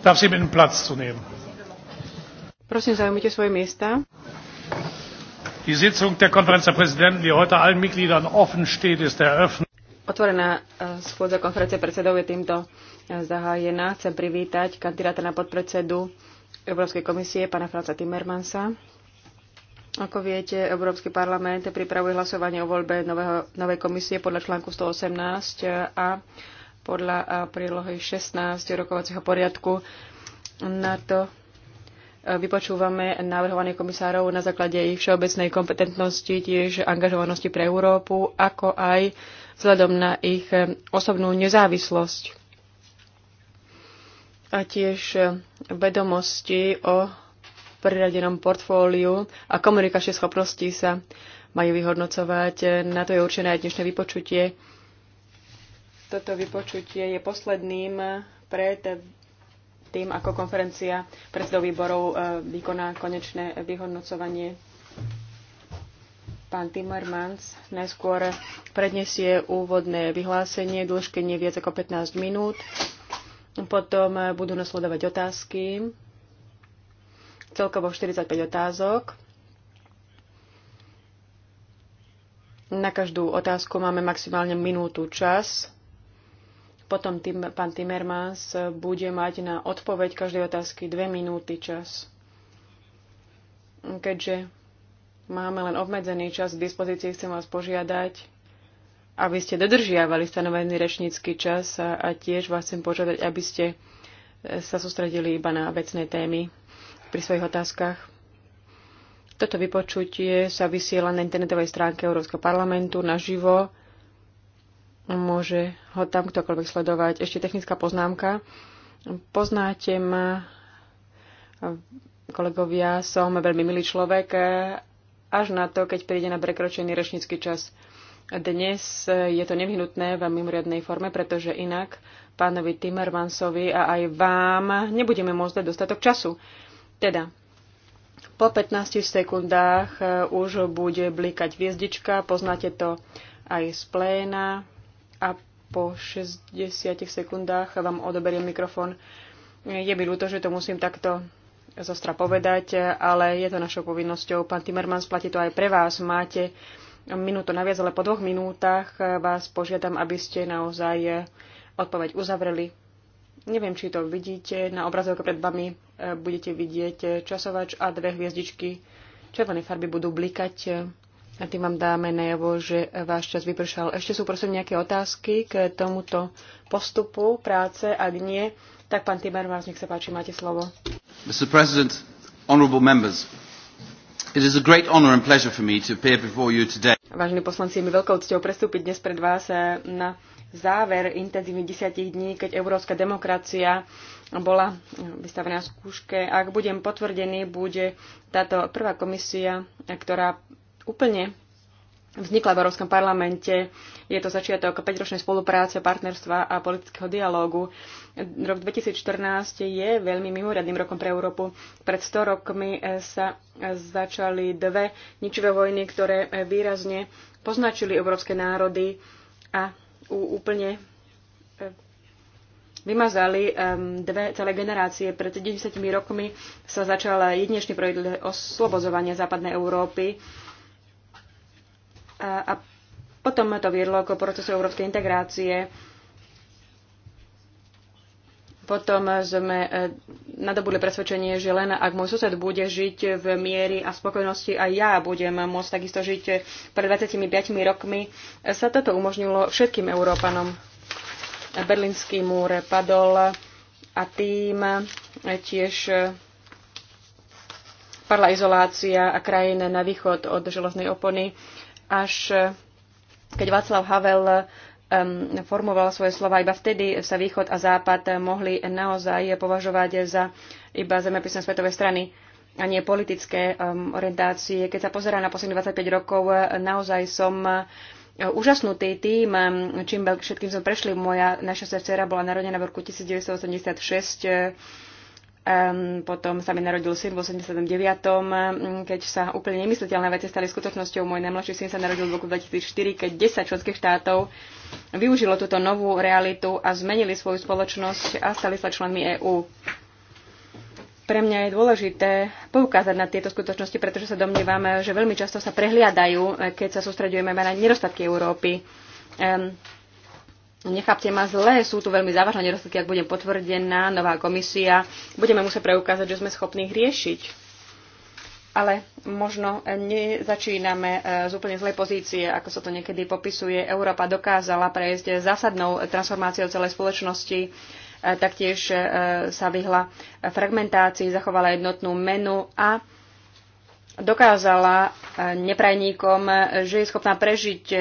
Prosím, zaujmite svoje miesta. Die Sitzung der Konferenz der Präsidenten, die heute allen Mitgliedern offen steht, ist eröffnet. Otvorená e, schôdza konferencie predsedov je týmto e, zahájená. Chcem privítať kandidáta na podpredsedu Európskej komisie, pána Franca Timmermansa. Ako viete, Európsky parlament pripravuje hlasovanie o voľbe nového, novej komisie podľa článku 118 a podľa prílohy 16 rokovacieho poriadku. Na to e, vypočúvame návrhovaných komisárov na základe ich všeobecnej kompetentnosti, tiež angažovanosti pre Európu, ako aj vzhľadom na ich e, osobnú nezávislosť a tiež e, vedomosti o priradenom portfóliu a komunikačné schopnosti sa majú vyhodnocovať. Na to je určené aj dnešné vypočutie. Toto vypočutie je posledným pred tým, ako konferencia predsedov výborov e, vykoná konečné vyhodnocovanie. Pán Timmermans najskôr predniesie úvodné vyhlásenie, dĺžke nie viac ako 15 minút. Potom e, budú nasledovať otázky, celkovo 45 otázok. Na každú otázku máme maximálne minútu čas potom tým, pán Timmermans bude mať na odpoveď každej otázky dve minúty čas. Keďže máme len obmedzený čas k dispozícii, chcem vás požiadať, aby ste dodržiavali stanovený rečnícky čas a, a tiež vás chcem požiadať, aby ste e, sa sústredili iba na vecné témy pri svojich otázkach. Toto vypočutie sa vysiela na internetovej stránke Európskeho parlamentu naživo Môže ho tam ktokoľvek sledovať. Ešte technická poznámka. Poznáte ma, kolegovia, som veľmi milý človek, až na to, keď príde na prekročený rečnícky čas. Dnes je to nevyhnutné v mimoriadnej forme, pretože inak pánovi Timmermansovi a aj vám nebudeme môcť dať dostatok času. Teda, po 15 sekundách už bude blikať hviezdička, poznáte to aj z pléna a po 60 sekundách vám odoberiem mikrofón. Je mi ľúto, že to musím takto zostra povedať, ale je to našou povinnosťou. Pán Timmermans, platí to aj pre vás. Máte minútu naviac, ale po dvoch minútach vás požiadam, aby ste naozaj odpoveď uzavreli. Neviem, či to vidíte. Na obrazovke pred vami eh, budete vidieť časovač a dve hviezdičky červené farby budú blikať a tým vám dáme najavo, že váš čas vypršal. Ešte sú prosím nejaké otázky k tomuto postupu práce. Ak nie, tak pán Timer, vás nech sa páči, máte slovo. Mr. President, honorable members, it is a great honor and pleasure for me to appear before you today. Vážení poslanci, je mi veľkou cťou prestúpiť dnes pred vás eh, na záver intenzívnych desiatich dní, keď európska demokracia bola eh, vystavená skúške. Ak budem potvrdený, bude táto prvá komisia, eh, ktorá úplne vznikla v Európskom parlamente. Je to začiatok 5-ročnej spolupráce, partnerstva a politického dialógu. Rok 2014 je veľmi mimoriadným rokom pre Európu. Pred 100 rokmi e, sa e, začali dve ničivé vojny, ktoré e, výrazne poznačili európske národy a úplne vymazali dve celé generácie. Pred 10 rokmi sa začal jedinečný projekt oslobozovania západnej Európy a, a potom to viedlo ako procesu európskej integrácie. Potom sme e, nadobudli presvedčenie, že len ak môj sused bude žiť v miery a spokojnosti a ja budem môcť takisto žiť pred 25 rokmi, sa toto umožnilo všetkým Európanom. Berlínsky múr padol a tým tiež padla izolácia a krajina na východ od železnej opony až eh, keď Václav Havel formoval svoje slova, iba vtedy sa východ a západ mohli naozaj považovať za iba zemepisné svetové strany a nie politické orientácie. Keď sa pozerá na posledných 25 rokov, naozaj som eh, úžasnutý tým, čím všetkým sme prešli. Moja naša dcera bola narodená v roku 1986 Um, potom sa mi narodil syn v 89. keď sa úplne nemysliteľné veci stali skutočnosťou. Môj najmladší syn sa narodil v roku 2004, keď 10 členských štátov využilo túto novú realitu a zmenili svoju spoločnosť a stali sa členmi EÚ. Pre mňa je dôležité poukázať na tieto skutočnosti, pretože sa domnievam, že veľmi často sa prehliadajú, keď sa sústredujeme na nedostatky Európy. Um, Nechápte ma zle, sú tu veľmi závažné nedostatky, ak bude potvrdená nová komisia. Budeme musieť preukázať, že sme schopní ich riešiť. Ale možno nezačíname e, z úplne zlej pozície, ako sa to niekedy popisuje. Európa dokázala prejsť zásadnou transformáciou celej spoločnosti, e, taktiež e, sa vyhla fragmentácii, zachovala jednotnú menu a dokázala e, neprajníkom, e, že je schopná prežiť e,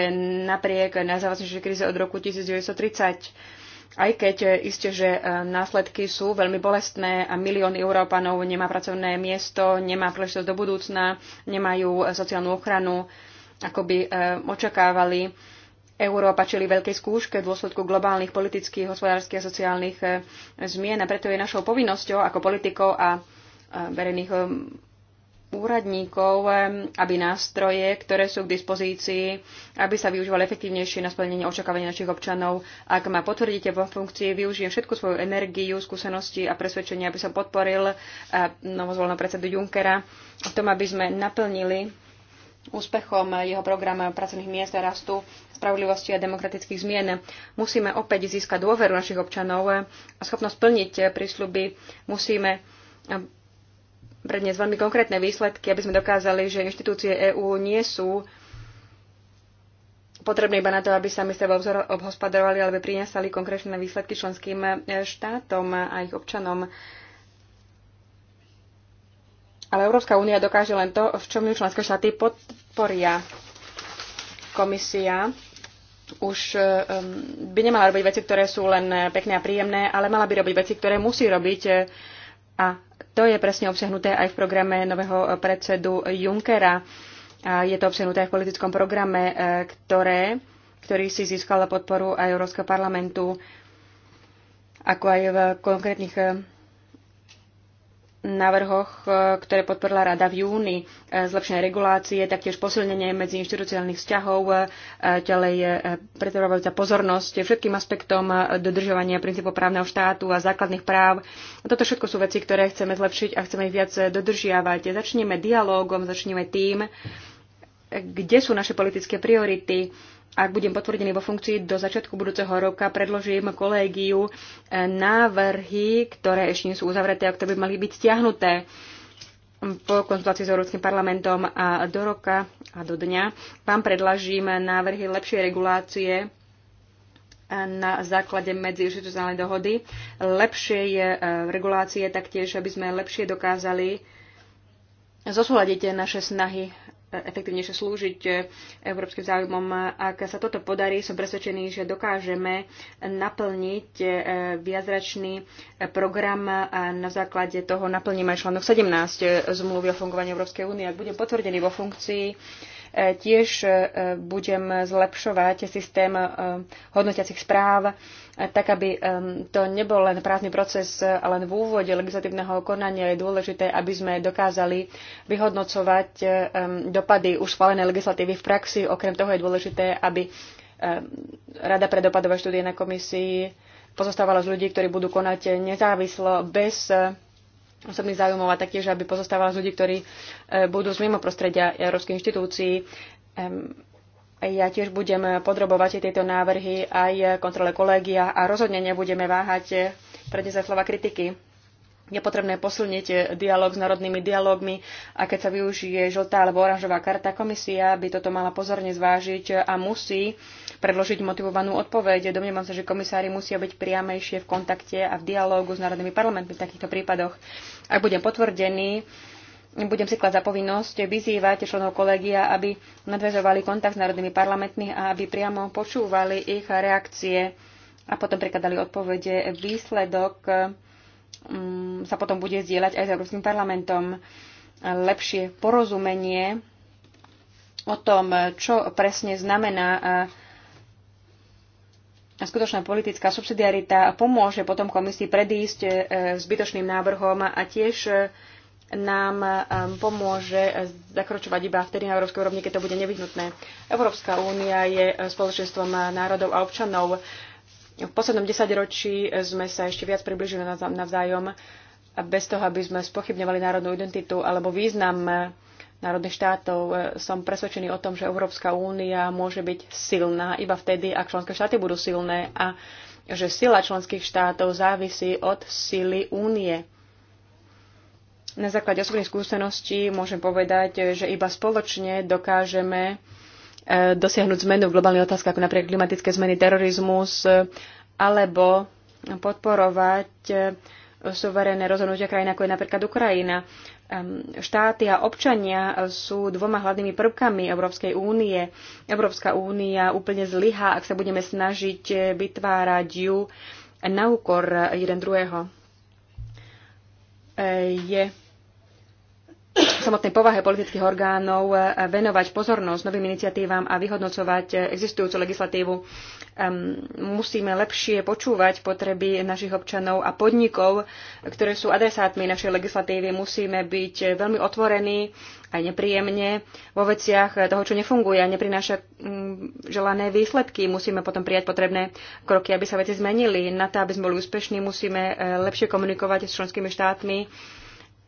napriek najzávaznejšej kríze od roku 1930 aj keď isté, že následky sú veľmi bolestné a milión Európanov nemá pracovné miesto, nemá príležitosť do budúcna, nemajú sociálnu ochranu, ako by očakávali. Európa čeli veľkej skúške v dôsledku globálnych politických, hospodárskych a sociálnych zmien a preto je našou povinnosťou ako politikov a verejných úradníkov, eh, aby nástroje, ktoré sú k dispozícii, aby sa využívali efektívnejšie na splnenie očakávania našich občanov. Ak ma potvrdíte vo funkcii, využijem všetku svoju energiu, skúsenosti a presvedčenie, aby som podporil eh, novozvoleného predsedu Junckera v tom, aby sme naplnili úspechom jeho program pracovných miest a rastu spravodlivosti a demokratických zmien. Musíme opäť získať dôveru našich občanov eh, a schopnosť plniť prísľuby. Musíme predniesť veľmi konkrétne výsledky, aby sme dokázali, že inštitúcie EÚ nie sú potrebné iba na to, aby sami seba obhospodarovali, ale aby priniesali konkrétne výsledky členským e, štátom a ich občanom. Ale Európska únia dokáže len to, v čom ju členské štáty podporia. Komisia už e, by nemala robiť veci, ktoré sú len pekné a príjemné, ale mala by robiť veci, ktoré musí robiť e, a to je presne obsiahnuté aj v programe nového eh, predsedu Junckera. A je to obsiahnuté aj v politickom programe, eh, ktoré, ktorý si získala podporu aj Európskeho parlamentu, ako aj v konkrétnych eh, návrhoch, e, ktoré podporila Rada v júni, e, zlepšenie regulácie, taktiež posilnenie medzi inštitucionálnych vzťahov, e, ďalej pretrvávajúca pozornosť všetkým aspektom dodržovania princípov právneho štátu a základných práv. Toto všetko sú veci, ktoré chceme zlepšiť a chceme ich viac dodržiavať. Začneme dialogom, začneme tým, kde sú naše politické priority, ak budem potvrdený vo funkcii do začiatku budúceho roka, predložím kolégiu eh, návrhy, ktoré ešte nie sú uzavreté a ktoré by mali byť stiahnuté po konzultácii s Európskym parlamentom a do roka a do dňa vám predlažím návrhy lepšej regulácie eh, na základe medziinstitucionálnej dohody, lepšej eh, regulácie taktiež, aby sme lepšie dokázali zosúľadiť naše snahy efektívnejšie slúžiť eh, európskym záujmom. Ak sa toto podarí, som presvedčený, že dokážeme naplniť eh, viazračný eh, program a na základe toho naplníme aj článok 17 zmluvy o fungovaní Európskej únie. Ak budem potvrdený vo funkcii, tiež budem zlepšovať systém hodnotiacich správ tak aby to nebol len právny proces, ale len v úvode legislatívneho konania je dôležité, aby sme dokázali vyhodnocovať dopady už schválené legislatívy v praxi. Okrem toho je dôležité, aby Rada pre dopadové štúdie na komisii pozostávala z ľudí, ktorí budú konať nezávislo, bez eh, osobných záujmov a taktiež, aby pozostávala z ľudí, ktorí eh, budú z mimo prostredia európskych inštitúcií. Ja tiež budem podrobovať tieto návrhy aj kontrole kolégia a rozhodne nebudeme váhať predniesť slova kritiky. Je potrebné posilniť dialog s národnými dialogmi a keď sa využije žltá alebo oranžová karta, komisia by toto mala pozorne zvážiť a musí predložiť motivovanú odpoveď. Domnievam sa, že komisári musia byť priamejšie v kontakte a v dialógu s národnými parlamentmi v takýchto prípadoch. Ak budem potvrdený, budem si klať za povinnosť vyzývať členov kolegia, aby nadvezovali kontakt s národnými parlamentmi a aby priamo počúvali ich reakcie a potom prekladali odpovede. Výsledok mm, sa potom bude zdieľať aj s Európskym parlamentom. Lepšie porozumenie o tom, čo presne znamená a skutočná politická subsidiarita pomôže potom komisii predísť e, zbytočným návrhom a tiež e, nám um, pomôže eh, zakročovať iba vtedy na európskej úrovni, keď to bude nevyhnutné. Európska únia je eh, spoločenstvom eh, národov a občanov. V poslednom desaťročí sme sa ešte viac približili navzájom bez toho, aby sme spochybňovali národnú identitu alebo význam národných štátov. Som presvedčený o tom, že Európska únia môže byť silná iba vtedy, ak členské štáty budú silné a že sila členských štátov závisí od sily únie na základe osobných skúseností môžem povedať, že iba spoločne dokážeme e, dosiahnuť zmenu v globálnych otázkach, ako napríklad klimatické zmeny, terorizmus, alebo podporovať e, suverénne rozhodnutia krajín, ako je napríklad Ukrajina. Štáty a občania sú dvoma hlavnými prvkami Európskej únie. Európska únia úplne zlyhá, ak sa budeme snažiť vytvárať ju na úkor jeden druhého. E, je samotnej povahe politických orgánov e, venovať pozornosť novým iniciatívam a vyhodnocovať existujúcu legislatívu. Musíme lepšie počúvať potreby našich občanov a podnikov, ktoré sú adresátmi našej legislatívy. Musíme byť veľmi otvorení aj nepríjemne vo veciach toho, čo nefunguje a neprináša mm, želané výsledky. Musíme potom prijať potrebné kroky, aby sa veci zmenili. Na to, aby sme boli úspešní, musíme e, lepšie komunikovať s členskými štátmi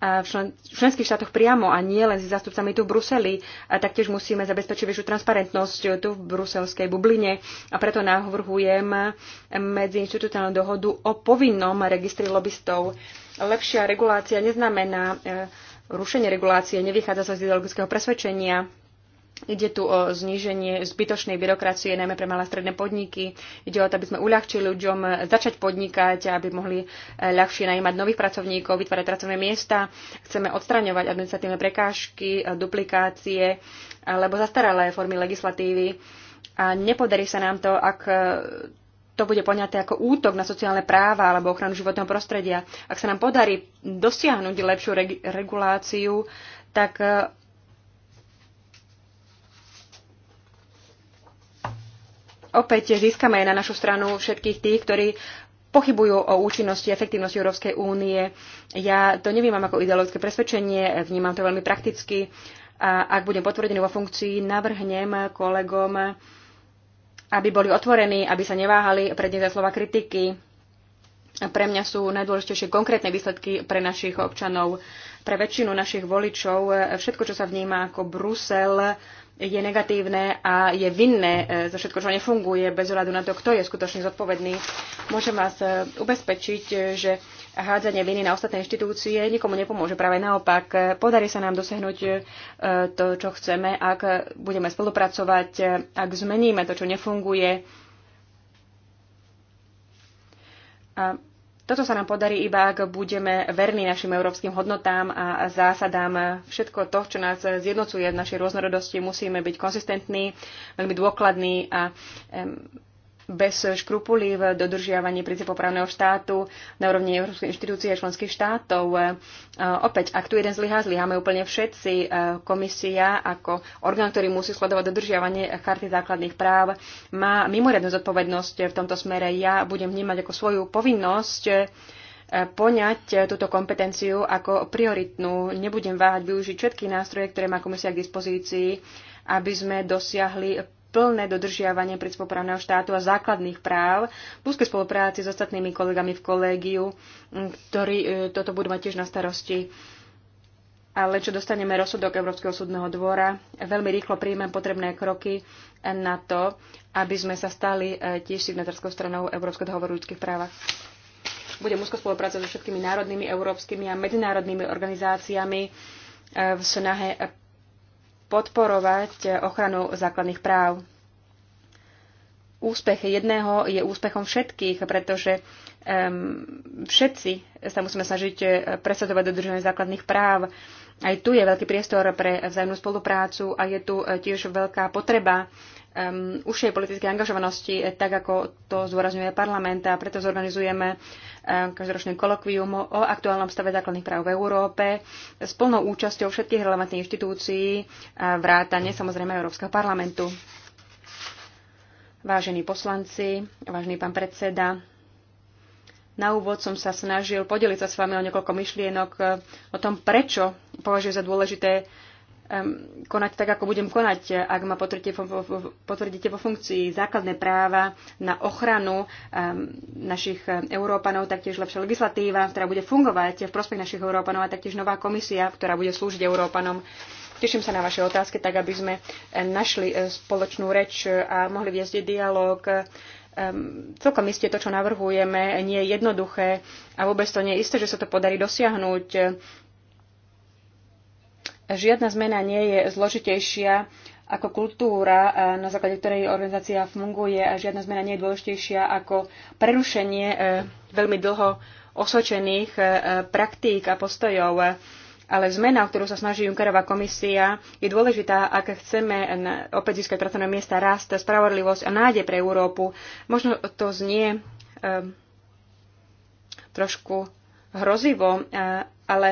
v členských štátoch priamo a nie len s zástupcami tu v Bruseli. A taktiež musíme zabezpečiť väčšiu transparentnosť tu v bruselskej bubline a preto navrhujem medziinstitucionálnu dohodu o povinnom registri lobbystov. Lepšia regulácia neznamená e, rušenie regulácie, nevychádza sa z ideologického presvedčenia Ide tu o zníženie zbytočnej byrokracie, najmä pre malé stredné podniky. Ide o to, aby sme uľahčili ľuďom začať podnikať, aby mohli e, ľahšie najímať nových pracovníkov, vytvárať pracovné miesta. Chceme odstraňovať administratívne prekážky, e, duplikácie alebo zastaralé formy legislatívy. A nepodarí sa nám to, ak e, to bude poňaté ako útok na sociálne práva alebo ochranu životného prostredia. Ak sa nám podarí dosiahnuť lepšiu reguláciu, tak opäť získame aj na našu stranu všetkých tých, ktorí pochybujú o účinnosti a efektívnosti Európskej únie. Ja to nevnímam ako ideologické presvedčenie, vnímam to veľmi prakticky. A ak budem potvrdený vo funkcii, navrhnem kolegom, aby boli otvorení, aby sa neváhali predniesť slova kritiky. Pre mňa sú najdôležitejšie konkrétne výsledky pre našich občanov, pre väčšinu našich voličov. Všetko, čo sa vníma ako Brusel, je negatívne a je vinné e, za všetko, čo nefunguje, bez ohľadu na to, kto je skutočne zodpovedný. Môžem vás e, ubezpečiť, e, že hádzanie viny na ostatné inštitúcie nikomu nepomôže. Práve naopak, podarí sa nám dosiahnuť to, čo chceme, ak budeme spolupracovať, ak zmeníme to, čo nefunguje. A toto sa nám podarí iba, ak budeme verní našim európskym hodnotám a zásadám. Všetko to, čo nás zjednocuje v našej rôznorodosti, musíme byť konsistentní, veľmi dôkladní a bez škrupulí v dodržiavaní princípov právneho štátu na úrovni Európskej inštitúcie a členských štátov. E, e, opäť, ak tu jeden zlyhá, zlyháme úplne všetci. E, komisia ako orgán, ktorý musí sledovať dodržiavanie charty základných práv, má mimoriadnu zodpovednosť v tomto smere. Ja budem vnímať ako svoju povinnosť poňať túto kompetenciu ako prioritnú. Nebudem váhať využiť všetky nástroje, ktoré má komisia k dispozícii, aby sme dosiahli plné dodržiavanie princípoprávneho štátu a základných práv v úzkej spolupráci s ostatnými kolegami v kolégiu, ktorí e, toto budú mať tiež na starosti. Ale čo dostaneme rozsudok Európskeho súdneho dvora, veľmi rýchlo príjmem potrebné kroky na to, aby sme sa stali e, tiež signatárskou stranou Európskeho dohovoru ľudských práv. Budem úzko spolupracovať so všetkými národnými, európskymi a medzinárodnými organizáciami e, v snahe podporovať ochranu základných práv. Úspech jedného je úspechom všetkých, pretože um, všetci sa musíme snažiť eh, presadzovať dodržovanie základných práv. Aj tu je veľký priestor pre vzájomnú spoluprácu a je tu eh, tiež veľká potreba um, užšej politickej angažovanosti, eh, tak ako to zdôrazňuje parlament a preto zorganizujeme um, každoročné kolokvium o aktuálnom stave základných práv v Európe s plnou účasťou všetkých relevantných inštitúcií a vrátane samozrejme Európskeho parlamentu. Vážení poslanci, vážený pán predseda, na úvod som sa snažil podeliť sa s vami o niekoľko myšlienok eh, o tom, prečo považujem za dôležité konať tak, ako budem konať, ak ma potvrdíte, potvrdíte vo funkcii základné práva na ochranu našich Európanov, taktiež lepšia legislatíva, ktorá bude fungovať v prospech našich Európanov a taktiež nová komisia, ktorá bude slúžiť Európanom. Teším sa na vaše otázky, tak aby sme našli e, spoločnú reč a mohli viesť dialog. Celkom isté to, čo navrhujeme, nie je jednoduché a vôbec to nie je isté, že sa to podarí dosiahnuť Žiadna zmena nie je zložitejšia ako kultúra, na základe ktorej organizácia funguje a žiadna zmena nie je dôležitejšia ako prerušenie e, veľmi dlho osočených e, praktík a postojov. Ale zmena, o ktorú sa snaží Junckerová komisia, je dôležitá, ak chceme opäť získať pracovné miesta, rast, spravodlivosť a nádej pre Európu. Možno to znie e, trošku hrozivo, ale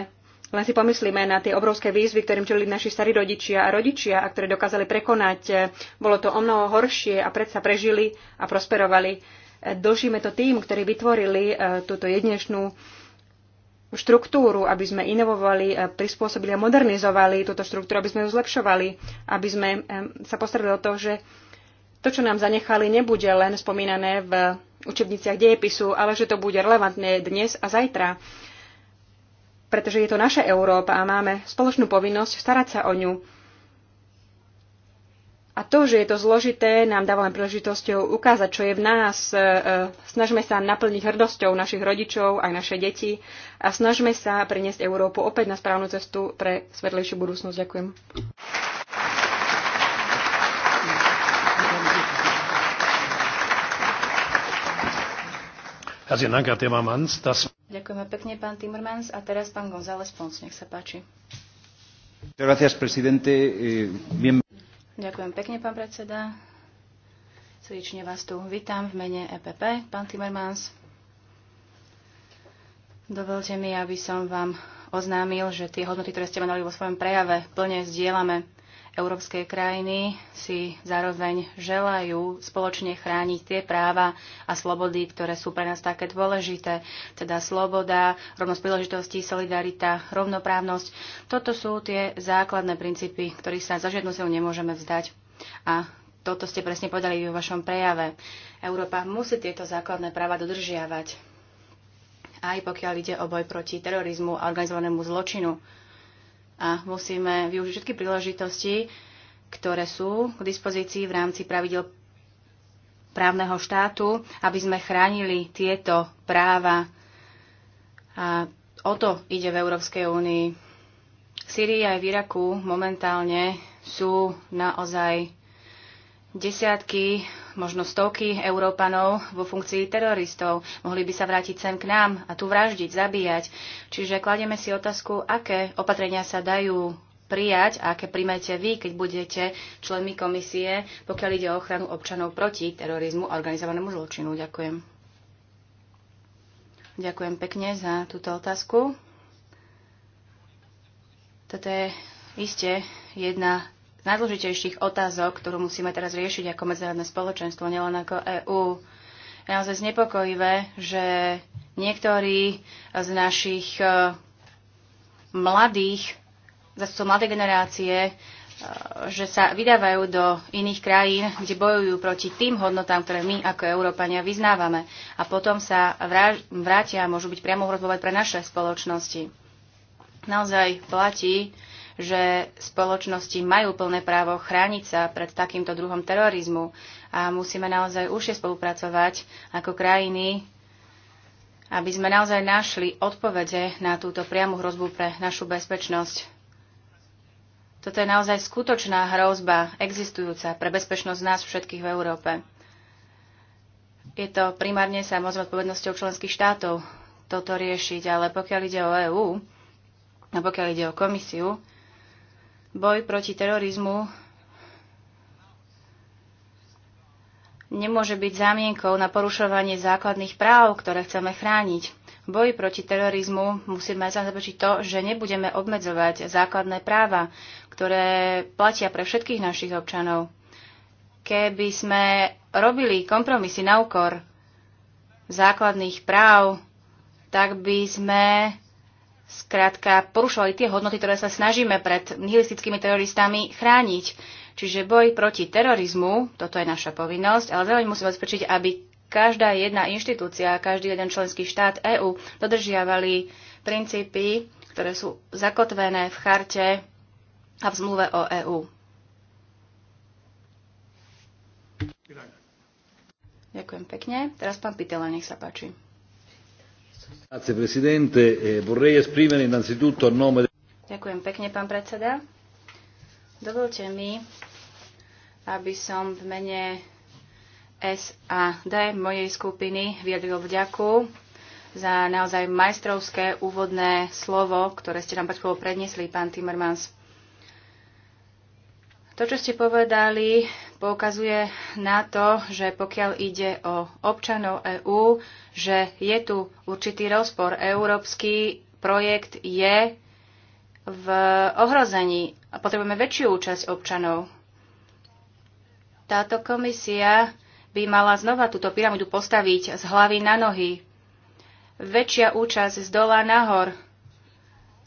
len si pomyslíme na tie obrovské výzvy, ktorým čelili naši starí rodičia a rodičia a ktoré dokázali prekonať. Bolo to o mnoho horšie a predsa prežili a prosperovali. Dlžíme to tým, ktorí vytvorili e, túto jednešnú štruktúru, aby sme inovovali, e, prispôsobili a modernizovali túto štruktúru, aby sme ju zlepšovali, aby sme e, sa postarali o to, že to, čo nám zanechali, nebude len spomínané v učebniciach dejepisu, ale že to bude relevantné dnes a zajtra pretože je to naša Európa a máme spoločnú povinnosť starať sa o ňu. A to, že je to zložité, nám dáva len príležitosťou ukázať, čo je v nás. E, e, snažme sa naplniť hrdosťou našich rodičov, aj naše deti a snažme sa priniesť Európu opäť na správnu cestu pre svetlejšiu budúcnosť. Ďakujem. Ďakujeme pekne, pán Timmermans. A teraz pán González Pons, nech sa páči. Eh, Ďakujem pekne, pán predseda. Srdečne vás tu vítam v mene EPP, pán Timmermans. Dovolte mi, aby som vám oznámil, že tie hodnoty, ktoré ste menovali vo svojom prejave, plne zdieľame európske krajiny si zároveň želajú spoločne chrániť tie práva a slobody, ktoré sú pre nás také dôležité, teda sloboda, rovnosť príležitostí, solidarita, rovnoprávnosť. Toto sú tie základné princípy, ktorých sa za žiadnu silu nemôžeme vzdať. A toto ste presne povedali vo vašom prejave. Európa musí tieto základné práva dodržiavať aj pokiaľ ide o boj proti terorizmu a organizovanému zločinu a musíme využiť všetky príležitosti, ktoré sú k dispozícii v rámci pravidel právneho štátu, aby sme chránili tieto práva. A o to ide v Európskej únii. V Syrii aj v Iraku momentálne sú naozaj desiatky možno stovky Európanov vo funkcii teroristov. Mohli by sa vrátiť sem k nám a tu vraždiť, zabíjať. Čiže kladieme si otázku, aké opatrenia sa dajú prijať a aké príjmete vy, keď budete členmi komisie, pokiaľ ide o ochranu občanov proti terorizmu a organizovanému zločinu. Ďakujem. Ďakujem pekne za túto otázku. Toto je iste jedna z najdôležitejších otázok, ktorú musíme teraz riešiť ako medzinárodné spoločenstvo, nielen ako EÚ. Je naozaj znepokojivé, že niektorí z našich e, mladých, sú mladé generácie, e, že sa vydávajú do iných krajín, kde bojujú proti tým hodnotám, ktoré my ako Európania vyznávame. A potom sa vrátia a môžu byť priamo hrozbovať pre naše spoločnosti. Naozaj platí, že spoločnosti majú plné právo chrániť sa pred takýmto druhom terorizmu a musíme naozaj užšie spolupracovať ako krajiny, aby sme naozaj našli odpovede na túto priamu hrozbu pre našu bezpečnosť. Toto je naozaj skutočná hrozba, existujúca pre bezpečnosť nás všetkých v Európe. Je to primárne samozrejme odpovednosťou členských štátov toto riešiť, ale pokiaľ ide o EÚ a pokiaľ ide o komisiu, boj proti terorizmu nemôže byť zámienkou na porušovanie základných práv, ktoré chceme chrániť. V boji proti terorizmu musíme zabezpečiť to, že nebudeme obmedzovať základné práva, ktoré platia pre všetkých našich občanov. Keby sme robili kompromisy na úkor základných práv, tak by sme skrátka porušovali tie hodnoty, ktoré sa snažíme pred nihilistickými teroristami chrániť. Čiže boj proti terorizmu, toto je naša povinnosť, ale zároveň musíme zabezpečiť, aby každá jedna inštitúcia, každý jeden členský štát EÚ dodržiavali princípy, ktoré sú zakotvené v charte a v zmluve o EÚ. Ďakujem pekne. Teraz pán Pitela, nech sa páči. Eh, Ďakujem pekne, pán predseda. Dovolte mi, aby som v mene SAD mojej skupiny vyjadril vďaku za naozaj majstrovské úvodné slovo, ktoré ste nám pred predniesli, pán Timmermans. To, čo ste povedali, poukazuje na to, že pokiaľ ide o občanov EÚ, že je tu určitý rozpor. Európsky projekt je v ohrození a potrebujeme väčšiu účasť občanov. Táto komisia by mala znova túto pyramidu postaviť z hlavy na nohy. Väčšia účasť z dola nahor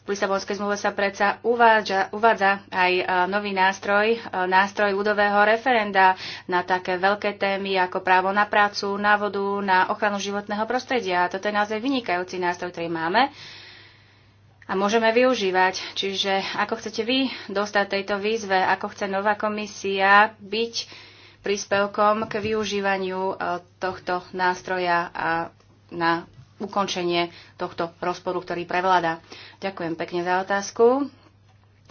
v Lisabonskej zmluve sa predsa uvádza, uvádza aj e, nový nástroj, e, nástroj ľudového referenda na také veľké témy ako právo na prácu, na vodu, na ochranu životného prostredia. Toto je naozaj vynikajúci nástroj, ktorý máme a môžeme využívať. Čiže ako chcete vy dostať tejto výzve, ako chce nová komisia byť príspevkom k využívaniu e, tohto nástroja a na ukončenie tohto rozporu, ktorý prevláda. Ďakujem pekne za otázku.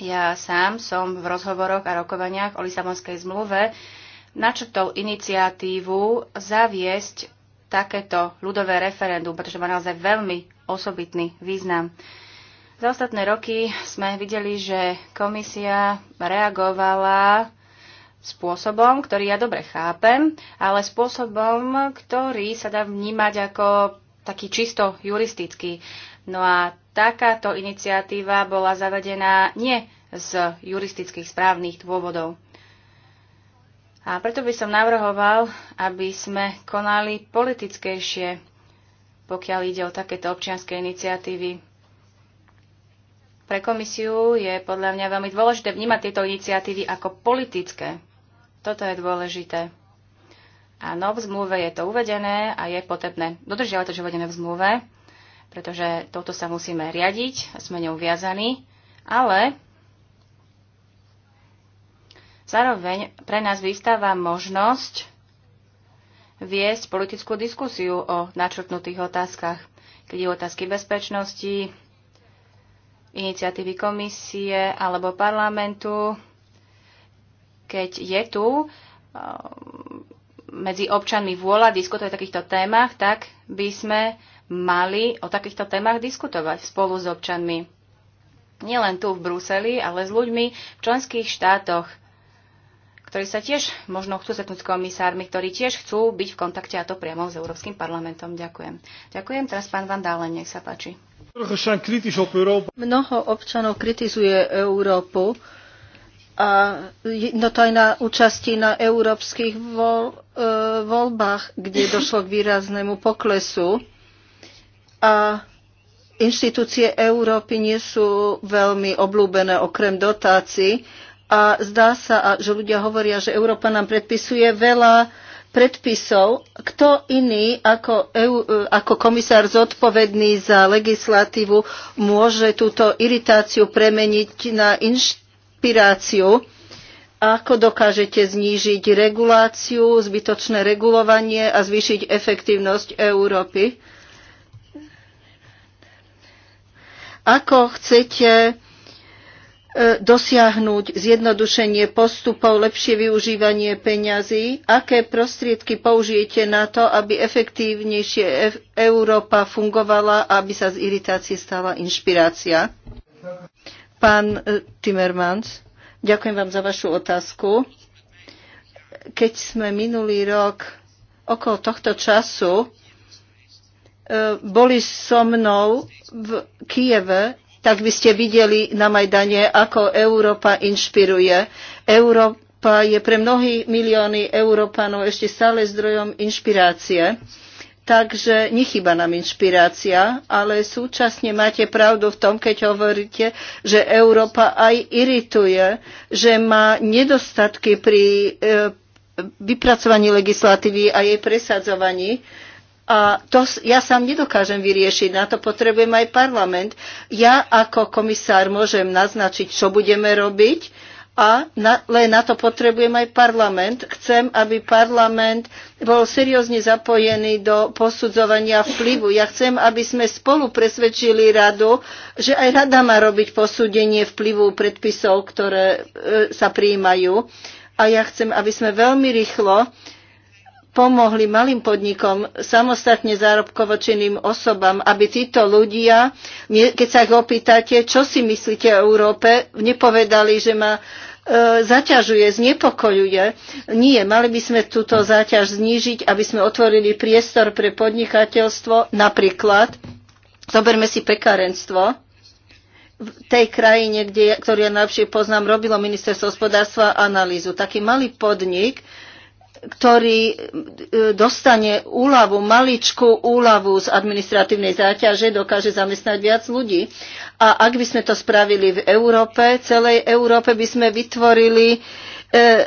Ja sám som v rozhovoroch a rokovaniach o Lisabonskej zmluve načrtol iniciatívu zaviesť takéto ľudové referendum, pretože má naozaj veľmi osobitný význam. Za ostatné roky sme videli, že komisia reagovala spôsobom, ktorý ja dobre chápem, ale spôsobom, ktorý sa dá vnímať ako taký čisto juristický. No a takáto iniciatíva bola zavedená nie z juristických správnych dôvodov. A preto by som navrhoval, aby sme konali politickejšie, pokiaľ ide o takéto občianské iniciatívy. Pre komisiu je podľa mňa veľmi dôležité vnímať tieto iniciatívy ako politické. Toto je dôležité. Áno, v zmluve je to uvedené a je potrebné dodržiavať to, čo uvedené v zmluve, pretože touto sa musíme riadiť, sme ňou viazaní, ale zároveň pre nás vystáva možnosť viesť politickú diskusiu o načrtnutých otázkach, keď je otázky bezpečnosti, iniciatívy komisie alebo parlamentu, keď je tu medzi občanmi vôľa diskutovať o takýchto témach, tak by sme mali o takýchto témach diskutovať spolu s občanmi. Nielen tu v Bruseli, ale s ľuďmi v členských štátoch, ktorí sa tiež možno chcú setnúť s komisármi, ktorí tiež chcú byť v kontakte a to priamo s Európskym parlamentom. Ďakujem. Ďakujem. Teraz pán Van Dále, nech sa páči. Mnoho občanov kritizuje Európu a no to aj na účasti na európskych voľ, e, voľbách, kde došlo k výraznému poklesu. A inštitúcie Európy nie sú veľmi oblúbené okrem dotácií a zdá sa, že ľudia hovoria, že Európa nám predpisuje veľa predpisov. Kto iný ako, EU, e, ako komisár zodpovedný za legislatívu môže túto iritáciu premeniť na inštitúciu? inšpiráciu, ako dokážete znížiť reguláciu, zbytočné regulovanie a zvýšiť efektívnosť Európy. Ako chcete e, dosiahnuť zjednodušenie postupov, lepšie využívanie peňazí, aké prostriedky použijete na to, aby efektívnejšie Európa fungovala a aby sa z iritácie stala inšpirácia. Pán e, Timmermans, ďakujem vám za vašu otázku. Keď sme minulý rok okolo tohto času e, boli so mnou v Kieve, tak by ste videli na Majdane, ako Európa inšpiruje. Európa je pre mnohí milióny Európanov ešte stále zdrojom inšpirácie Takže nechýba nám inšpirácia, ale súčasne máte pravdu v tom, keď hovoríte, že Európa aj irituje, že má nedostatky pri e, vypracovaní legislatívy a jej presadzovaní. A to ja sám nedokážem vyriešiť, na to potrebujem aj parlament. Ja ako komisár môžem naznačiť, čo budeme robiť, a na, len na to potrebujem aj parlament. Chcem, aby parlament bol seriózne zapojený do posudzovania vplyvu. Ja chcem, aby sme spolu presvedčili radu, že aj rada má robiť posúdenie vplyvu predpisov, ktoré e, sa prijímajú. A ja chcem, aby sme veľmi rýchlo pomohli malým podnikom, samostatne zárobkovočinným osobám, aby títo ľudia, keď sa ich opýtate, čo si myslíte o Európe, nepovedali, že ma e, zaťažuje, znepokojuje. Nie, mali by sme túto záťaž znížiť, aby sme otvorili priestor pre podnikateľstvo. Napríklad, zoberme si pekárenstvo. V tej krajine, kde, ktorú ja najlepšie poznám, robilo ministerstvo hospodárstva analýzu. Taký malý podnik, ktorý e, dostane úľavu, maličkú úľavu z administratívnej záťaže, dokáže zamestnať viac ľudí. A ak by sme to spravili v Európe, celej Európe by sme vytvorili e,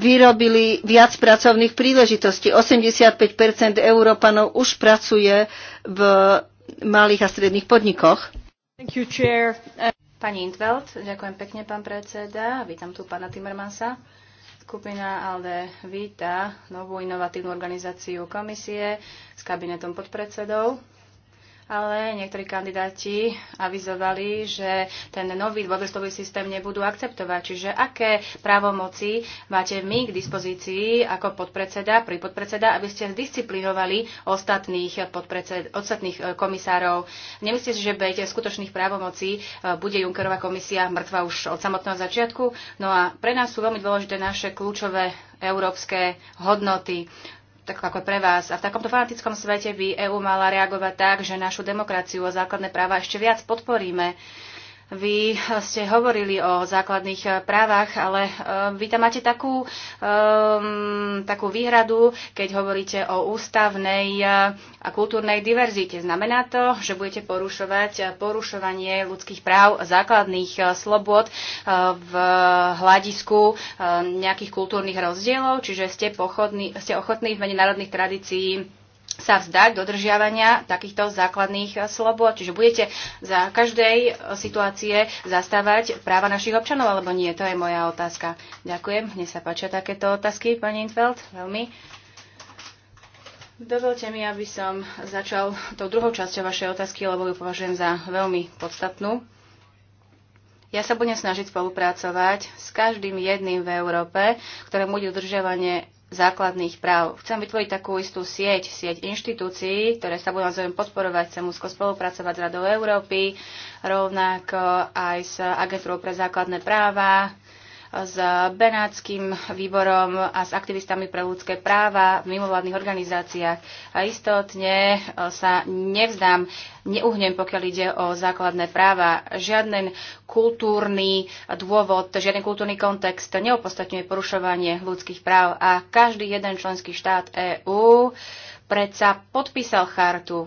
vyrobili viac pracovných príležitostí. 85 Európanov už pracuje v malých a stredných podnikoch. Thank you, chair. Pani Intveld, ďakujem pekne, pán predseda. Vítam tu pána Timmermansa. Skupina ALDE víta novú inovatívnu organizáciu komisie s kabinetom podpredsedov ale niektorí kandidáti avizovali, že ten nový dôverskový systém nebudú akceptovať. Čiže aké právomoci máte my k dispozícii ako podpredseda, pri podpredseda, aby ste disciplinovali ostatných, podpredsed, ostatných e, komisárov? Nemyslíte si, že bez skutočných právomocí e, bude Junckerová komisia mŕtva už od samotného začiatku? No a pre nás sú veľmi dôležité naše kľúčové európske hodnoty tak ako pre vás. A v takomto fanatickom svete by EÚ mala reagovať tak, že našu demokraciu a základné práva ešte viac podporíme. Vy ste hovorili o základných eh, právach, ale eh, vy tam máte takú, um, takú výhradu, keď hovoríte o ústavnej eh, a kultúrnej diverzite. Znamená to, že budete porušovať porušovanie ľudských práv, základných slobod v hľadisku nejakých kultúrnych rozdielov, čiže ste, pochodní, ste ochotní v mene národných tradícií sa vzdať dodržiavania takýchto základných eh, slobod. Čiže budete za každej eh, situácie zastávať práva našich občanov, alebo nie? To je moja otázka. Ďakujem. Mne sa páčia takéto otázky, pani Infeld, veľmi. Dovolte mi, aby som začal tou druhou časťou vašej otázky, lebo ju považujem za veľmi podstatnú. Ja sa budem snažiť spolupracovať s každým jedným v Európe, ktorému bude udržiavanie základných práv. Chcem vytvoriť takú istú sieť, sieť inštitúcií, ktoré sa budú navzájom podporovať, chcem úzko spolupracovať s Radou Európy, rovnako aj s Agentúrou pre základné práva, s Benátským výborom a s aktivistami pre ľudské práva v mimovládnych organizáciách. A istotne e, sa nevzdám, neuhnem, pokiaľ ide o základné práva. Žiaden kultúrny dôvod, žiaden kultúrny kontext neopostatňuje porušovanie ľudských práv a každý jeden členský štát EÚ predsa podpísal chartu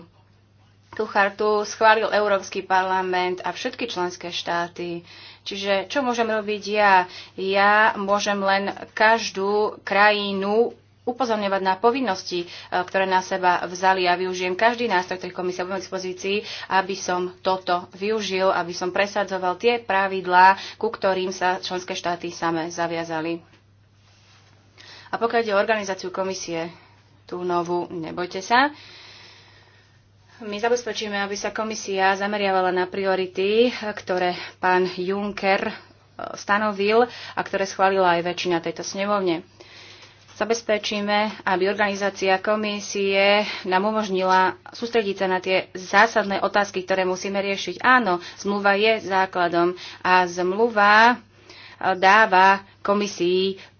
Tú chartu schválil Európsky parlament a všetky členské štáty. Čiže čo môžem robiť ja? Ja môžem len každú krajinu upozorňovať na povinnosti, e, ktoré na seba vzali a ja využijem každý nástroj, ktorý komisia bude v dispozícii, aby som toto využil, aby som presadzoval tie pravidlá, ku ktorým sa členské štáty same zaviazali. A pokiaľ ide o organizáciu komisie, tú novú, nebojte sa, uh, my zabezpečíme, aby sa komisia zameriavala na priority, ktoré pán Juncker e, stanovil a ktoré schválila aj väčšina tejto snemovne. Zabezpečíme, aby organizácia komisie nám umožnila sústrediť sa na tie zásadné otázky, ktoré musíme riešiť. Áno, zmluva je základom a zmluva e, dáva komisii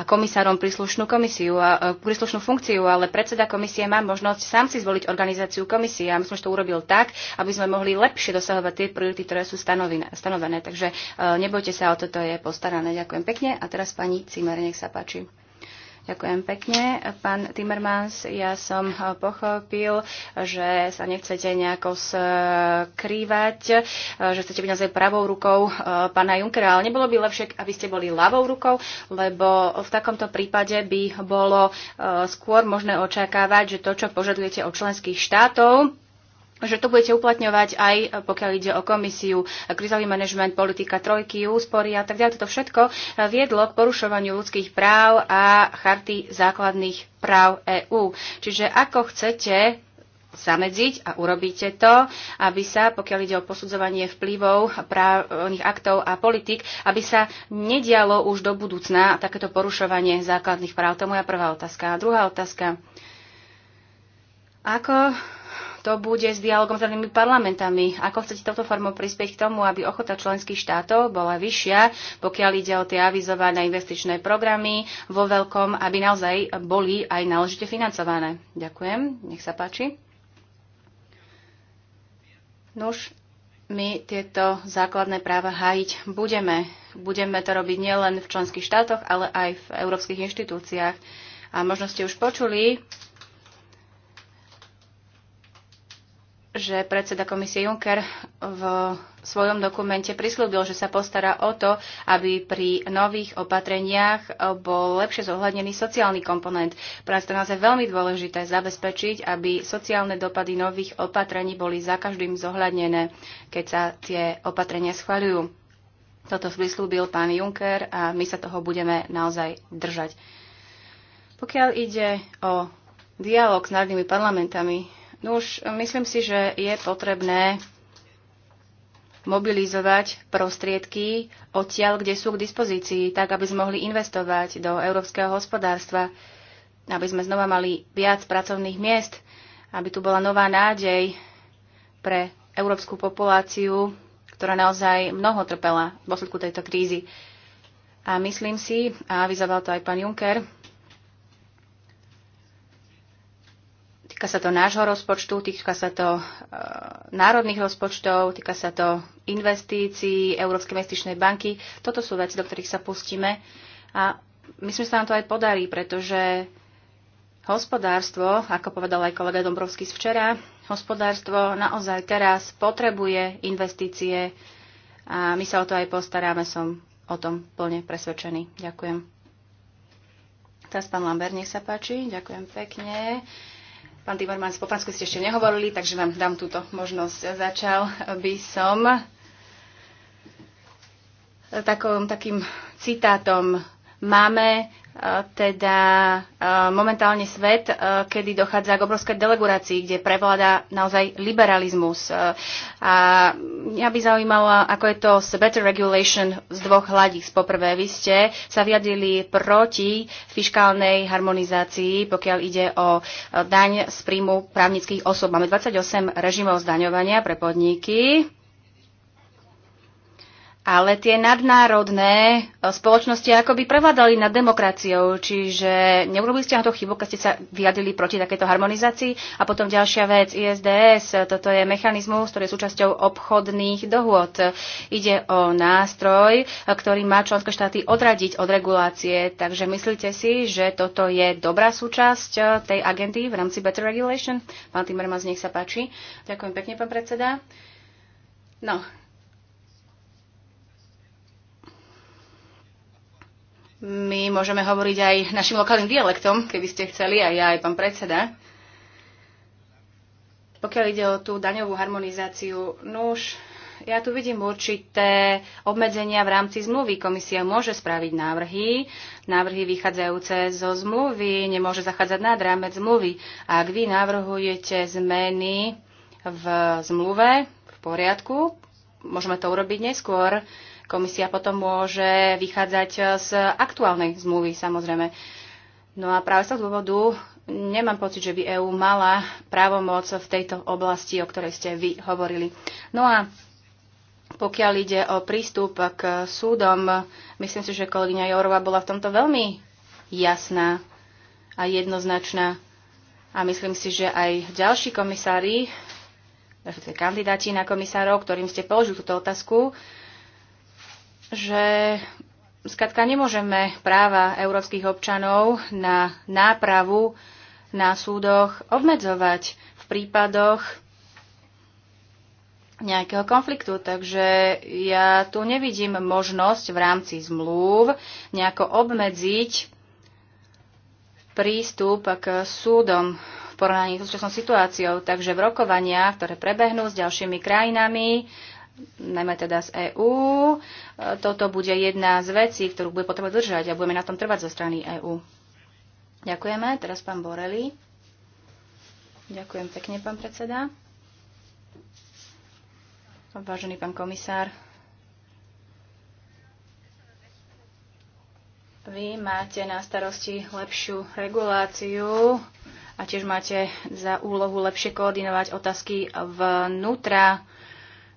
a komisárom príslušnú komisiu a e, príslušnú funkciu, ale predseda komisie má možnosť sám si zvoliť organizáciu komisie a myslím, že to urobil tak, aby sme mohli lepšie dosahovať tie priority, ktoré sú stanovené. Takže e, nebojte sa, o toto je postarané. Ďakujem pekne. A teraz pani Cimer, nech sa páči. Ďakujem pekne. Pán Timmermans, ja som eh, pochopil, že sa nechcete nejako skrývať, eh, že chcete byť naozaj pravou rukou eh, pána Junkera, ale nebolo by lepšie, aby ste boli ľavou rukou, lebo v takomto prípade by bolo skôr možné očakávať, že to, čo požadujete od členských štátov, že to budete uplatňovať aj e, pokiaľ ide o komisiu, e, krizový manažment, politika trojky, úspory a tak ďalej. Toto všetko e, viedlo k porušovaniu ľudských práv a charty základných práv EÚ. Čiže ako chcete zamedziť a urobíte to, aby sa, pokiaľ ide o posudzovanie vplyvov právnych aktov a politik, aby sa nedialo už do budúcna takéto porušovanie základných práv. To je moja prvá otázka. A druhá otázka. Ako to bude s dialogom s danými parlamentami. Ako chcete touto formou prispieť k tomu, aby ochota členských štátov bola vyššia, pokiaľ ide o tie avizované investičné programy vo veľkom, aby naozaj boli aj náležite financované. Ďakujem, nech sa páči. Nuž, my tieto základné práva hájiť budeme. Budeme to robiť nielen v členských štátoch, ale aj v európskych inštitúciách. A možno ste už počuli, že predseda komisie Juncker v svojom dokumente prislúbil, že sa postará o to, aby pri nových opatreniach bol lepšie zohľadnený sociálny komponent. Pre nás to naozaj veľmi dôležité zabezpečiť, aby sociálne dopady nových opatrení boli za každým zohľadnené, keď sa tie opatrenia schvaľujú. Toto prislúbil pán Juncker a my sa toho budeme naozaj držať. Pokiaľ ide o dialog s národnými parlamentami, No už myslím si, že je potrebné mobilizovať prostriedky odtiaľ, kde sú k dispozícii, tak aby sme mohli investovať do európskeho hospodárstva, aby sme znova mali viac pracovných miest, aby tu bola nová nádej pre európsku populáciu, ktorá naozaj mnoho trpela v dôsledku tejto krízy. A myslím si, a avizoval to aj pán Juncker, Týka sa to nášho rozpočtu, týka sa to e, národných rozpočtov, týka sa to investícií Európskej investičnej banky. Toto sú veci, do ktorých sa pustíme. A myslím, že sa nám to aj podarí, pretože hospodárstvo, ako povedal aj kolega Dombrovský z včera, hospodárstvo naozaj teraz potrebuje investície a my sa o to aj postaráme, som o tom plne presvedčený. Ďakujem. Teraz pán Lambert, nech sa páči. Ďakujem pekne. Pán Timmermans, po Pánsku ste ešte nehovorili, takže vám dám túto možnosť. Začal by som takom, takým citátom. Máme teda e, momentálne svet, e, kedy dochádza k obrovskej delegurácii, kde prevláda naozaj liberalizmus. E, a mňa by zaujímalo, ako je to s better regulation z dvoch hľadíc. Poprvé, vy ste sa vyjadrili proti fiskálnej harmonizácii, pokiaľ ide o daň z príjmu právnických osob. Máme 28 režimov zdaňovania pre podniky ale tie nadnárodné e, spoločnosti ako by prevládali nad demokraciou, čiže neurobili ste na to chybu, keď ste sa vyjadrili proti takéto harmonizácii. A potom ďalšia vec, ISDS, toto je mechanizmus, ktorý je súčasťou obchodných dohôd. Ide o nástroj, e, ktorý má členské štáty odradiť od regulácie, takže myslíte si, že toto je dobrá súčasť e, tej agendy v rámci Better Regulation? Pán Timmermans, nech sa páči. Ďakujem pekne, pán predseda. No, My môžeme hovoriť aj našim lokálnym dialektom, keby ste chceli, aj ja, aj pán predseda. Pokiaľ ide o tú daňovú harmonizáciu, nuž, ja tu vidím určité obmedzenia v rámci zmluvy. Komisia môže spraviť návrhy, návrhy vychádzajúce zo zmluvy, nemôže zachádzať nad rámec zmluvy. A ak vy navrhujete zmeny v zmluve, v poriadku, môžeme to urobiť neskôr, Komisia potom môže vychádzať e, z aktuálnej zmluvy, samozrejme. No a práve z toho dôvodu nemám pocit, že by EÚ mala právomoc v tejto oblasti, o ktorej ste vy hovorili. No a pokiaľ ide o prístup k súdom, myslím si, že kolegyňa Jorová bola v tomto veľmi jasná a jednoznačná. A myslím si, že aj ďalší komisári, respektíve kandidáti na komisárov, ktorým ste položili túto otázku, že skratka nemôžeme práva európskych občanov na nápravu na súdoch obmedzovať v prípadoch nejakého konfliktu. Takže ja tu nevidím možnosť v rámci zmluv nejako obmedziť prístup k súdom v porovnaní s súčasnou situáciou. Takže v rokovaniach, ktoré prebehnú s ďalšími krajinami, najmä teda z EÚ. Toto bude jedna z vecí, ktorú bude potrebovať držať a budeme na tom trvať zo strany EÚ. Ďakujeme. Teraz pán Borelli. Ďakujem pekne, pán predseda. Vážený pán komisár, vy máte na starosti lepšiu reguláciu a tiež máte za úlohu lepšie koordinovať otázky vnútra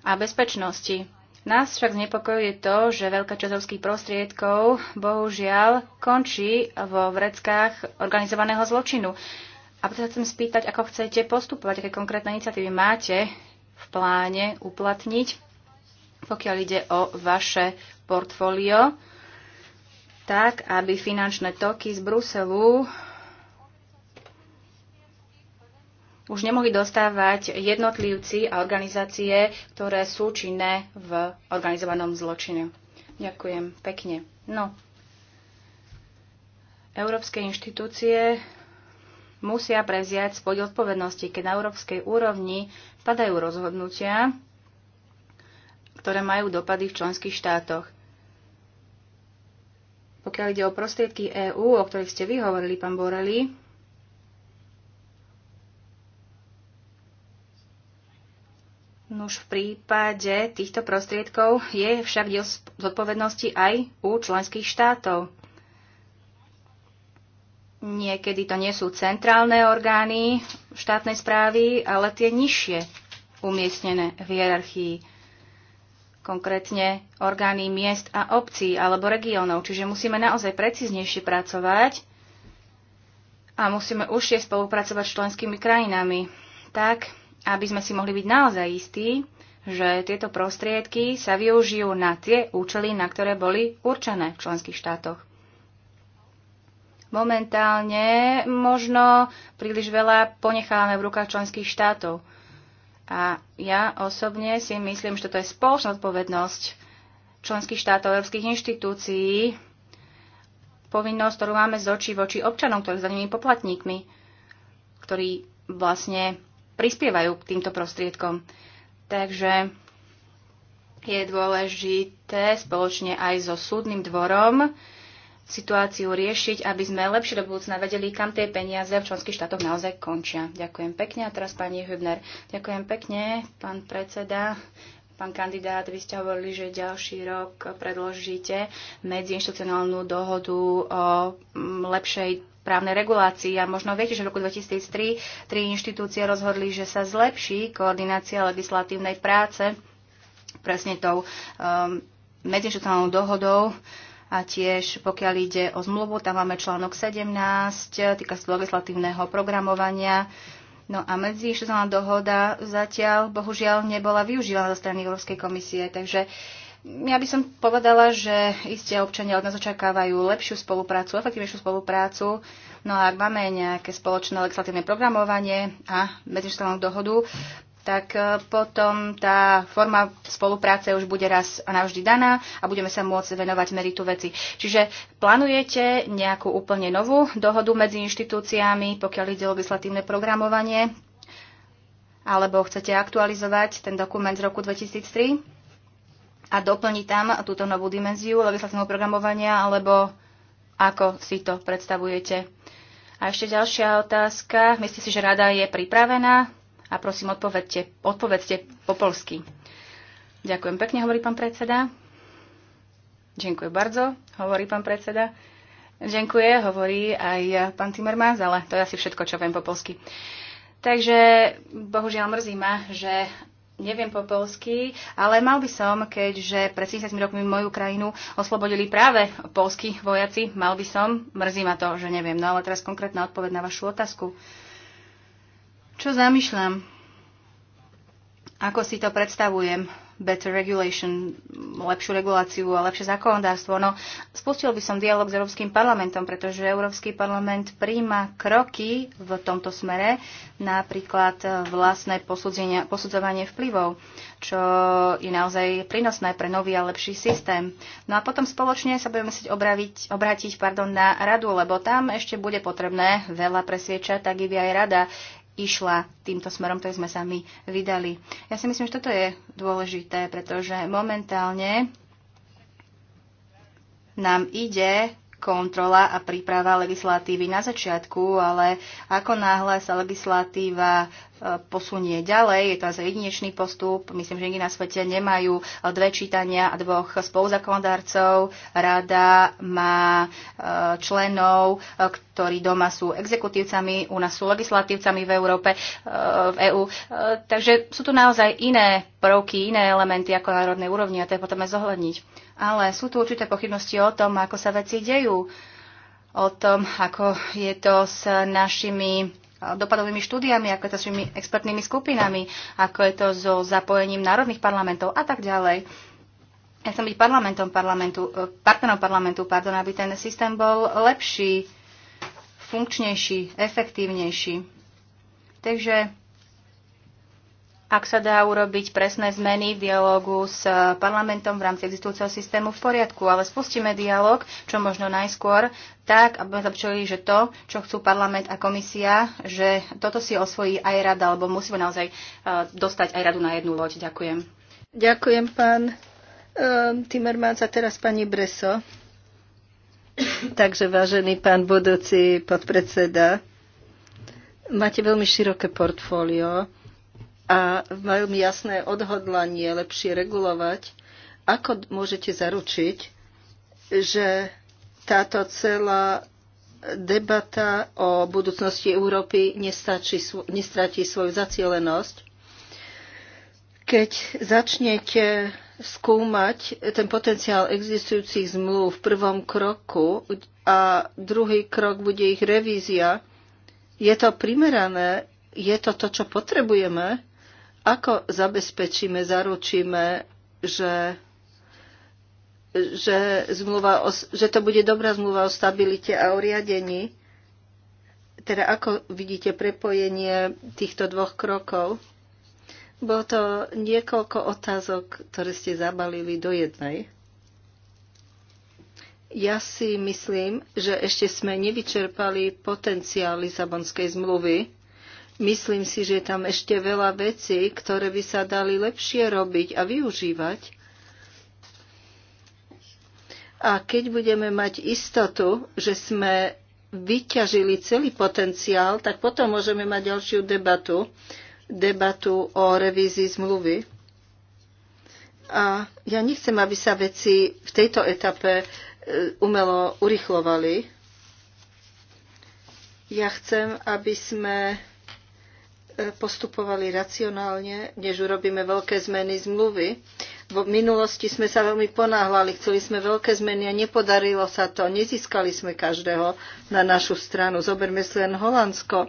a bezpečnosti. Nás však znepokojuje to, že veľká časť európskych prostriedkov bohužiaľ končí vo vreckách organizovaného zločinu. A preto sa chcem spýtať, ako chcete postupovať, aké konkrétne iniciatívy máte v pláne uplatniť, pokiaľ ide o vaše portfólio, tak aby finančné toky z Bruselu už nemohli dostávať jednotlivci a organizácie, ktoré sú činné v organizovanom zločine. Ďakujem pekne. No, európske inštitúcie musia prevziať svoj odpovednosti, keď na európskej úrovni padajú rozhodnutia, ktoré majú dopady v členských štátoch. Pokiaľ ide o prostriedky EÚ, o ktorých ste vyhovorili, pán Borelli, Nuž v prípade týchto prostriedkov je však diel zodpovednosti aj u členských štátov. Niekedy to nie sú centrálne orgány štátnej správy, ale tie nižšie umiestnené v hierarchii konkrétne orgány miest a obcí alebo regiónov. Čiže musíme naozaj precíznejšie pracovať a musíme užšie spolupracovať s členskými krajinami tak, aby sme si mohli byť naozaj istí, že tieto prostriedky sa využijú na tie účely, na ktoré boli určené v členských štátoch. Momentálne možno príliš veľa ponechávame v rukách členských štátov. A ja osobne si myslím, že toto je spoločná odpovednosť členských štátov, európskych inštitúcií, povinnosť, ktorú máme z očí voči občanom, ktorí za nimi poplatníkmi, ktorí vlastne prispievajú k týmto prostriedkom. Takže je dôležité spoločne aj so súdnym dvorom situáciu riešiť, aby sme lepšie do budúcna vedeli, kam tie peniaze v členských štátoch naozaj končia. Ďakujem pekne. A teraz pani Hübner. Ďakujem pekne, pán predseda. Pán kandidát, vy ste hovorili, že ďalší rok predložíte medziinstitucionálnu dohodu o mm, lepšej právnej regulácii. A možno viete, že v roku 2003 tri inštitúcie rozhodli, že sa zlepší koordinácia legislatívnej práce presne tou um, medzinštitutálnou dohodou a tiež pokiaľ ide o zmluvu, tam máme článok 17, týka sa legislatívneho programovania. No a medzištátna dohoda zatiaľ bohužiaľ nebola využívaná zo strany Európskej komisie, takže uh, ja by som povedala, že iste občania od nás očakávajú lepšiu spoluprácu, efektívnejšiu spoluprácu. No a ak máme nejaké spoločné legislatívne programovanie a medzištelnú dohodu, tak e, potom tá forma spolupráce už bude raz a navždy daná a budeme sa môcť venovať meritu veci. Čiže plánujete nejakú úplne novú dohodu medzi inštitúciami, pokiaľ ide o legislatívne programovanie, alebo chcete aktualizovať ten dokument z roku 2003? a doplní tam túto novú dimenziu legislatívneho programovania, alebo ako si to predstavujete? A ešte ďalšia otázka. Myslíte si, že rada je pripravená? A prosím, odpovedte, odpovedzte po polsky. Ďakujem pekne, hovorí pán predseda. Ďakujem bardzo, hovorí pán predseda. Ďakujem, hovorí aj pán Timmermans, ale to je asi všetko, čo viem po polsky. Takže bohužiaľ mrzí ma, že neviem po polsky, ale mal by som, keďže pred 70 rokmi moju krajinu oslobodili práve polskí vojaci, mal by som, mrzí ma to, že neviem. No ale teraz konkrétna odpoveď na vašu otázku. Čo zamýšľam? Ako si to predstavujem? better regulation, lepšiu reguláciu a lepšie zákonodárstvo. No, spustil by som dialog s Európskym parlamentom, pretože Európsky parlament príjma kroky v tomto smere, napríklad vlastné posudzovanie vplyvov, čo je naozaj prínosné pre nový a lepší systém. No a potom spoločne sa budeme musieť obraviť, obrátiť pardon, na radu, lebo tam ešte bude potrebné veľa presviečať, tak i aj rada išla týmto smerom, ktorý sme sa my vydali. Ja si myslím, že toto je dôležité, pretože momentálne nám ide kontrola a príprava legislatívy na začiatku, ale ako náhle sa legislatíva posunie ďalej. Je to asi jedinečný postup. Myslím, že nikdy na svete nemajú dve čítania a dvoch spoluzakonodárcov. Rada má e, členov, ktorí doma sú exekutívcami, u nás sú legislatívcami v Európe, e, v EÚ. E, takže sú tu naozaj iné prvky, iné elementy ako na národnej úrovni a to je potom aj zohľadniť. Ale sú tu určité pochybnosti o tom, ako sa veci dejú o tom, ako je to s našimi dopadovými štúdiami, ako je to s tými expertnými skupinami, ako je to so zapojením národných parlamentov a tak ďalej. Ja chcem byť parlamentom parlamentu, partnerom parlamentu, pardon, aby ten systém bol lepší, funkčnejší, efektívnejší. Takže ak sa dá urobiť presné zmeny v dialogu s eh, parlamentom v rámci existujúceho systému v poriadku, ale spustíme dialog, čo možno najskôr, tak, aby sme zlepšili, že to, čo chcú parlament a komisia, že toto si osvojí aj rada, alebo musíme naozaj eh, dostať aj radu na jednu loď. Ďakujem. Ďakujem, pán eh, Timmermans a teraz pani Breso. Takže, vážený pán budúci podpredseda, máte veľmi široké portfólio a veľmi jasné odhodlanie lepšie regulovať, ako môžete zaručiť, že táto celá debata o budúcnosti Európy nestačí, nestratí svoju zacielenosť. Keď začnete skúmať ten potenciál existujúcich zmluv v prvom kroku a druhý krok bude ich revízia, je to primerané, je to to, čo potrebujeme, ako zabezpečíme, zaručíme, že že, zmluva o, že to bude dobrá zmluva o stabilite a o riadení. Teda ako vidíte prepojenie týchto dvoch krokov? Bolo to niekoľko otázok, ktoré ste zabalili do jednej. Ja si myslím, že ešte sme nevyčerpali potenciál Lisabonskej zmluvy Myslím si, že je tam ešte veľa vecí, ktoré by sa dali lepšie robiť a využívať. A keď budeme mať istotu, že sme vyťažili celý potenciál, tak potom môžeme mať ďalšiu debatu, debatu o revízii zmluvy. A ja nechcem, aby sa veci v tejto etape e, umelo urychlovali. Ja chcem, aby sme E, postupovali racionálne, než urobíme veľké zmeny zmluvy. V minulosti sme sa veľmi ponáhľali, chceli sme veľké zmeny a nepodarilo sa to. Nezískali sme každého na našu stranu. Zoberme si len Holandsko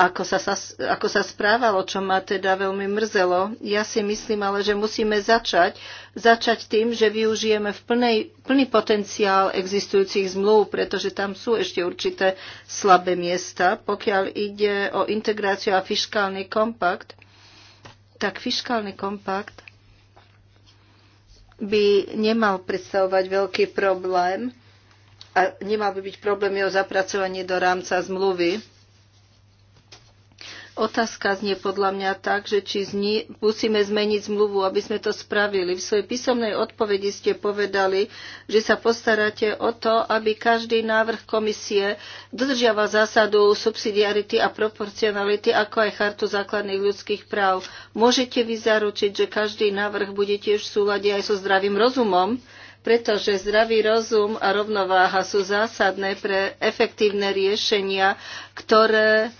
ako sa, sa, ako sa správalo, čo ma teda veľmi mrzelo. Ja si myslím ale, že musíme začať. Začať tým, že využijeme v plnej, plný potenciál existujúcich zmluv, pretože tam sú ešte určité slabé miesta. Pokiaľ ide o integráciu a fiskálny kompakt, tak fiskálny kompakt by nemal predstavovať veľký problém a nemal by byť problém jeho zapracovanie do rámca zmluvy Otázka znie podľa mňa tak, že či zni- musíme zmeniť zmluvu, aby sme to spravili. V svojej písomnej odpovedi ste povedali, že sa postaráte o to, aby každý návrh komisie dodržiava zásadu subsidiarity a proporcionality, ako aj chartu základných ľudských práv. Môžete vy zaručiť, že každý návrh bude tiež v súlade aj so zdravým rozumom? pretože zdravý rozum a rovnováha sú zásadné pre efektívne riešenia, ktoré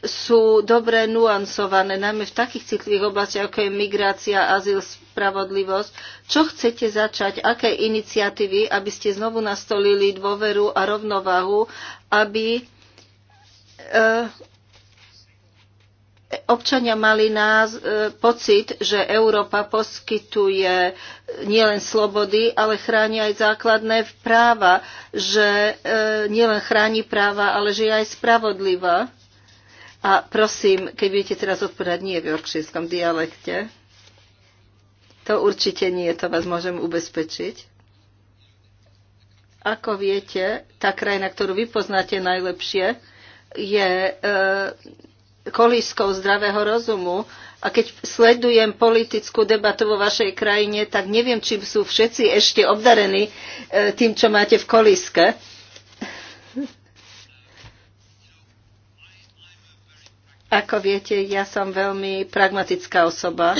sú dobre nuancované, najmä v takých citlivých oblastiach, ako je migrácia, azyl, spravodlivosť. Čo chcete začať? Aké iniciatívy, aby ste znovu nastolili dôveru a rovnováhu, aby eh, občania mali nás, eh, pocit, že Európa poskytuje eh, nielen slobody, ale chráni aj základné práva, že nielen chráni práva, ale že je aj spravodlivá. A prosím, keď budete teraz odpovedať nie v jorkšírskom dialekte, to určite nie, to vás môžem ubezpečiť. Ako viete, tá krajina, ktorú vy poznáte najlepšie, je e, kolískou zdravého rozumu. A keď sledujem politickú debatu vo vašej krajine, tak neviem, či sú všetci ešte obdarení e, tým, čo máte v kolíske. Ako viete, ja som veľmi pragmatická osoba.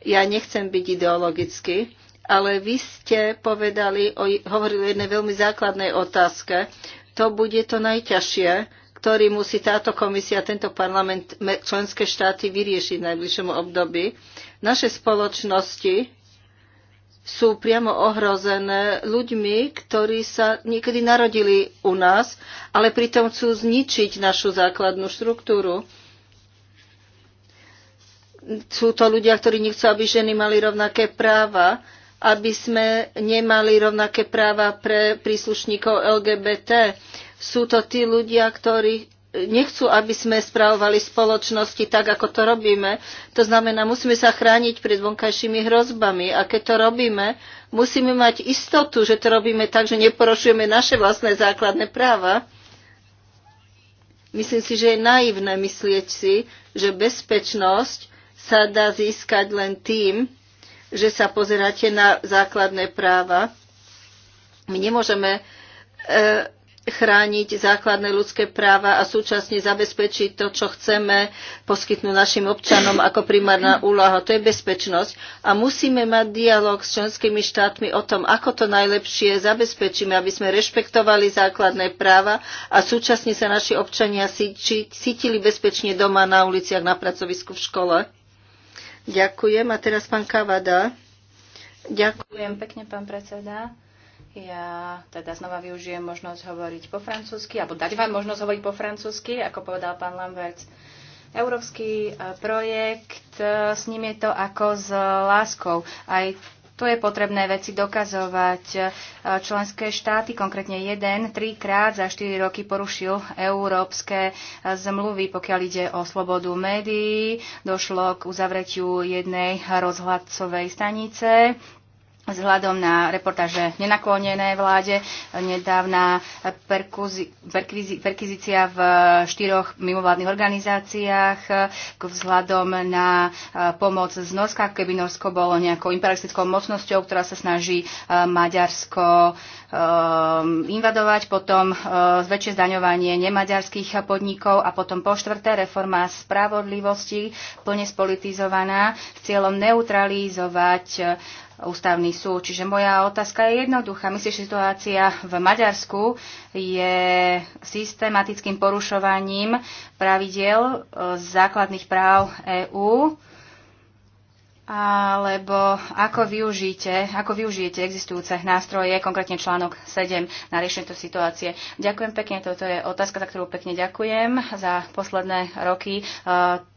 Ja nechcem byť ideologický, ale vy ste povedali, o, hovorili o jednej veľmi základnej otázke. To bude to najťažšie, ktorý musí táto komisia, tento parlament, členské štáty vyriešiť v najbližšom období. Naše spoločnosti sú priamo ohrozené ľuďmi, ktorí sa niekedy narodili u nás, ale pritom chcú zničiť našu základnú štruktúru. Sú to ľudia, ktorí nechcú, aby ženy mali rovnaké práva, aby sme nemali rovnaké práva pre príslušníkov LGBT. Sú to tí ľudia, ktorí nechcú, aby sme spravovali spoločnosti tak, ako to robíme. To znamená, musíme sa chrániť pred vonkajšími hrozbami. A keď to robíme, musíme mať istotu, že to robíme tak, že neporušujeme naše vlastné základné práva. Myslím si, že je naivné myslieť si, že bezpečnosť sa dá získať len tým, že sa pozeráte na základné práva. My nemôžeme eh, chrániť základné ľudské práva a súčasne zabezpečiť to, čo chceme poskytnúť našim občanom ako primárna úloha. To je bezpečnosť. A musíme mať dialog s členskými štátmi o tom, ako to najlepšie zabezpečíme, aby sme rešpektovali základné práva a súčasne sa naši občania cítili bezpečne doma, na uliciach, na pracovisku, v škole. Ďakujem. A teraz pán Kavada. Ďakujem pekne, pán predseda. Ja teda znova využijem možnosť hovoriť po francúzsky, alebo dať vám možnosť hovoriť po francúzsky, ako povedal pán Lambert. Európsky e, projekt, e, s ním je to ako s láskou. Aj tu je potrebné veci dokazovať. E, členské štáty, konkrétne jeden, trikrát za 4 roky porušil európske zmluvy, pokiaľ ide o slobodu médií. Došlo k uzavretiu jednej rozhľadcovej stanice vzhľadom na reportáže nenaklonené vláde, nedávna perkvizícia v štyroch mimovládnych organizáciách, vzhľadom na e, pomoc z Norska, keby Norsko bolo nejakou imperialistickou mocnosťou, ktorá sa snaží e, Maďarsko e, invadovať, potom zväčšie zdaňovanie nemaďarských podnikov a potom po štvrté reforma spravodlivosti, plne spolitizovaná, s cieľom neutralizovať ústavný súd. Čiže moja otázka je jednoduchá. Myslím, že situácia v Maďarsku je systematickým porušovaním pravidiel e, základných práv EÚ alebo ako využijete, ako využijete existujúce nástroje, konkrétne článok 7 na riešenie tejto situácie. Ďakujem pekne, toto je otázka, za ktorú pekne ďakujem za posledné roky. E,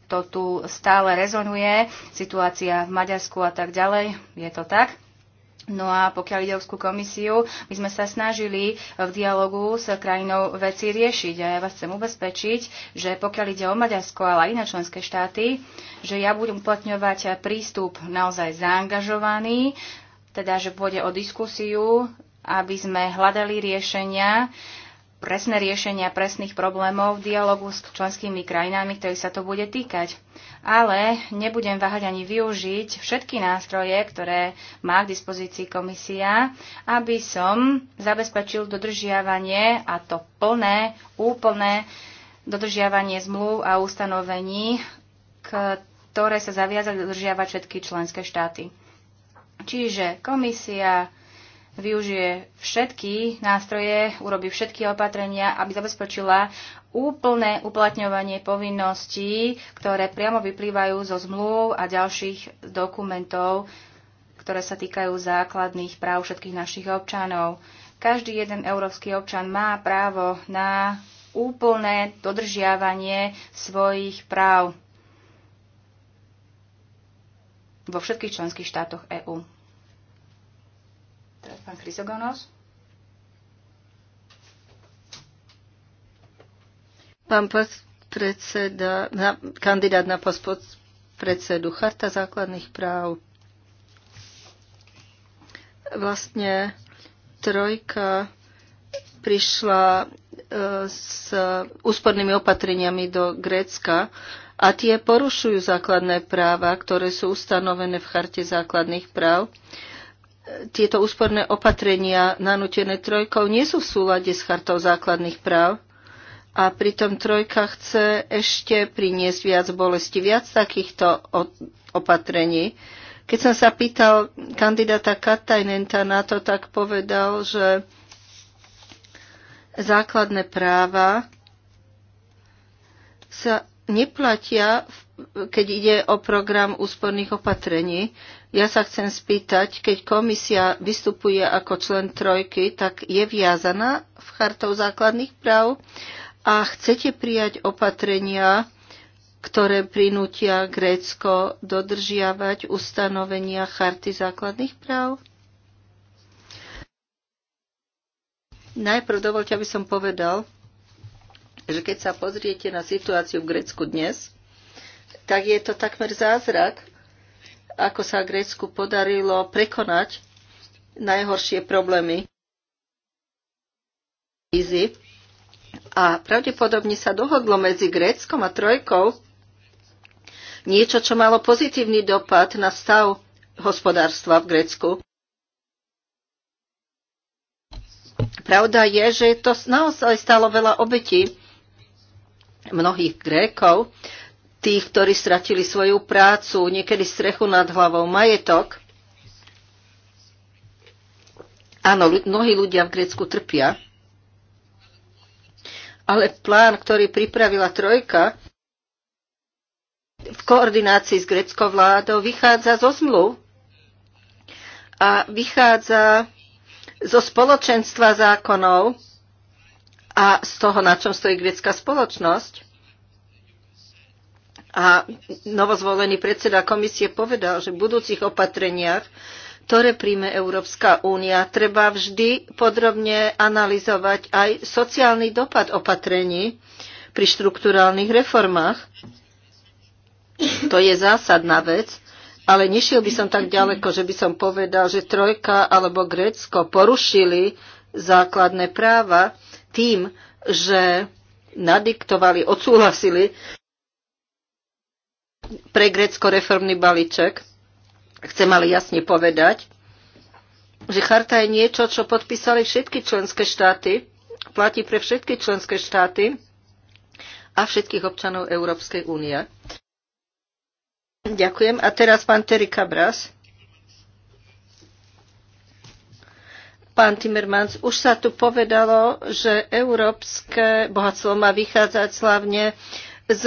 to tu stále rezonuje, situácia v Maďarsku a tak ďalej, je to tak. No a pokiaľ ide Európsku komisiu, my sme sa snažili v dialogu s krajinou veci riešiť. A ja vás chcem ubezpečiť, že pokiaľ ide o Maďarsko, ale aj iné členské štáty, že ja budem uplatňovať prístup naozaj zaangažovaný, teda že pôjde o diskusiu, aby sme hľadali riešenia, presné riešenia presných problémov v dialogu s členskými krajinami, ktorých sa to bude týkať. Ale nebudem váhať ani využiť všetky nástroje, ktoré má k dispozícii komisia, aby som zabezpečil dodržiavanie a to plné, úplné dodržiavanie zmluv a ustanovení, ktoré sa zaviazali dodržiavať všetky členské štáty. Čiže komisia využije všetky nástroje, urobí všetky opatrenia, aby zabezpečila úplné uplatňovanie povinností, ktoré priamo vyplývajú zo zmluv a ďalších dokumentov, ktoré sa týkajú základných práv všetkých našich občanov. Každý jeden európsky občan má právo na úplné dodržiavanie svojich práv vo všetkých členských štátoch EÚ. Teraz pán Krysogonos. Pán predseda, na, kandidát na post predsedu Charta základných práv. Vlastne trojka prišla e, s úspornými opatreniami do Grécka a tie porušujú základné práva, ktoré sú ustanovené v Charte základných práv tieto úsporné opatrenia nanútené trojkou nie sú v súlade s chartou základných práv a pritom trojka chce ešte priniesť viac bolesti, viac takýchto opatrení. Keď som sa pýtal kandidáta Katajnenta na to, tak povedal, že základné práva sa neplatia, keď ide o program úsporných opatrení. Ja sa chcem spýtať, keď komisia vystupuje ako člen trojky, tak je viazaná v chartou základných práv a chcete prijať opatrenia, ktoré prinútia Grécko dodržiavať ustanovenia charty základných práv? Najprv dovolte, aby som povedal, že keď sa pozriete na situáciu v Grécku dnes, tak je to takmer zázrak, ako sa Grécku podarilo prekonať najhoršie problémy krízy. A pravdepodobne sa dohodlo medzi Gréckom a Trojkou niečo, čo malo pozitívny dopad na stav hospodárstva v Grécku. Pravda je, že to naozaj stalo veľa obetí mnohých Grékov, tých, ktorí stratili svoju prácu, niekedy strechu nad hlavou, majetok. Áno, mnohí ľudia v Grécku trpia, ale plán, ktorý pripravila Trojka v koordinácii s greckou vládou, vychádza zo zmluv a vychádza zo spoločenstva zákonov a z toho, na čom stojí grecká spoločnosť. A novozvolený predseda komisie povedal, že v budúcich opatreniach, ktoré príjme Európska únia, treba vždy podrobne analyzovať aj sociálny dopad opatrení pri štruktúrálnych reformách. To je zásadná vec, ale nešiel by som tak ďaleko, že by som povedal, že Trojka alebo Grécko porušili základné práva tým, že nadiktovali, odsúhlasili pre Grécko reformný balíček. Chcem ale jasne povedať, že charta je niečo, čo podpísali všetky členské štáty, platí pre všetky členské štáty a všetkých občanov Európskej únie. Ďakujem. A teraz pán Terry Cabras. pán Timmermans, už sa tu povedalo, že európske bohatstvo má vychádzať slavne z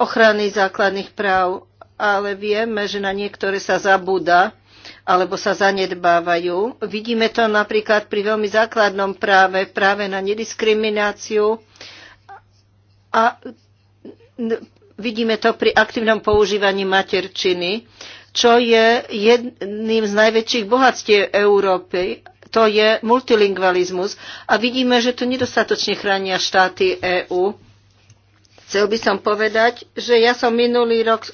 ochrany základných práv, ale vieme, že na niektoré sa zabúda alebo sa zanedbávajú. Vidíme to napríklad pri veľmi základnom práve, práve na nediskrimináciu a vidíme to pri aktívnom používaní materčiny, čo je jedným z najväčších bohatstiev Európy. To je multilingvalizmus a vidíme, že to nedostatočne chránia štáty EÚ Chcel by som povedať, že ja som minulý rok e, e,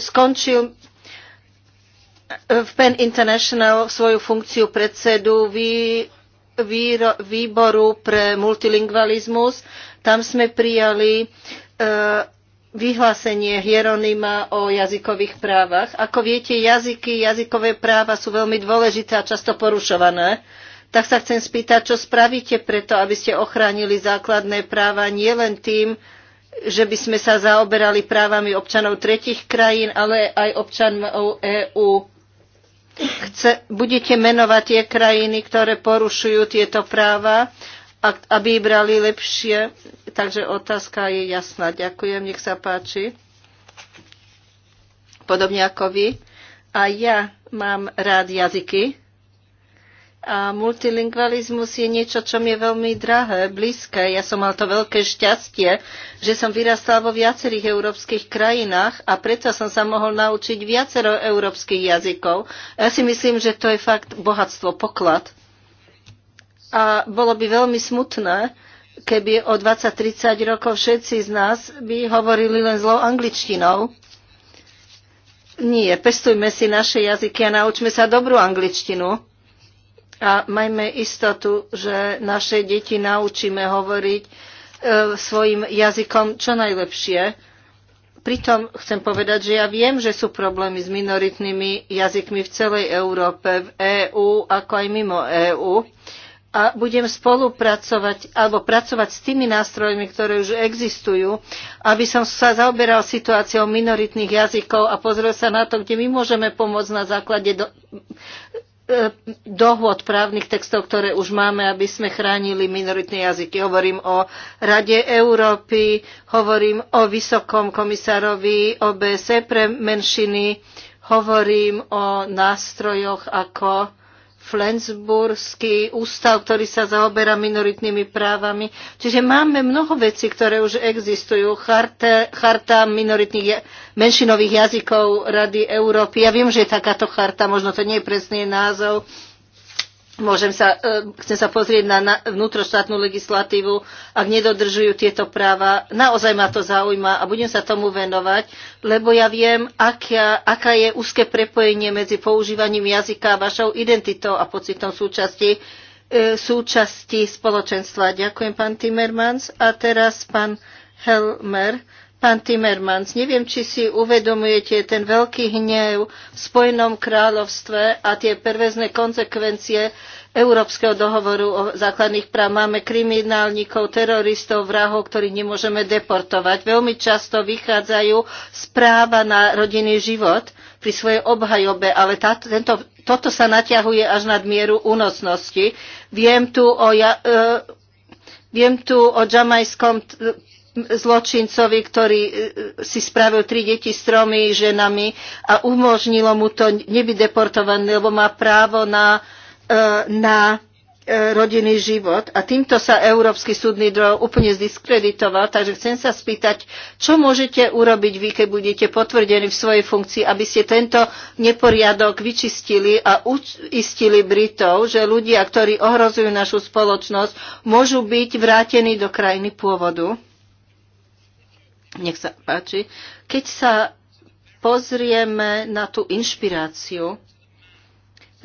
skončil e, v PEN International svoju funkciu predsedu vý, výro, výboru pre multilingvalizmus. Tam sme prijali vyhlásenie Hieronima o jazykových právach. Ako viete, jazyky, jazykové práva sú veľmi dôležité a často porušované. Tak sa chcem spýtať, čo spravíte preto, aby ste ochránili základné práva nielen tým, že by sme sa zaoberali právami občanov tretich krajín, ale aj občanov EÚ. Chce, budete menovať tie krajiny, ktoré porušujú tieto práva, aby brali lepšie. Takže otázka je jasná. Ďakujem, nech sa páči. Podobne ako vy. A ja mám rád jazyky. A multilingvalizmus je niečo, čo mi je veľmi drahé, blízke. Ja som mal to veľké šťastie, že som vyrastal vo viacerých európskych krajinách a preto som sa mohol naučiť viacero európskych jazykov. Ja si myslím, že to je fakt bohatstvo, poklad. A bolo by veľmi smutné, keby o 20-30 rokov všetci z nás by hovorili len zlou angličtinou. Nie, pestujme si naše jazyky a naučme sa dobrú angličtinu a majme istotu, že naše deti naučíme hovoriť e, svojim jazykom čo najlepšie. Pritom chcem povedať, že ja viem, že sú problémy s minoritnými jazykmi v celej Európe, v EÚ, ako aj mimo EÚ. A budem spolupracovať alebo pracovať s tými nástrojmi, ktoré už existujú, aby som sa zaoberal situáciou minoritných jazykov a pozrel sa na to, kde my môžeme pomôcť na základe do, E, dohôd právnych textov, ktoré už máme, aby sme chránili minoritné jazyky. Hovorím o Rade Európy, hovorím o Vysokom komisárovi OBSE pre menšiny, hovorím o nástrojoch ako Flensburský ústav, ktorý sa zaoberá minoritnými právami. Čiže máme mnoho vecí, ktoré už existujú. Charta, charta minoritných menšinových jazykov Rady Európy. Ja viem, že je takáto charta, možno to nie je presný názov, Môžem sa, e, chcem sa pozrieť na vnútroštátnu legislatívu, ak nedodržujú tieto práva. Naozaj ma to zaujíma a budem sa tomu venovať, lebo ja viem, aká, aká je úzke prepojenie medzi používaním jazyka a vašou identitou a pocitom súčasti, e, súčasti spoločenstva. Ďakujem, pán Timmermans. A teraz pán Helmer Pán Timmermans, neviem, či si uvedomujete ten veľký hnev v Spojenom kráľovstve a tie pervezné konsekvencie Európskeho dohovoru o základných práv. Máme kriminálnikov, teroristov, vrahov, ktorí nemôžeme deportovať. Veľmi často vychádzajú z práva na rodinný život pri svojej obhajobe, ale tá, tento, toto sa naťahuje až nad mieru únosnosti. Viem tu o, ja, e, viem tu o jamajskom zločincovi, ktorý e, si spravil tri deti s tromi ženami a umožnilo mu to nebyť deportovaný, lebo má právo na, e, na e, rodinný život a týmto sa Európsky súdny dvor úplne zdiskreditoval, takže chcem sa spýtať, čo môžete urobiť vy, keď budete potvrdení v svojej funkcii, aby ste tento neporiadok vyčistili a uistili Britov, že ľudia, ktorí ohrozujú našu spoločnosť, môžu byť vrátení do krajiny pôvodu? Nech sa páči. Keď sa pozrieme na tú inšpiráciu,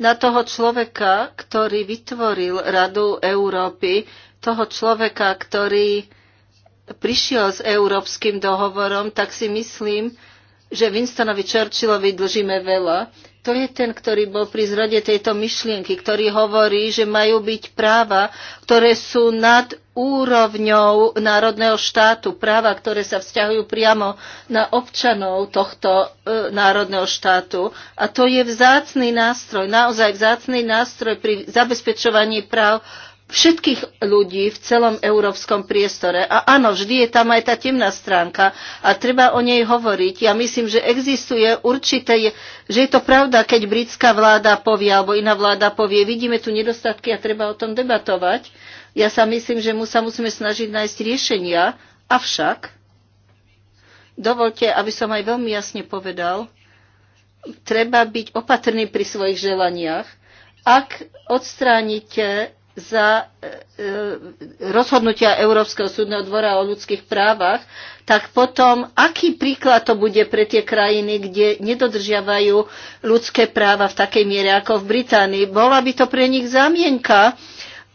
na toho človeka, ktorý vytvoril Radu Európy, toho človeka, ktorý prišiel s európskym dohovorom, tak si myslím, že Winstonovi Churchillovi dlžíme veľa. To je ten, ktorý bol pri zrode tejto myšlienky, ktorý hovorí, že majú byť práva, ktoré sú nad úrovňou národného štátu, práva, ktoré sa vzťahujú priamo na občanov tohto e, národného štátu. A to je vzácný nástroj, naozaj vzácný nástroj pri zabezpečovaní práv všetkých ľudí v celom európskom priestore. A áno, vždy je tam aj tá temná stránka a treba o nej hovoriť. Ja myslím, že existuje určité, že je to pravda, keď britská vláda povie alebo iná vláda povie, vidíme tu nedostatky a treba o tom debatovať. Ja sa myslím, že mu sa musíme snažiť nájsť riešenia, avšak dovolte, aby som aj veľmi jasne povedal, treba byť opatrný pri svojich želaniach. Ak odstránite za e, e, rozhodnutia Európskeho súdneho dvora o ľudských právach, tak potom aký príklad to bude pre tie krajiny, kde nedodržiavajú ľudské práva v takej miere ako v Británii? Bola by to pre nich zamienka,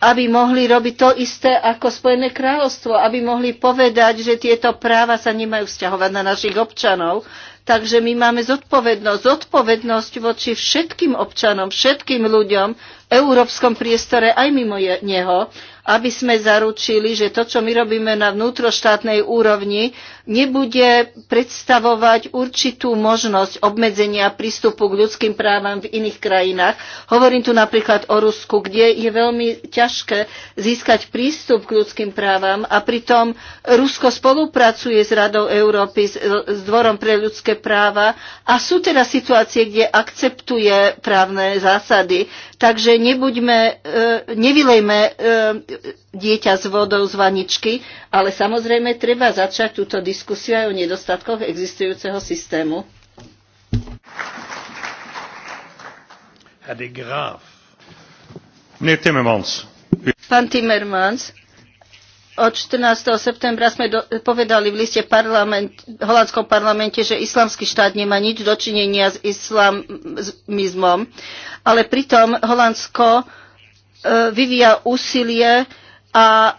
aby mohli robiť to isté ako Spojené kráľovstvo, aby mohli povedať, že tieto práva sa nemajú vzťahovať na našich občanov. Takže my máme zodpovednosť, zodpovednosť voči všetkým občanom, všetkým ľuďom, európskom priestore aj mimo neho, aby sme zaručili, že to, čo my robíme na vnútroštátnej úrovni, nebude predstavovať určitú možnosť obmedzenia prístupu k ľudským právam v iných krajinách. Hovorím tu napríklad o Rusku, kde je veľmi ťažké získať prístup k ľudským právam a pritom Rusko spolupracuje s Radou Európy, s Dvorom pre ľudské práva a sú teda situácie, kde akceptuje právne zásady. Takže nebuďme, e, nevylejme e, dieťa s vodou z vaničky, ale samozrejme treba začať túto diskusiu aj o nedostatkoch existujúceho systému. Herr de Graaf. Meneer Timmermans. Pán Timmermans, od 14. septembra sme do, povedali v liste parlament, holandskom parlamente, že islamský štát nemá nič dočinenia s islamizmom, ale pritom Holandsko e, vyvíja úsilie a e,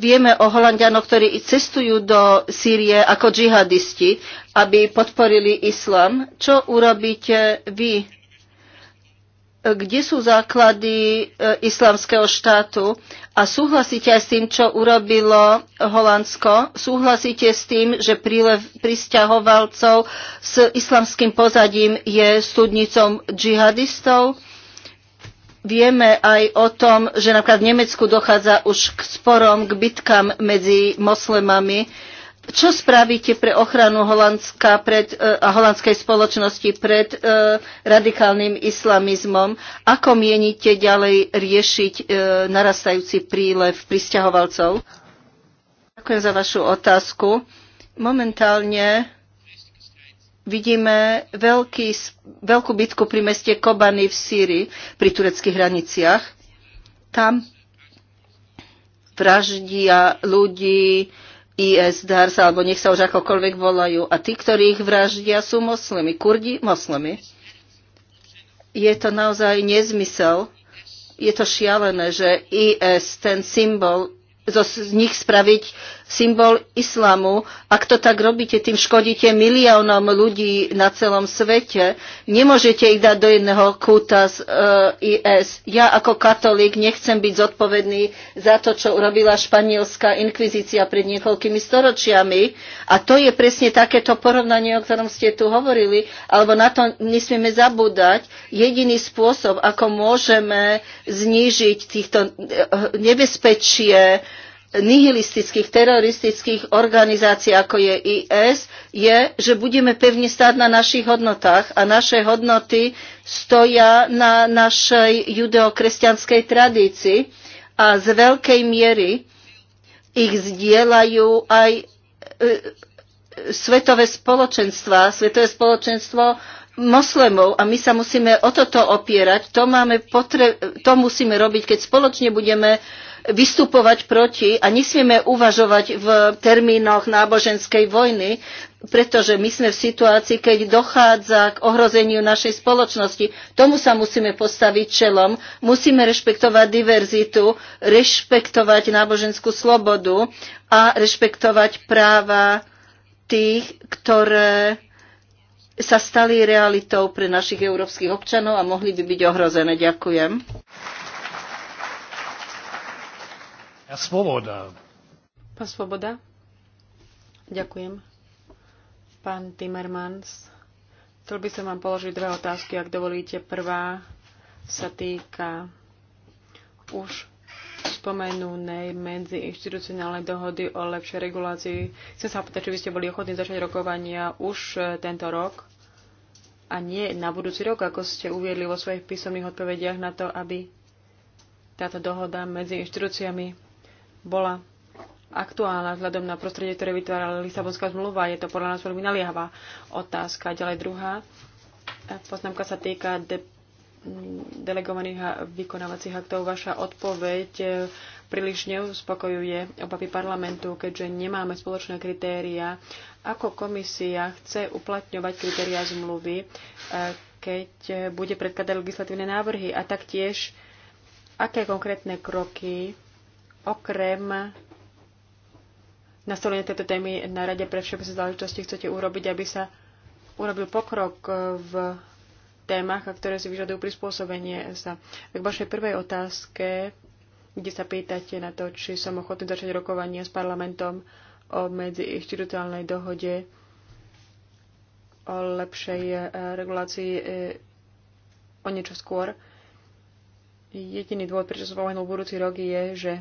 vieme o Holandianoch, ktorí cestujú do Sýrie ako džihadisti, aby podporili islam. Čo urobíte vy? E, kde sú základy e, islamského štátu? A súhlasíte aj s tým, čo urobilo Holandsko? Súhlasíte s tým, že prílev pristahovalcov s islamským pozadím je studnicom džihadistov? Vieme aj o tom, že napríklad v Nemecku dochádza už k sporom, k bitkám medzi moslemami čo spravíte pre ochranu Holandska pred, e, a holandskej spoločnosti pred e, radikálnym islamizmom? Ako mienite ďalej riešiť e, narastajúci prílev pristahovalcov? Ďakujem za vašu otázku. Momentálne vidíme veľký, veľkú bitku pri meste Kobany v Sýrii, pri tureckých hraniciach. Tam vraždia ľudí, IS, DARS alebo nech sa už akokoľvek volajú. A tí, ktorí ich vraždia, sú moslimi. Kurdi, moslimi. Je to naozaj nezmysel. Je to šialené, že IS, ten symbol, z nich spraviť symbol islamu. Ak to tak robíte, tým škodíte miliónom ľudí na celom svete. Nemôžete ich dať do jedného kúta z e, eh, IS. Ja ako katolík nechcem byť zodpovedný za to, čo urobila španielská inkvizícia pred niekoľkými storočiami. A to je presne takéto porovnanie, o ktorom ste tu hovorili, alebo na to nesmieme zabúdať. Jediný spôsob, ako môžeme znížiť týchto eh, nebezpečie, nihilistických, teroristických organizácií, ako je IS, je, že budeme pevne stáť na našich hodnotách a naše hodnoty stoja na našej judeokresťanskej tradícii a z veľkej miery ich zdieľajú aj e, svetové spoločenstva, svetové spoločenstvo moslemov a my sa musíme o toto opierať. To, máme potre- to musíme robiť, keď spoločne budeme vystupovať proti a nesmieme uvažovať v termínoch náboženskej vojny, pretože my sme v situácii, keď dochádza k ohrozeniu našej spoločnosti. Tomu sa musíme postaviť čelom. Musíme rešpektovať diverzitu, rešpektovať náboženskú slobodu a rešpektovať práva tých, ktoré sa stali realitou pre našich európskych občanov a mohli by byť ohrozené. Ďakujem. Svoboda. Pán Svoboda. Ďakujem. Pán Timmermans. Chcel by som vám položiť dve otázky, ak dovolíte. Prvá sa týka už spomenúnej inštitucionálnej dohody o lepšej regulácii. Chcem sa opýtať, či by ste boli ochotní začať rokovania už e, tento rok a nie na budúci rok, ako ste uviedli vo svojich písomných odpovediach na to, aby táto dohoda medzi inštitúciami bola aktuálna vzhľadom na prostredie, ktoré vytvárala Lisabonská zmluva. Je to podľa nás veľmi naliehavá otázka. Ďalej druhá poznámka sa týka de- delegovaných a vykonávacích aktov. Vaša odpoveď eh, príliš neuspokojuje obavy parlamentu, keďže nemáme spoločné kritéria. Ako komisia chce uplatňovať kritéria zmluvy, eh, keď eh, bude predkladať legislatívne návrhy a taktiež aké konkrétne kroky okrem nastolenia tejto témy na Rade pre všeobecné záležitosti chcete urobiť, aby sa urobil pokrok v témach, ktoré si vyžadujú prispôsobenie sa. K vašej prvej otázke, kde sa pýtate na to, či som ochotný začať rokovanie s parlamentom o medziinstitucionálnej dohode o lepšej eh, regulácii eh, o niečo skôr. Jediný dôvod, prečo som spomenul budúci rok, je, že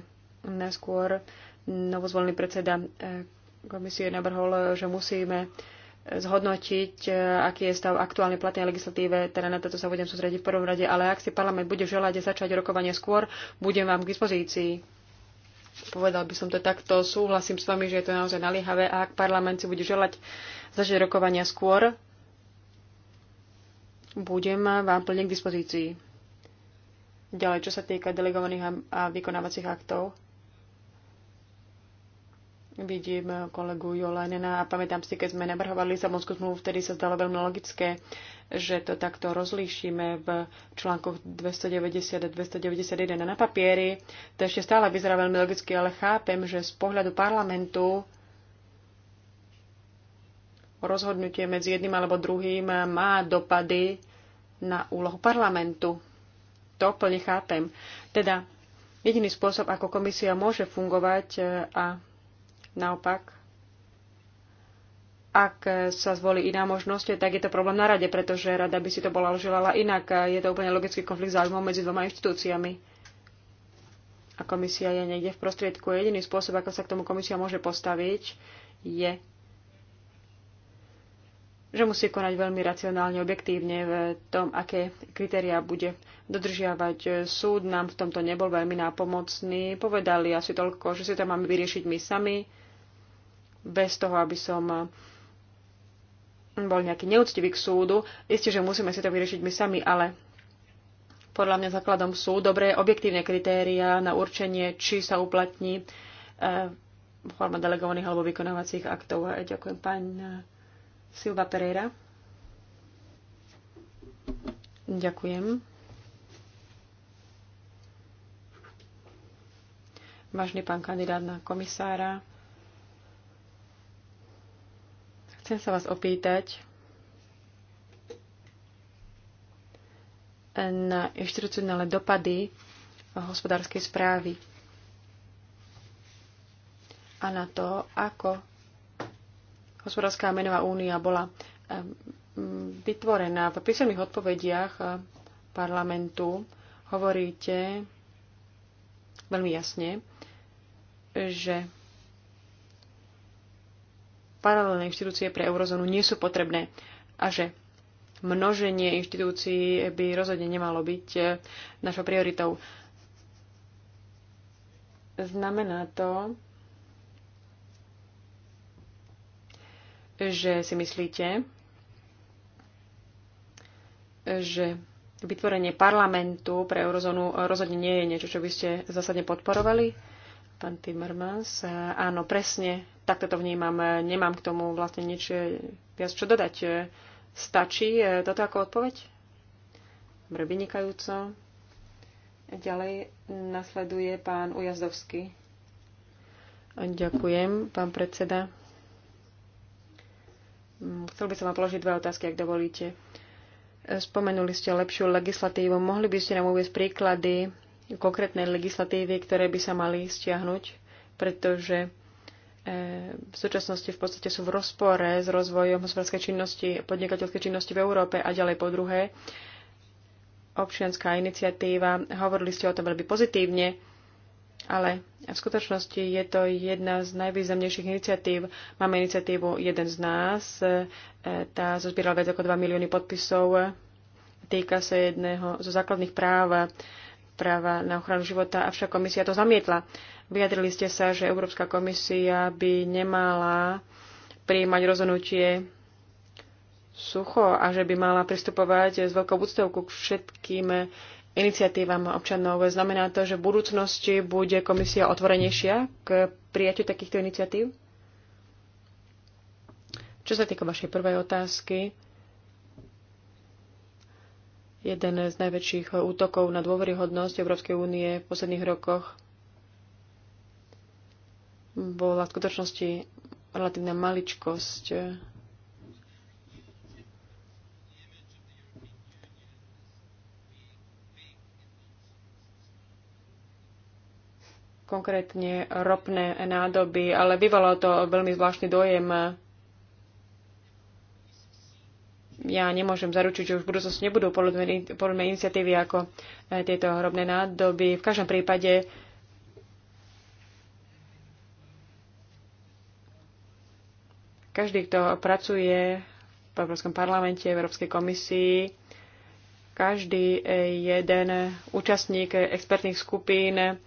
Najskôr novozvolený predseda eh, komisie navrhol, že musíme eh, zhodnotiť, eh, aký je stav aktuálnej platnej legislatíve, teda na toto sa budem sústrediť v prvom rade, ale ak si parlament bude želať začať rokovanie skôr, budem vám k dispozícii. Povedal by som to takto, súhlasím s vami, že je to naozaj naliehavé a ak parlament si bude želať začať rokovania skôr, budem vám plne k dispozícii. Ďalej, čo sa týka delegovaných a vykonávacích aktov, Vidím eh, kolegu Jolajnena a pamätám si, keď sme navrhovali Lisabonskú zmluvu, vtedy sa zdalo veľmi logické, že to takto rozlíšime v článkoch 290 a 291 na papieri. To ešte stále vyzerá veľmi logicky, ale chápem, že z pohľadu parlamentu rozhodnutie medzi jedným alebo druhým má dopady na úlohu parlamentu. To plne chápem. Teda jediný spôsob, ako komisia môže fungovať eh, a Naopak, ak sa zvolí iná možnosť, tak je to problém na rade, pretože rada by si to bola želala inak. Je to úplne logický konflikt záujmov medzi dvoma inštitúciami. A komisia je niekde v prostriedku. Jediný spôsob, ako sa k tomu komisia môže postaviť, je, že musí konať veľmi racionálne, objektívne v tom, aké kritériá bude dodržiavať. Súd nám v tomto nebol veľmi nápomocný. Povedali asi toľko, že si to máme vyriešiť my sami bez toho, aby som eh, bol nejaký neúctivý k súdu. Isté, že musíme si to vyriešiť my sami, ale podľa mňa základom sú dobré objektívne kritéria na určenie, či sa uplatní eh, forma delegovaných alebo vykonávacích aktov. Eh, ďakujem, pán Silva Pereira. Ďakujem. Vážny pán kandidát na komisára, Chcem sa vás opýtať na inštitucionálne dopady hospodárskej správy a na to, ako hospodárska menová únia bola vytvorená. V písomných odpovediach eh, parlamentu hovoríte veľmi jasne, že paralelné inštitúcie pre eurozónu nie sú potrebné a že množenie inštitúcií by rozhodne nemalo byť e, našou prioritou. Znamená to, že si myslíte, že vytvorenie parlamentu pre eurozónu rozhodne nie je niečo, čo by ste zásadne podporovali? Pán Timmermans, áno, presne Takto to vnímam. Nemám k tomu vlastne nič e, viac čo dodať. E, stačí e, toto ako odpoveď? Dobre, vynikajúco. Ďalej nasleduje pán Ujazdovský. Ďakujem, pán predseda. Mm, chcel by som vám položiť dve otázky, ak dovolíte. Spomenuli ste lepšiu legislatívu. Mohli by ste nám uvieť príklady konkrétnej legislatívy, ktoré by sa mali stiahnuť, pretože E, v súčasnosti v podstate sú v rozpore s rozvojom hospodárskej činnosti, podnikateľskej činnosti v Európe a ďalej po druhé. Občianská iniciatíva, hovorili ste o tom veľmi pozitívne, ale v skutočnosti je to jedna z najvýznamnejších iniciatív. Máme iniciatívu Jeden z nás, e, tá zozbírala viac ako 2 milióny podpisov, týka sa jedného zo základných práv, práva na ochranu života, avšak komisia to zamietla. Vyjadrili ste sa, že Európska komisia by nemala prijímať rozhodnutie sucho a že by mala pristupovať s veľkou úctou k všetkým iniciatívam občanov. Znamená to, že v budúcnosti bude komisia otvorenejšia k prijaťu takýchto iniciatív? Čo sa týka vašej prvej otázky, jeden z najväčších útokov na dôveryhodnosť Európskej únie v posledných rokoch bola v skutočnosti relatívna maličkosť. konkrétne ropné nádoby, ale vyvolalo to veľmi zvláštny dojem. Ja nemôžem zaručiť, že už v budúcnosti nebudú podľa iniciatívy ako eh, tieto ropné nádoby. V každom prípade Každý, kto pracuje v Európskom parlamente, v Európskej komisii, každý jeden účastník expertných skupín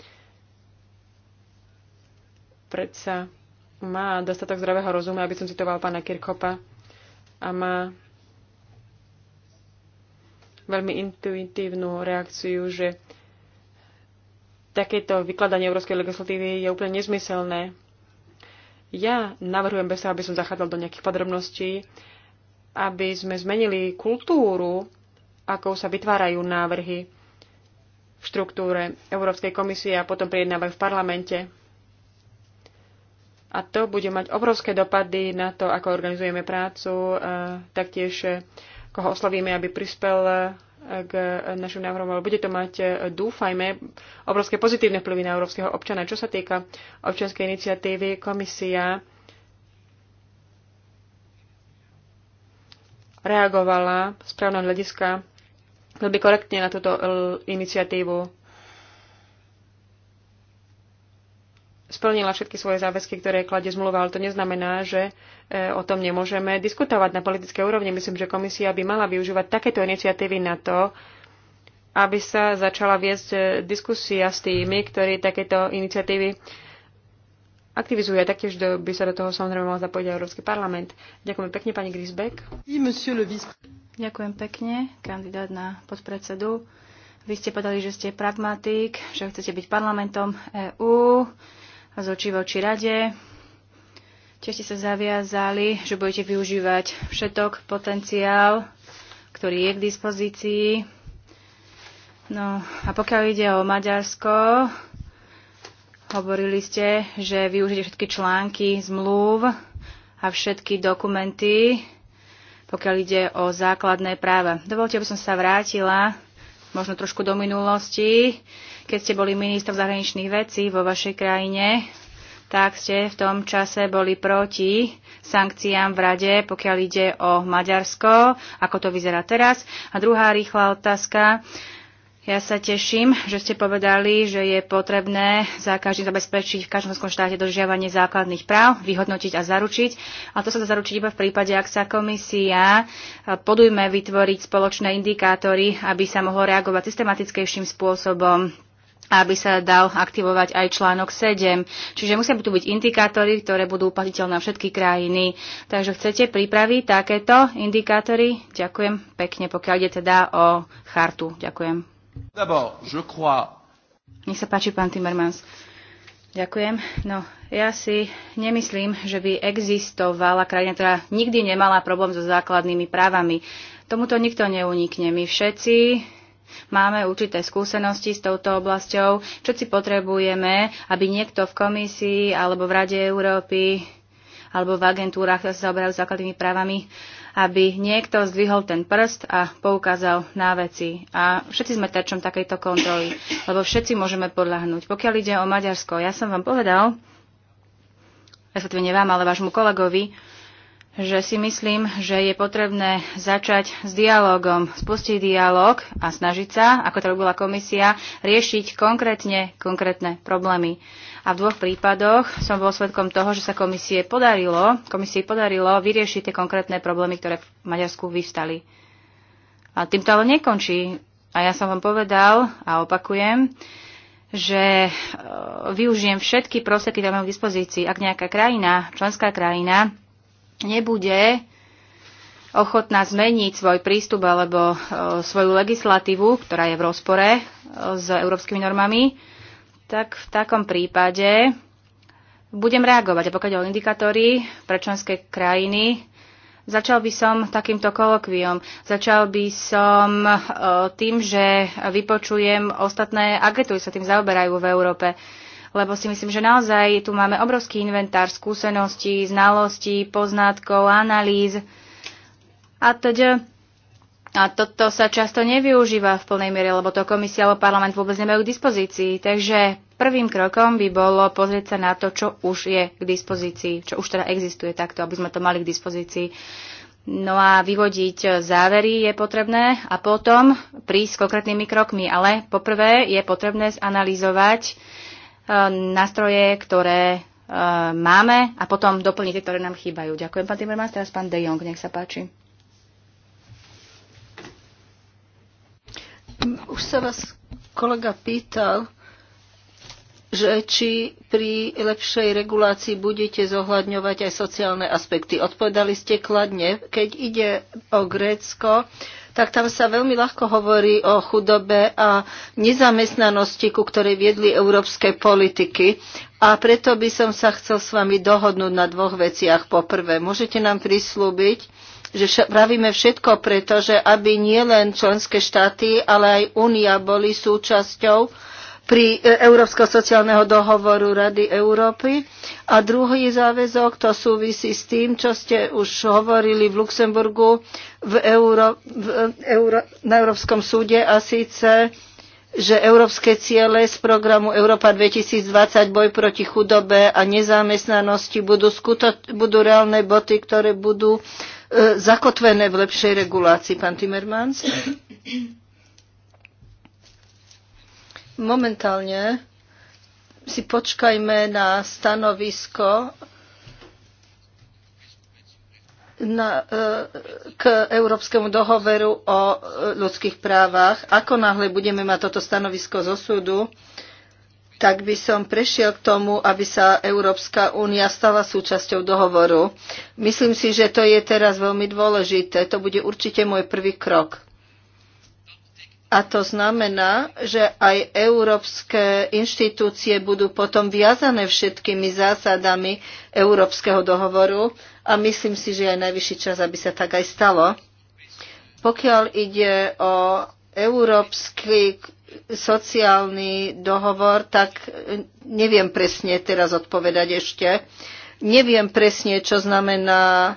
predsa má dostatok zdravého rozumu, aby som citoval pána Kirchopa, a má veľmi intuitívnu reakciu, že takéto vykladanie európskej legislatívy je úplne nezmyselné. Ja navrhujem bez toho, aby som zachádzal do nejakých podrobností, aby sme zmenili kultúru, ako sa vytvárajú návrhy v štruktúre Európskej komisie a potom prijednávajú v parlamente. A to bude mať obrovské dopady na to, ako organizujeme prácu, taktiež koho oslovíme, aby prispel k našim návrhom, ale bude to mať, e, dúfajme, obrovské pozitívne vplyvy na európskeho občana. Čo sa týka občianskej iniciatívy, komisia reagovala správne hľadiska veľmi korektne na túto e, iniciatívu splnila všetky svoje záväzky, ktoré kladie zmluva, ale to neznamená, že e, o tom nemôžeme diskutovať na politické úrovni. Myslím, že komisia by mala využívať takéto iniciatívy na to, aby sa začala viesť e, diskusia s tými, ktorí takéto iniciatívy aktivizujú. A taktiež by sa do toho samozrejme mal zapojiť aj Európsky parlament. Ďakujem pekne, pani Grisbeck. Ďakujem pekne, kandidát na podpredsedu. Vy ste povedali, že ste pragmatik, že chcete byť parlamentom EÚ z očí voči rade. Tiež ste sa zaviazali, že budete využívať všetok potenciál, ktorý je k dispozícii. No a pokiaľ ide o Maďarsko, hovorili ste, že využite všetky články zmluv a všetky dokumenty, pokiaľ ide o základné práva. Dovolte, aby som sa vrátila možno trošku do minulosti, keď ste boli minister zahraničných vecí vo vašej krajine, tak ste v tom čase boli proti sankciám v rade, pokiaľ ide o Maďarsko, ako to vyzerá teraz. A druhá rýchla otázka. Uh, ja sa teším, že ste povedali, že je potrebné za každým zabezpečiť v každom členskom štáte dodržiavanie základných práv, vyhodnotiť a zaručiť. A to sa dá zaručiť iba v prípade, ak sa komisia eh, podujme vytvoriť spoločné indikátory, aby sa mohlo reagovať systematickejším spôsobom aby sa dal aktivovať aj článok 7. Čiže musia tu byť indikátory, ktoré budú platiteľné na všetky krajiny. Takže chcete pripraviť takéto indikátory? Ďakujem pekne, pokiaľ ide teda o chartu. Ďakujem. Nech sa páči, pán Timmermans. Ďakujem. No, ja si nemyslím, že by existovala krajina, ktorá nikdy nemala problém so základnými právami. Tomuto nikto neunikne. My všetci máme určité skúsenosti s touto oblasťou. Všetci potrebujeme, aby niekto v komisii alebo v Rade Európy alebo v agentúrach, ktoré sa zaoberajú základnými právami, aby niekto zdvihol ten prst a poukázal na veci. A všetci sme terčom takejto kontroly, lebo všetci môžeme podľahnúť. Pokiaľ ide o Maďarsko, ja som vám povedal, respektíve ja nevám, ale vášmu kolegovi, že si myslím, že je potrebné začať s dialogom, spustiť dialog a snažiť sa, ako to robila komisia, riešiť konkrétne konkrétne problémy. A v dvoch prípadoch som bol svedkom toho, že sa komisie podarilo, komisii podarilo vyriešiť tie konkrétne problémy, ktoré v Maďarsku vyvstali. A tým to ale nekončí. A ja som vám povedal a opakujem, že e, využijem všetky prostriedky, ktoré mám k dispozícii. Ak nejaká krajina, členská krajina, nebude ochotná zmeniť svoj prístup alebo e, svoju legislatívu, ktorá je v rozpore e, s európskymi normami, tak v takom prípade budem reagovať. A pokiaľ o indikátory pre členské krajiny, Začal by som takýmto kolokviom. Začal by som e, tým, že vypočujem ostatné agentúry, sa tým zaoberajú v Európe lebo si myslím, že naozaj tu máme obrovský inventár skúseností, znalostí, poznatkov, analýz a teda a toto sa často nevyužíva v plnej miere, lebo to komisia alebo parlament vôbec nemajú k dispozícii. Takže prvým krokom by bolo pozrieť sa na to, čo už je k dispozícii, čo už teda existuje takto, aby sme to mali k dispozícii. No a vyvodiť závery je potrebné a potom prísť s konkrétnymi krokmi. Ale poprvé je potrebné zanalizovať e, nástroje, ktoré e, máme a potom doplniť tie, ktoré nám chýbajú. Ďakujem, pán Timmermans. Teraz pán De Jong, nech sa páči. Už sa vás kolega pýtal, že či pri lepšej regulácii budete zohľadňovať aj sociálne aspekty. Odpovedali ste kladne. Keď ide o Grécko, tak tam sa veľmi ľahko hovorí o chudobe a nezamestnanosti, ku ktorej viedli európske politiky. A preto by som sa chcel s vami dohodnúť na dvoch veciach. Po prvé, môžete nám prislúbiť, že pravíme všetko preto, že aby nielen členské štáty, ale aj Únia boli súčasťou pri e, Európskeho sociálneho dohovoru Rady Európy. A druhý záväzok, to súvisí s tým, čo ste už hovorili v Luxemburgu v Euró- v e, Euró- na Európskom súde a síce že európske ciele z programu Európa 2020 boj proti chudobe a nezamestnanosti budú, skuto, budú reálne boty, ktoré budú E, zakotvené v lepšej regulácii, pán Timmermans? Momentálne si počkajme na stanovisko na, e, k Európskemu dohovoru o e, ľudských právach. Ako náhle budeme mať toto stanovisko zo súdu, tak by som prešiel k tomu, aby sa Európska únia stala súčasťou dohovoru. Myslím si, že to je teraz veľmi dôležité. To bude určite môj prvý krok. A to znamená, že aj európske inštitúcie budú potom viazané všetkými zásadami Európskeho dohovoru a myslím si, že je najvyšší čas, aby sa tak aj stalo. Pokiaľ ide o európsky sociálny dohovor, tak neviem presne teraz odpovedať ešte. Neviem presne, čo znamená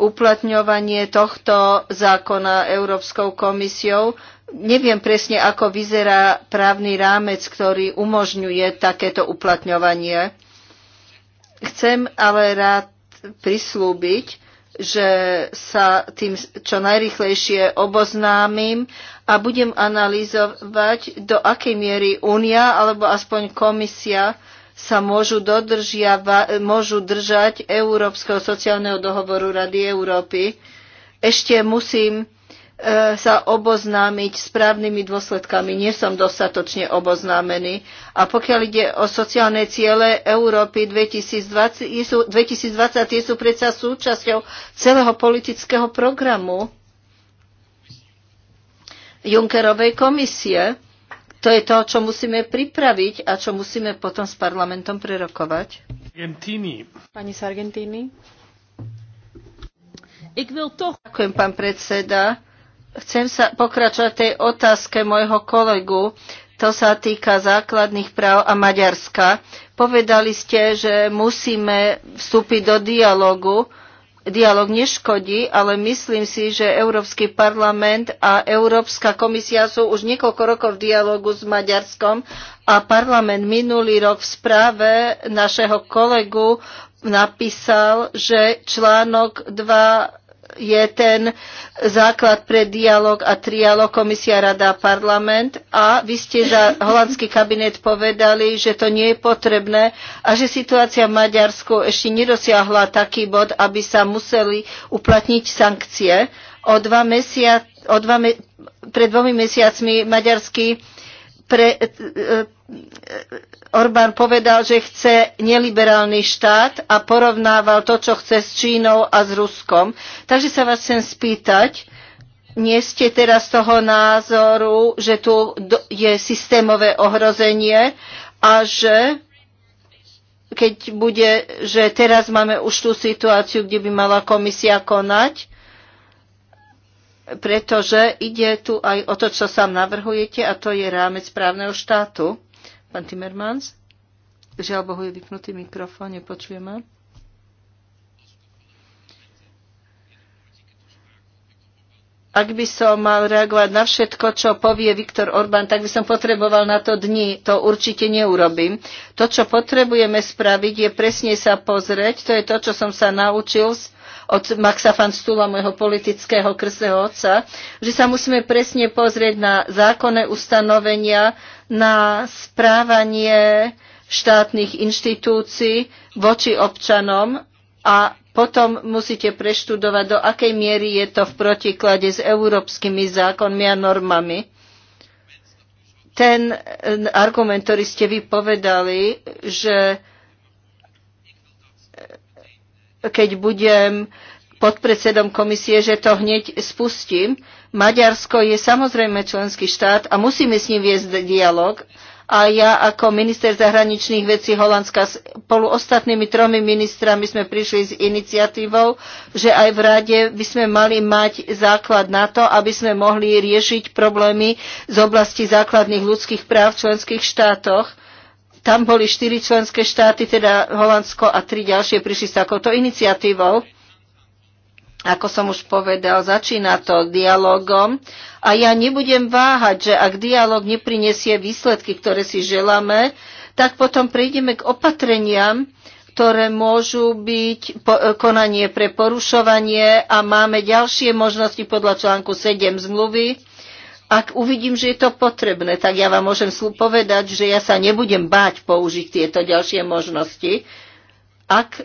uplatňovanie tohto zákona Európskou komisiou. Neviem presne, ako vyzerá právny rámec, ktorý umožňuje takéto uplatňovanie. Chcem ale rád prislúbiť, že sa tým čo najrychlejšie oboznámim a budem analyzovať, do akej miery Únia alebo aspoň komisia sa môžu, môžu držať Európskeho sociálneho dohovoru Rady Európy. Ešte musím E, sa oboznámiť s právnymi dôsledkami. Nie som dostatočne oboznámený. A pokiaľ ide o sociálne ciele Európy 2020, 2020 tie sú predsa súčasťou celého politického programu Junckerovej komisie. To je to, čo musíme pripraviť a čo musíme potom s parlamentom prerokovať. Argentíny. Pani z Argentíny. Ďakujem, pán predseda Chcem sa pokračovať tej otázke môjho kolegu. To sa týka základných práv a Maďarska. Povedali ste, že musíme vstúpiť do dialogu. Dialóg neškodí, ale myslím si, že Európsky parlament a Európska komisia sú už niekoľko rokov v dialogu s Maďarskom a parlament minulý rok v správe našeho kolegu napísal, že článok 2 je ten základ pre dialog a trialog Komisia, Rada a Parlament. A vy ste za holandský kabinet povedali, že to nie je potrebné a že situácia v Maďarsku ešte nedosiahla taký bod, aby sa museli uplatniť sankcie. O dva mesia, o dva me, pred dvomi mesiacmi maďarský pre, e, e, Orbán povedal, že chce neliberálny štát a porovnával to, čo chce s Čínou a s Ruskom. Takže sa vás chcem spýtať, nie ste teraz toho názoru, že tu je systémové ohrozenie a že keď bude, že teraz máme už tú situáciu, kde by mala komisia konať, pretože ide tu aj o to, čo sám navrhujete a to je rámec právneho štátu. Pán Timmermans, žiaľ Bohu je vypnutý mikrofón, nepočujeme. ak by som mal reagovať na všetko, čo povie Viktor Orbán, tak by som potreboval na to dni. To určite neurobím. To, čo potrebujeme spraviť, je presne sa pozrieť. To je to, čo som sa naučil z od Maxa van Stula, môjho politického krseho otca, že sa musíme presne pozrieť na zákonné ustanovenia, na správanie štátnych inštitúcií voči občanom a potom musíte preštudovať, do akej miery je to v protiklade s európskymi zákonmi a normami. Ten e, argument, ktorý ste vy povedali, že keď budem podpredsedom komisie, že to hneď spustím. Maďarsko je samozrejme členský štát a musíme s ním viesť dialog. A ja ako minister zahraničných vecí Holandska spolu ostatnými tromi ministrami sme prišli s iniciatívou, že aj v rade by sme mali mať základ na to, aby sme mohli riešiť problémy z oblasti základných ľudských práv v členských štátoch tam boli štyri členské štáty, teda Holandsko a tri ďalšie prišli s takouto iniciatívou. Ako som už povedal, začína to dialogom a ja nebudem váhať, že ak dialog neprinesie výsledky, ktoré si želáme, tak potom prejdeme k opatreniam, ktoré môžu byť konanie pre porušovanie a máme ďalšie možnosti podľa článku 7 zmluvy, ak uvidím, že je to potrebné, tak ja vám môžem povedať, že ja sa nebudem báť použiť tieto ďalšie možnosti. Ak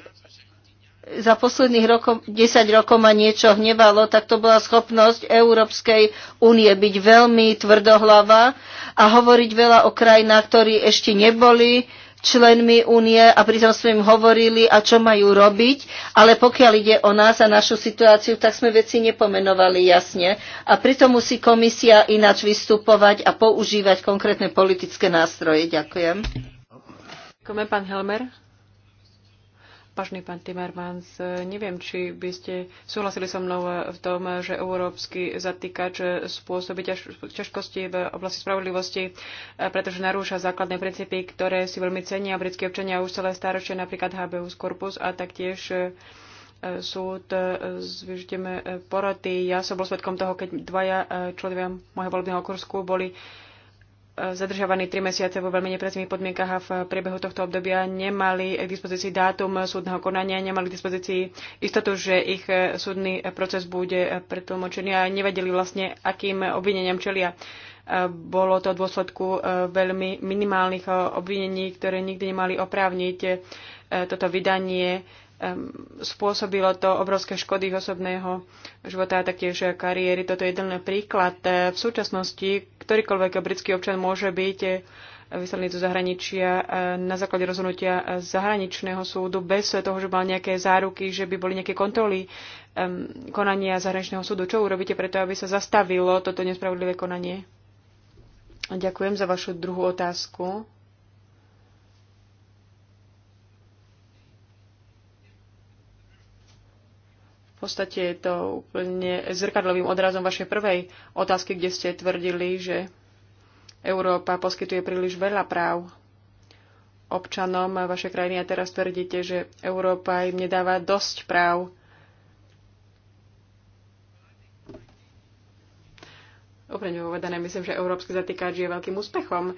za posledných rokov, 10 rokov ma niečo hnevalo, tak to bola schopnosť Európskej únie byť veľmi tvrdohlava a hovoriť veľa o krajinách, ktorí ešte neboli členmi únie a pritom sme im hovorili a čo majú robiť, ale pokiaľ ide o nás a našu situáciu, tak sme veci nepomenovali jasne. A pritom musí komisia ináč vystupovať a používať konkrétne politické nástroje. Ďakujem. Ďakujeme, pán Helmer odvážny, pán Timmermans. Neviem, či by ste súhlasili so mnou v tom, že európsky zatýkač spôsobí ťaž, ťažkosti v oblasti spravodlivosti, pretože narúša základné princípy, ktoré si veľmi cenia britskí občania už celé staročie, napríklad HBU corpus a taktiež e, súd e, s e, poroty. Ja som bol svetkom toho, keď dvaja členovia môjho volebného kursku boli E, zadržiavaní tri mesiace vo veľmi nepracných podmienkach a v priebehu tohto obdobia nemali k dispozícii dátum súdneho konania, nemali k dispozícii istotu, že ich e, súdny proces bude e, pretlmočený a nevedeli vlastne, akým obvineniam čelia. Bolo to v dôsledku veľmi minimálnych obvinení, ktoré nikdy nemali oprávniť toto vydanie spôsobilo to obrovské škody osobného života a taktiež kariéry. Toto je jeden príklad. E, v súčasnosti ktorýkoľvek britský občan môže byť e, vyslaný do zahraničia e, na základe rozhodnutia zahraničného súdu bez toho, že mal nejaké záruky, že by boli nejaké kontroly konania zahraničného súdu. Čo urobíte preto, aby sa zastavilo toto nespravodlivé konanie? Ďakujem za vašu druhú otázku. V podstate je to úplne zrkadlovým odrazom vašej prvej otázky, kde ste tvrdili, že Európa poskytuje príliš veľa práv občanom vašej krajiny a teraz tvrdíte, že Európa im nedáva dosť práv. Úprimne povedané, myslím, že európsky zatýkač je veľkým úspechom.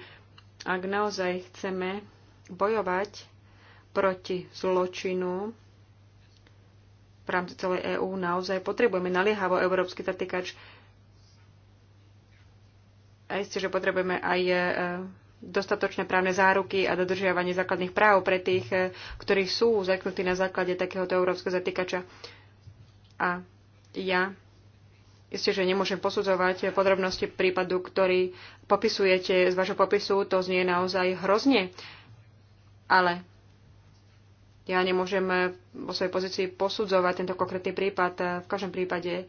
Ak naozaj chceme bojovať proti zločinu, v rámci celej EÚ naozaj potrebujeme naliehavo európsky zatýkač. A isté, že potrebujeme aj e, dostatočné právne záruky a dodržiavanie základných práv pre tých, e, ktorí sú zaknutí na základe takéhoto európskeho zatýkača. A ja isté, že nemôžem posudzovať podrobnosti prípadu, ktorý popisujete z vašho popisu, to znie naozaj hrozne. Ale ja nemôžem eh, vo svojej pozícii posudzovať tento konkrétny prípad. Eh, v každom prípade eh,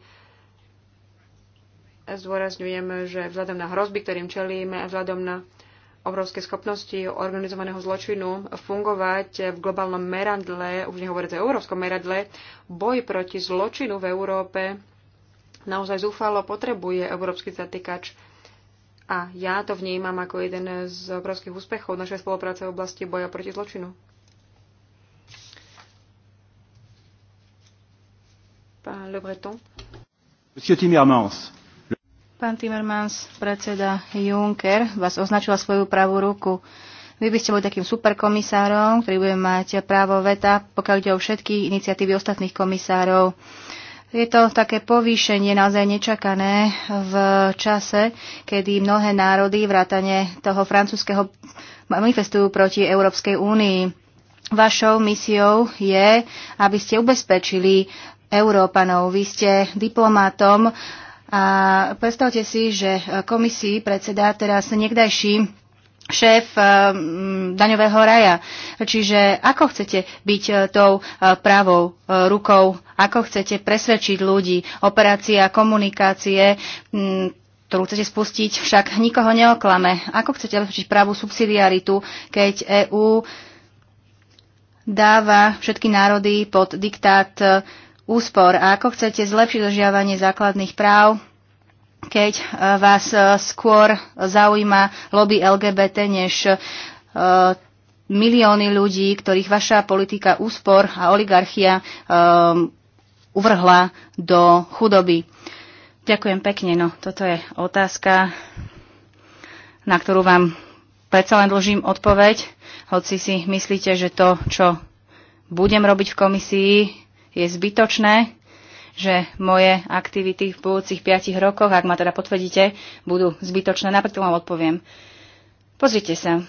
zdôrazňujem, že vzhľadom na hrozby, ktorým čelíme, vzhľadom na obrovské schopnosti organizovaného zločinu fungovať v globálnom meradle, už nehovoriac o európskom meradle, boj proti zločinu v Európe naozaj zúfalo potrebuje európsky zatýkač. A ja to vnímam ako jeden z obrovských úspechov našej spolupráce v oblasti boja proti zločinu. Pán Le Breton. Monsieur Timmermans. Pán Timmermans, predseda Juncker, vás označila svoju pravú ruku. Vy by ste boli takým superkomisárom, ktorý bude mať právo veta, pokiaľ ide o všetky iniciatívy ostatných komisárov. Je to také povýšenie naozaj nečakané v čase, kedy mnohé národy, vrátane toho francúzského, manifestujú proti Európskej únii. Vašou misiou je, aby ste ubezpečili Európanov. Vy ste diplomátom a predstavte si, že komisii predsedá teraz niekdajší šéf eh, daňového raja. Čiže ako chcete byť eh, tou eh, pravou rukou, ako chcete presvedčiť ľudí, operácia komunikácie, mm, ktorú chcete spustiť, však nikoho neoklame. Ako chcete lepšiť právu subsidiaritu, keď EÚ dáva všetky národy pod diktát úspor a ako chcete zlepšiť dožiavanie základných práv, keď e, vás e, skôr zaujíma lobby LGBT než e, milióny ľudí, ktorých vaša politika úspor a oligarchia um, uvrhla do chudoby. Ďakujem pekne. No, toto je otázka, na ktorú vám predsa len dlžím odpoveď, hoci si myslíte, že to, čo budem robiť v komisii, je zbytočné, že moje aktivity v budúcich 5 rokoch, ak ma teda potvrdíte, budú zbytočné. Napriek tomu vám odpoviem. Pozrite sa.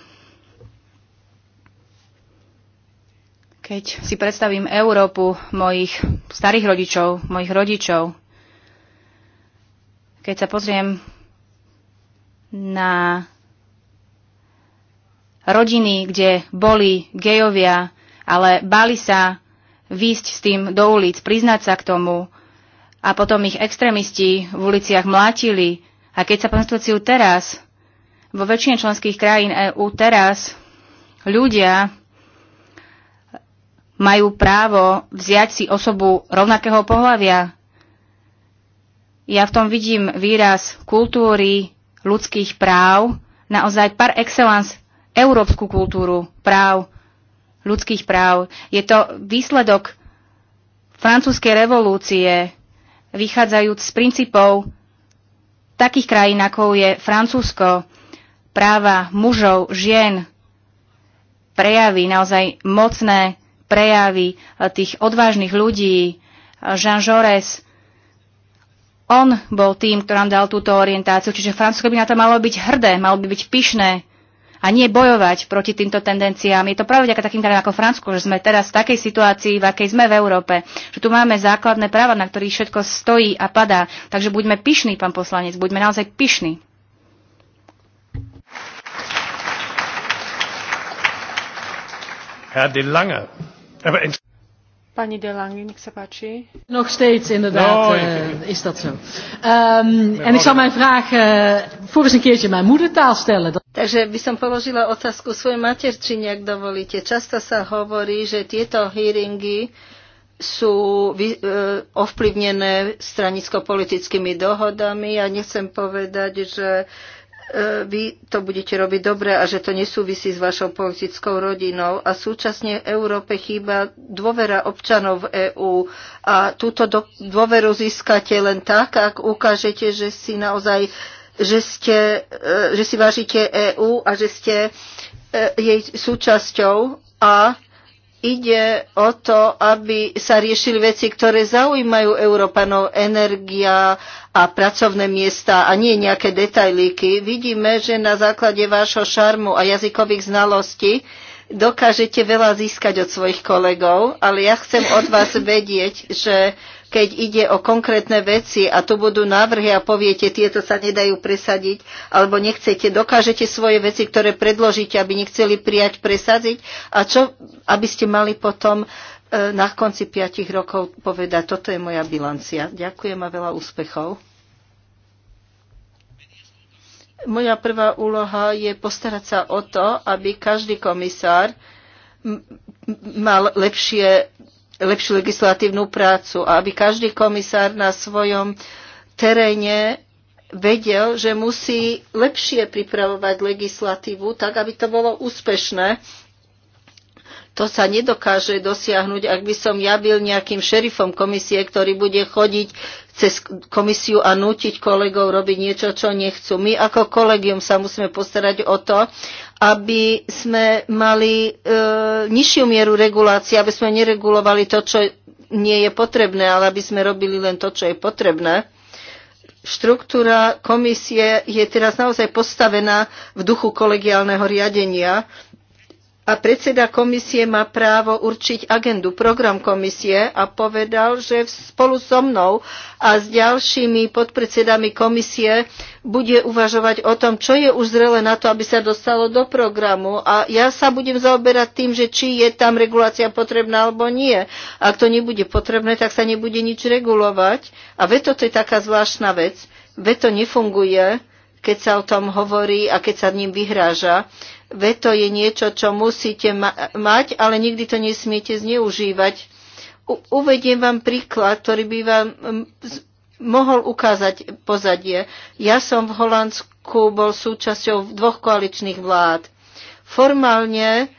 Keď si predstavím Európu mojich starých rodičov, mojich rodičov, keď sa pozriem na rodiny, kde boli gejovia, ale báli sa výjsť s tým do ulic, priznať sa k tomu a potom ich extrémisti v uliciach mlátili. A keď sa konštitujú teraz, vo väčšine členských krajín EÚ teraz, ľudia majú právo vziať si osobu rovnakého pohľavia. Ja v tom vidím výraz kultúry ľudských práv, naozaj par excellence európsku kultúru práv ľudských práv. Je to výsledok francúzskej revolúcie, vychádzajúc z princípov takých krajín, ako je Francúzsko, práva mužov, žien, prejavy, naozaj mocné prejavy e, tých odvážnych ľudí. E, Jean Jaurès, on bol tým, ktorý nám dal túto orientáciu, čiže Francúzsko by na to malo byť hrdé, malo by byť pyšné a nie bojovať proti týmto tendenciám. Je to práve vďaka takým krajinám ako Francúzsko, že sme teraz v takej situácii, v akej sme v Európe, že tu máme základné práva, na ktorých všetko stojí a padá. Takže buďme pyšní, pán poslanec, buďme naozaj pyšní. Herr De Lange. Aber Pani De Lange, nech sa páči. Nog steeds inderdaad no, uh, is dat zo. Um, en ik zal mijn vraag uh, voor eens een keertje mijn moedertaal stellen. Dat... Takže by som položila otázku svojej materčine, ak dovolíte. Často sa hovorí, že tieto hearingy sú e, ovplyvnené stranicko-politickými dohodami. Ja nechcem povedať, že e, vy to budete robiť dobre a že to nesúvisí s vašou politickou rodinou. A súčasne v Európe chýba dôvera občanov v EÚ. A túto dôveru získate len tak, ak ukážete, že si naozaj uh, že, ste, e, že si vážite EÚ a že ste e, jej súčasťou a ide o to, aby sa riešili veci, ktoré zaujímajú Európanov, energia a pracovné miesta a nie nejaké detajlíky. Vidíme, že na základe vášho šarmu a jazykových znalostí dokážete veľa získať od svojich kolegov, ale ja chcem od vás vedieť, že keď ide o konkrétne veci a tu budú návrhy a poviete, tieto sa nedajú presadiť, alebo nechcete, dokážete svoje veci, ktoré predložíte, aby nechceli prijať, presadiť a čo, aby ste mali potom e, na konci piatich rokov povedať, toto je moja bilancia. Ďakujem a veľa úspechov. Moja prvá úloha je postarať sa o to, aby každý komisár mal lepšie lepšiu legislatívnu prácu a aby každý komisár na svojom teréne vedel, že musí lepšie pripravovať legislatívu, tak aby to bolo úspešné. To sa nedokáže dosiahnuť, ak by som ja byl nejakým šerifom komisie, ktorý bude chodiť cez komisiu a nútiť kolegov robiť niečo, čo nechcú. My ako kolegium sa musíme postarať o to, aby sme mali e, nižšiu mieru regulácie, aby sme neregulovali to, čo nie je potrebné, ale aby sme robili len to, čo je potrebné štruktúra komisie je teraz naozaj postavená v duchu kolegiálneho riadenia a predseda komisie má právo určiť agendu, program komisie a povedal, že spolu so mnou a s ďalšími podpredsedami komisie bude uvažovať o tom, čo je už zrele na to, aby sa dostalo do programu. A ja sa budem zaoberať tým, že či je tam regulácia potrebná alebo nie. Ak to nebude potrebné, tak sa nebude nič regulovať. A veto to je taká zvláštna vec. Veto nefunguje, keď sa o tom hovorí a keď sa ním vyhráža Veto je niečo, čo musíte ma- mať, ale nikdy to nesmiete zneužívať. U- uvediem vám príklad, ktorý by vám mohol ukázať pozadie. Ja som v Holandsku bol súčasťou dvoch koaličných vlád. Formálne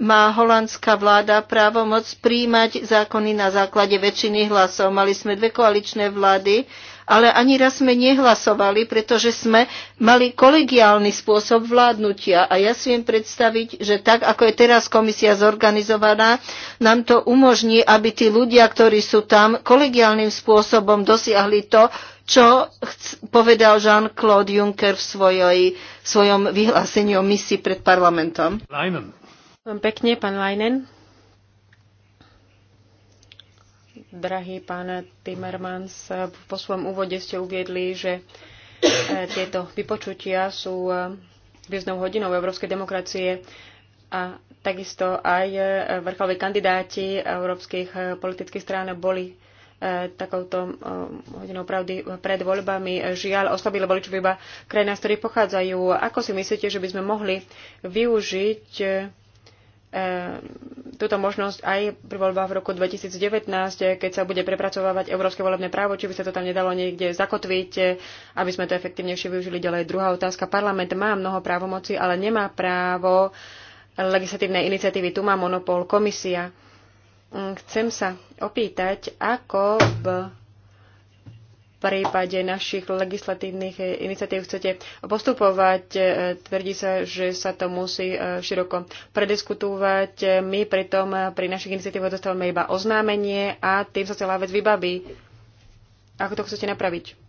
má holandská vláda právomoc príjmať zákony na základe väčšiny hlasov. Mali sme dve koaličné vlády, ale ani raz sme nehlasovali, pretože sme mali kolegiálny spôsob vládnutia a ja si viem predstaviť, že tak, ako je teraz komisia zorganizovaná, nám to umožní, aby tí ľudia, ktorí sú tam, kolegiálnym spôsobom dosiahli to, čo povedal Jean-Claude Juncker v svojoj, svojom vyhlásení o misii pred parlamentom. Leinen. Pekne, pán Leinen. Drahý pán Timmermans, po svojom úvode ste uviedli, že eh, tieto vypočutia sú eh, význou hodinou európskej demokracie a takisto aj eh, vrcholoví kandidáti európskych politických strán boli takouto hodinou pravdy pred voľbami. Žiaľ, oslabili voličov iba krajina, z ktorých pochádzajú. Ako si myslíte, že by sme mohli využiť E, túto možnosť aj pri voľbách v roku 2019, keď sa bude prepracovávať európske volebné právo, či by sa to tam nedalo niekde zakotviť, e, aby sme to efektívnejšie využili ďalej. Druhá otázka. Parlament má mnoho právomoci, ale nemá právo legislatívnej iniciatívy. Tu má monopol komisia. Mm, chcem sa opýtať, ako v prípade našich legislatívnych iniciatív chcete postupovať. E, tvrdí sa, že sa to musí e, široko prediskutovať. My pritom pri našich iniciatívach dostávame iba oznámenie a tým sa celá vec vybaví. Ako to chcete napraviť?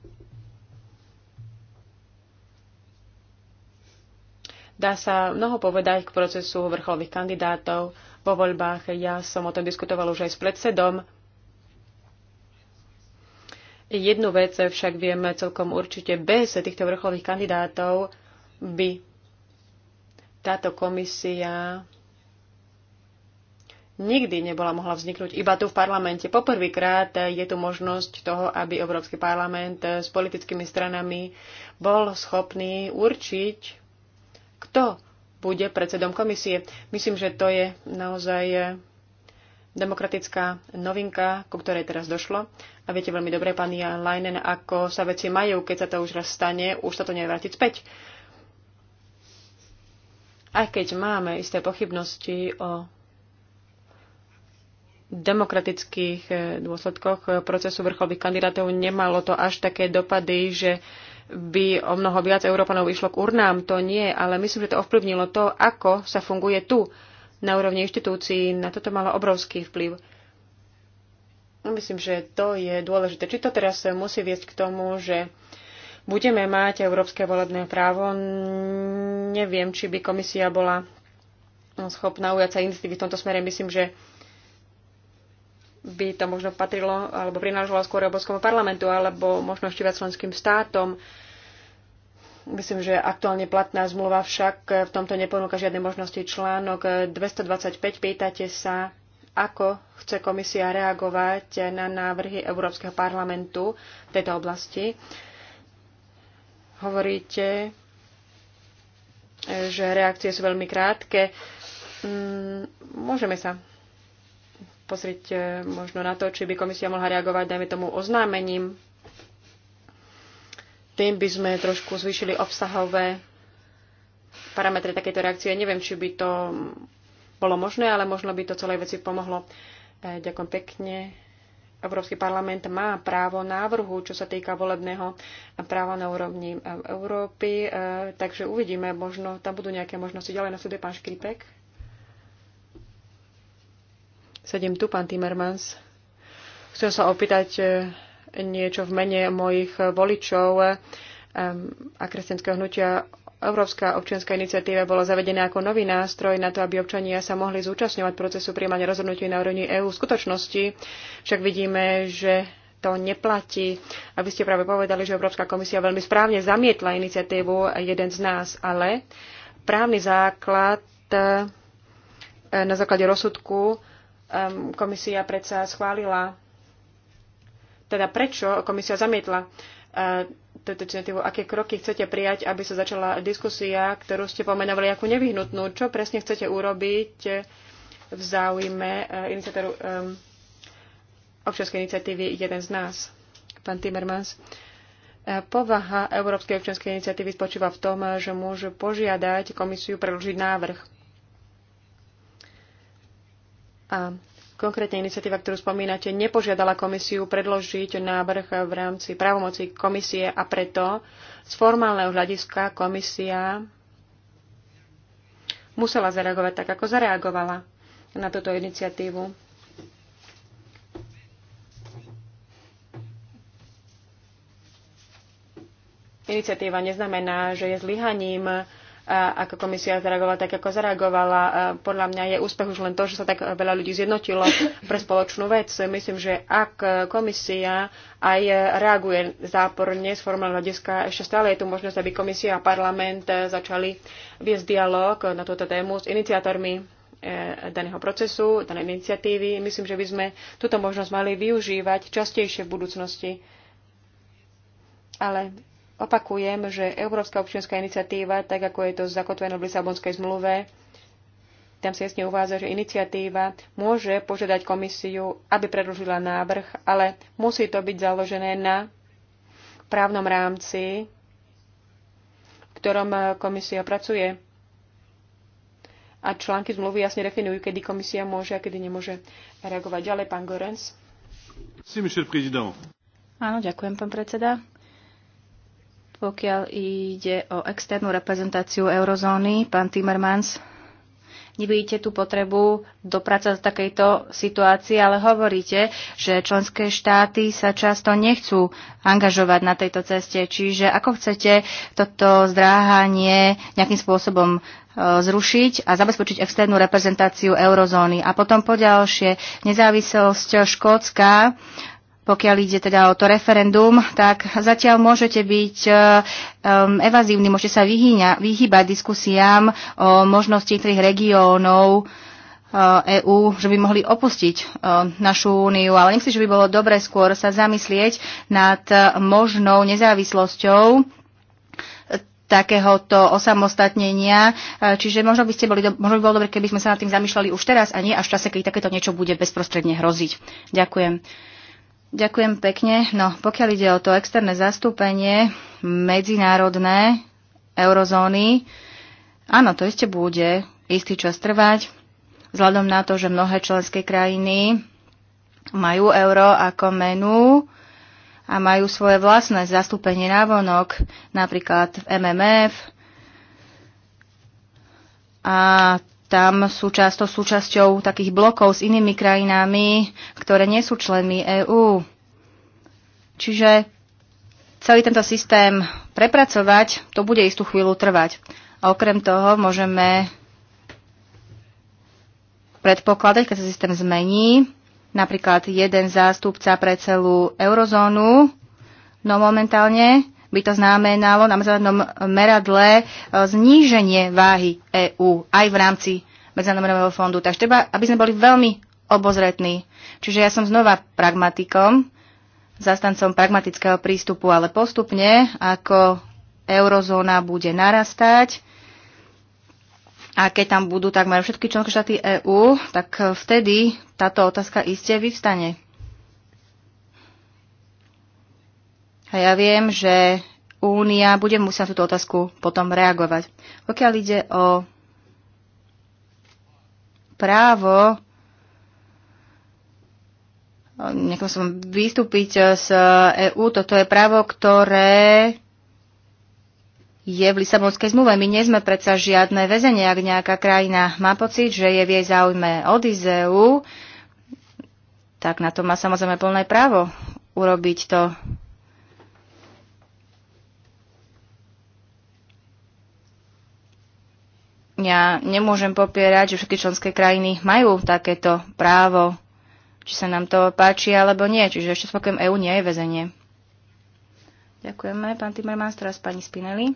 Dá sa mnoho povedať k procesu vrcholových kandidátov vo voľbách. Ja som o tom diskutovala už aj s predsedom Jednu vec však vieme celkom určite, bez týchto vrcholových kandidátov by táto komisia nikdy nebola mohla vzniknúť. Iba tu v parlamente. Poprvýkrát je tu možnosť toho, aby Európsky parlament s politickými stranami bol schopný určiť, kto bude predsedom komisie. Myslím, že to je naozaj demokratická novinka, ku ktorej teraz došlo. A viete veľmi dobre, pani Leinen, ako sa veci majú, keď sa to už raz stane, už sa to nevrátiť späť. Aj keď máme isté pochybnosti o demokratických eh, dôsledkoch procesu vrcholných kandidátov, nemalo to až také dopady, že by o mnoho viac Európanov išlo k urnám. To nie, ale myslím, že to ovplyvnilo to, ako sa funguje tu na úrovni inštitúcií. Na toto malo obrovský vplyv. No, myslím, že to je dôležité. Či to teraz musí viesť k tomu, že budeme mať európske volebné právo, neviem, či by komisia bola schopná ujať sa iniciatívy v tomto smere. Myslím, že by to možno patrilo alebo prináležalo skôr Európskemu parlamentu alebo možno ešte viac členským státom. Uh, Myslím, že aktuálne platná zmluva však v tomto neponúka žiadne možnosti. Článok 225 pýtate sa, ako chce komisia reagovať na návrhy Európskeho parlamentu v tejto oblasti. Hovoríte, že reakcie sú veľmi krátke. Mm, môžeme sa pozrieť eh, možno na to, či by komisia mohla reagovať, dajme tomu, oznámením tým by sme trošku zvýšili obsahové parametre takéto reakcie. Neviem, či by to bolo možné, ale možno by to celej veci pomohlo. E, ďakujem pekne. Európsky parlament má právo návrhu, čo sa týka volebného práva na úrovni Európy, e, takže uvidíme, možno tam budú nejaké možnosti. Ďalej nasleduje pán Škripek. Sedím tu, pán Timmermans. Chcem sa opýtať, e, niečo v mene mojich voličov um, a kresťanského hnutia. Európska občianská iniciatíva bola zavedená ako nový nástroj na to, aby občania sa mohli zúčastňovať procesu príjmania rozhodnutí na úrovni EÚ. V skutočnosti však vidíme, že to neplatí. A vy ste práve povedali, že Európska komisia veľmi správne zamietla iniciatívu jeden z nás, ale právny základ eh, na základe rozsudku eh, komisia predsa schválila teda prečo komisia zamietla eh, túto iniciatívu, aké kroky chcete prijať, aby sa začala diskusia, ktorú ste pomenovali ako nevyhnutnú. Čo presne chcete urobiť eh, v záujme eh, iniciatoru um, občianskej iniciatívy jeden z nás, pán Timmermans? Povaha Európskej občianskej iniciatívy spočíva v tom, že môže požiadať komisiu predložiť návrh. A Konkrétne iniciatíva, ktorú spomínate, nepožiadala komisiu predložiť návrh v rámci právomoci komisie a preto z formálneho hľadiska komisia musela zareagovať tak, ako zareagovala na túto iniciatívu. Iniciatíva neznamená, že je zlyhaním ako komisia zareagovala tak, ako zareagovala. Podľa mňa je úspech už len to, že sa tak veľa ľudí zjednotilo pre spoločnú vec. Myslím, že ak komisia aj reaguje záporne z formálneho hľadiska, ešte stále je tu možnosť, aby komisia a parlament začali viesť dialog na túto tému s iniciátormi e, daného procesu, danej iniciatívy. Myslím, že by sme túto možnosť mali využívať častejšie v budúcnosti. Ale Opakujem, že Európska občianská iniciatíva, tak ako je to zakotvené v Lisabonskej zmluve, tam sa jasne uvádza, že iniciatíva môže požiadať komisiu, aby predložila návrh, ale musí to byť založené na právnom rámci, v ktorom komisia pracuje. A články zmluvy jasne definujú, kedy komisia môže a kedy nemôže reagovať. Ďalej, pán Gorens. Áno, ďakujem, pán predseda. Pokiaľ ide o externú reprezentáciu eurozóny, pán Timmermans, nevidíte tú potrebu dopracať do takejto situácii, ale hovoríte, že členské štáty sa často nechcú angažovať na tejto ceste. Čiže ako chcete toto zdráhanie nejakým spôsobom e, zrušiť a zabezpečiť externú reprezentáciu eurozóny. A potom poďalšie, nezávislosť Škótska pokiaľ ide teda o to referendum, tak zatiaľ môžete byť um, evazívni, môžete sa vyhýňa, vyhýbať diskusiám o možnosti tých regiónov EÚ, e že by mohli opustiť e, našu úniu. Ale myslím si, že by bolo dobre skôr sa zamyslieť nad možnou nezávislosťou takéhoto osamostatnenia. Čiže možno by, ste boli, možno by bolo dobre, keby sme sa nad tým zamýšľali už teraz a nie až v čase, keď takéto niečo bude bezprostredne hroziť. Ďakujem. Ďakujem pekne. No, pokiaľ ide o to externé zastúpenie medzinárodné eurozóny, áno, to ešte bude istý čas trvať, vzhľadom na to, že mnohé členské krajiny majú euro ako menu a majú svoje vlastné zastúpenie vonok, napríklad v MMF. A tam sú často súčasťou takých blokov s inými krajinami, ktoré nie sú členmi EÚ. Čiže celý tento systém prepracovať, to bude istú chvíľu trvať. A okrem toho môžeme predpokladať, keď sa systém zmení, napríklad jeden zástupca pre celú eurozónu, no momentálne by to znamenalo na medzinárodnom meradle e, zníženie váhy EÚ aj v rámci Medzinárodného fondu. Takže treba, aby sme boli veľmi obozretní. Čiže ja som znova pragmatikom, zastancom pragmatického prístupu, ale postupne, ako eurozóna bude narastať, a keď tam budú takmer všetky členské štáty EÚ, tak vtedy táto otázka iste vyvstane. A ja viem, že Únia bude musieť na túto otázku potom reagovať. Pokiaľ ide o právo nejakom som vystúpiť z EÚ, toto je právo, ktoré je v Lisabonskej zmluve. My nie sme predsa žiadne väzenie, ak nejaká krajina má pocit, že je v jej záujme od EÚ, tak na to má samozrejme plné právo urobiť to. ja nemôžem popierať, že všetky členské krajiny majú takéto právo, či sa nám to páči alebo nie. Čiže ešte spokojem EÚ nie je väzenie. Ďakujeme, pán Timmermans, teraz pani Spinelli.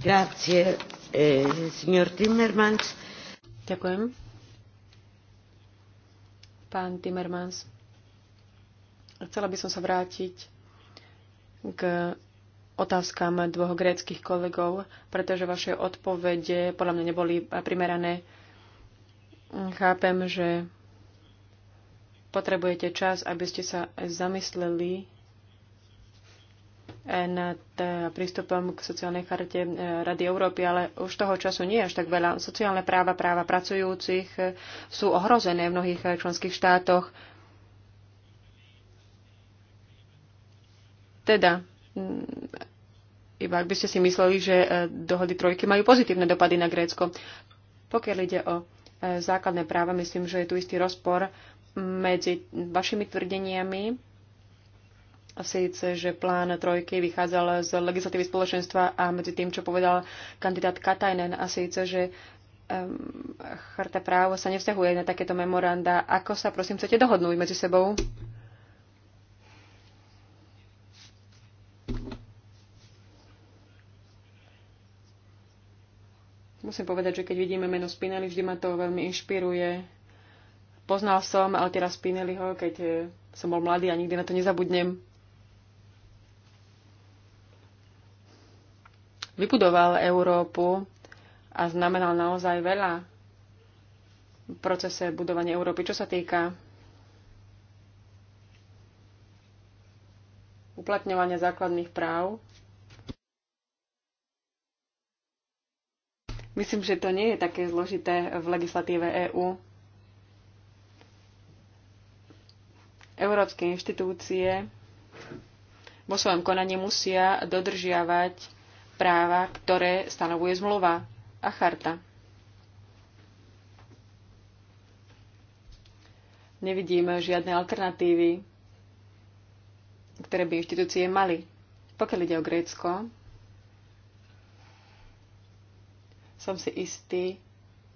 Grazie, eh, signor Timmermans. Ďakujem. Pán Timmermans, chcela by som sa vrátiť k otázkam dvoch gréckých kolegov, pretože vaše odpovede podľa mňa neboli primerané. Chápem, že potrebujete čas, aby ste sa zamysleli eh, nad eh, prístupom k sociálnej charte eh, Rady Európy, ale už toho času nie je až tak veľa. Sociálne práva, práva pracujúcich sú ohrozené v mnohých členských štátoch. Teda, Mm, iba ak by ste si mysleli, že e, dohody trojky majú pozitívne dopady na Grécko. Pokiaľ ide o e, základné práva, myslím, že je tu istý rozpor medzi vašimi tvrdeniami, a síce, že plán trojky vychádzal z legislatívy spoločenstva a medzi tým, čo povedal kandidát Katajnen, a síce, že um, charta právo sa nevzťahuje na takéto memoranda. Ako sa, prosím, chcete dohodnúť medzi sebou? Musím povedať, že keď vidíme meno Spinelli, vždy ma to veľmi inšpiruje. Poznal som Altiera Spinelliho, keď eh, som bol mladý a nikdy na to nezabudnem. Vybudoval Európu a znamenal naozaj veľa v procese budovania Európy. Čo sa týka uplatňovania základných práv, Myslím, že to nie je také zložité v legislatíve EÚ. Európske inštitúcie vo svojom konaní musia dodržiavať práva, ktoré stanovuje zmluva a charta. Nevidíme žiadne alternatívy, ktoré by inštitúcie mali. Pokiaľ ide o Grécko, Som si istý,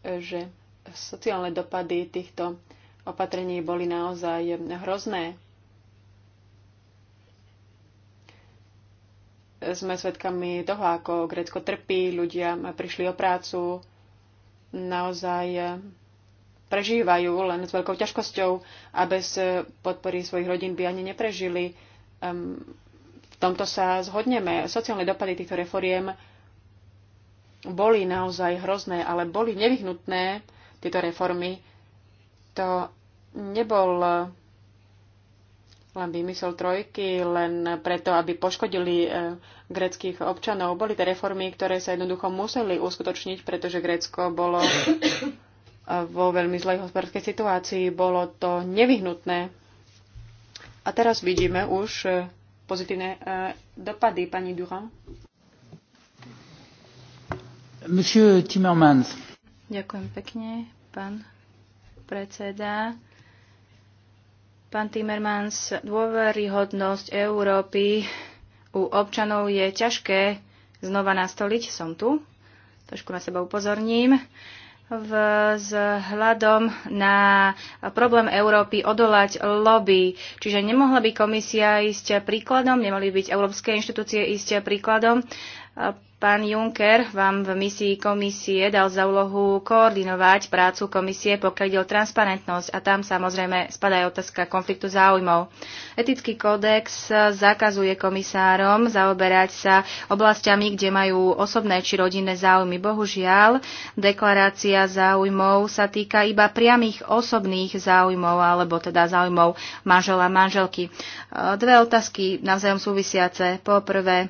že sociálne dopady týchto opatrení boli naozaj hrozné. Sme svedkami toho, ako Grécko trpí, ľudia prišli o prácu, naozaj prežívajú len s veľkou ťažkosťou a bez podpory svojich rodín by ani neprežili. Ehm, v tomto sa zhodneme. Sociálne dopady týchto reforiem boli naozaj hrozné, ale boli nevyhnutné tieto reformy, to nebol len vymysel trojky, len preto, aby poškodili e, greckých občanov. Boli to reformy, ktoré sa jednoducho museli uskutočniť, pretože Grécko bolo e, vo veľmi zlej hospodárskej situácii. Bolo to nevyhnutné. A teraz vidíme už e, pozitívne dopady, pani Durand. Monsieur Timmermans. Ďakujem pekne, pán predseda. Pán Timmermans, dôveryhodnosť Európy u občanov je ťažké znova nastoliť. Som tu. Trošku na seba upozorním. Vzhľadom na problém Európy odolať lobby. Čiže nemohla by komisia ísť príkladom, nemali byť európske inštitúcie ísť príkladom Pán Juncker vám v misii komisie dal za úlohu koordinovať prácu komisie, pokiaľ ide o transparentnosť a tam samozrejme spadá aj otázka konfliktu záujmov. Etický kódex zakazuje komisárom zaoberať sa oblastiami, kde majú osobné či rodinné záujmy. Bohužiaľ, deklarácia záujmov sa týka iba priamých osobných záujmov, alebo teda záujmov manžela a manželky. Dve otázky navzájom súvisiace. Po prvé,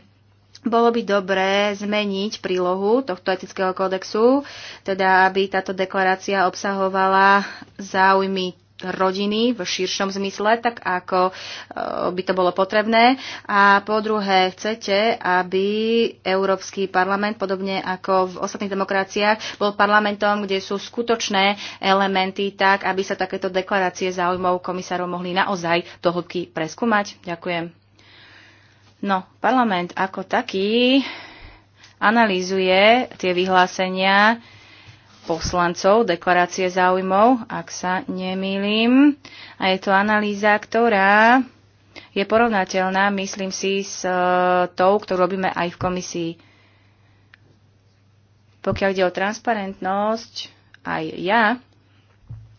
bolo by dobré zmeniť prílohu tohto etického kódexu, teda aby táto deklarácia obsahovala záujmy rodiny v širšom zmysle, tak ako eh, by to bolo potrebné. A po druhé, chcete, aby Európsky parlament, podobne ako v ostatných demokraciách, bol parlamentom, kde sú skutočné elementy, tak aby sa takéto deklarácie záujmov komisárov mohli naozaj do hĺbky preskúmať. Ďakujem. No, parlament ako taký analýzuje tie vyhlásenia poslancov, deklarácie záujmov, ak sa nemýlim. A je to analýza, ktorá je porovnateľná, myslím si, s e, tou, ktorú robíme aj v komisii. Pokiaľ ide o transparentnosť, aj ja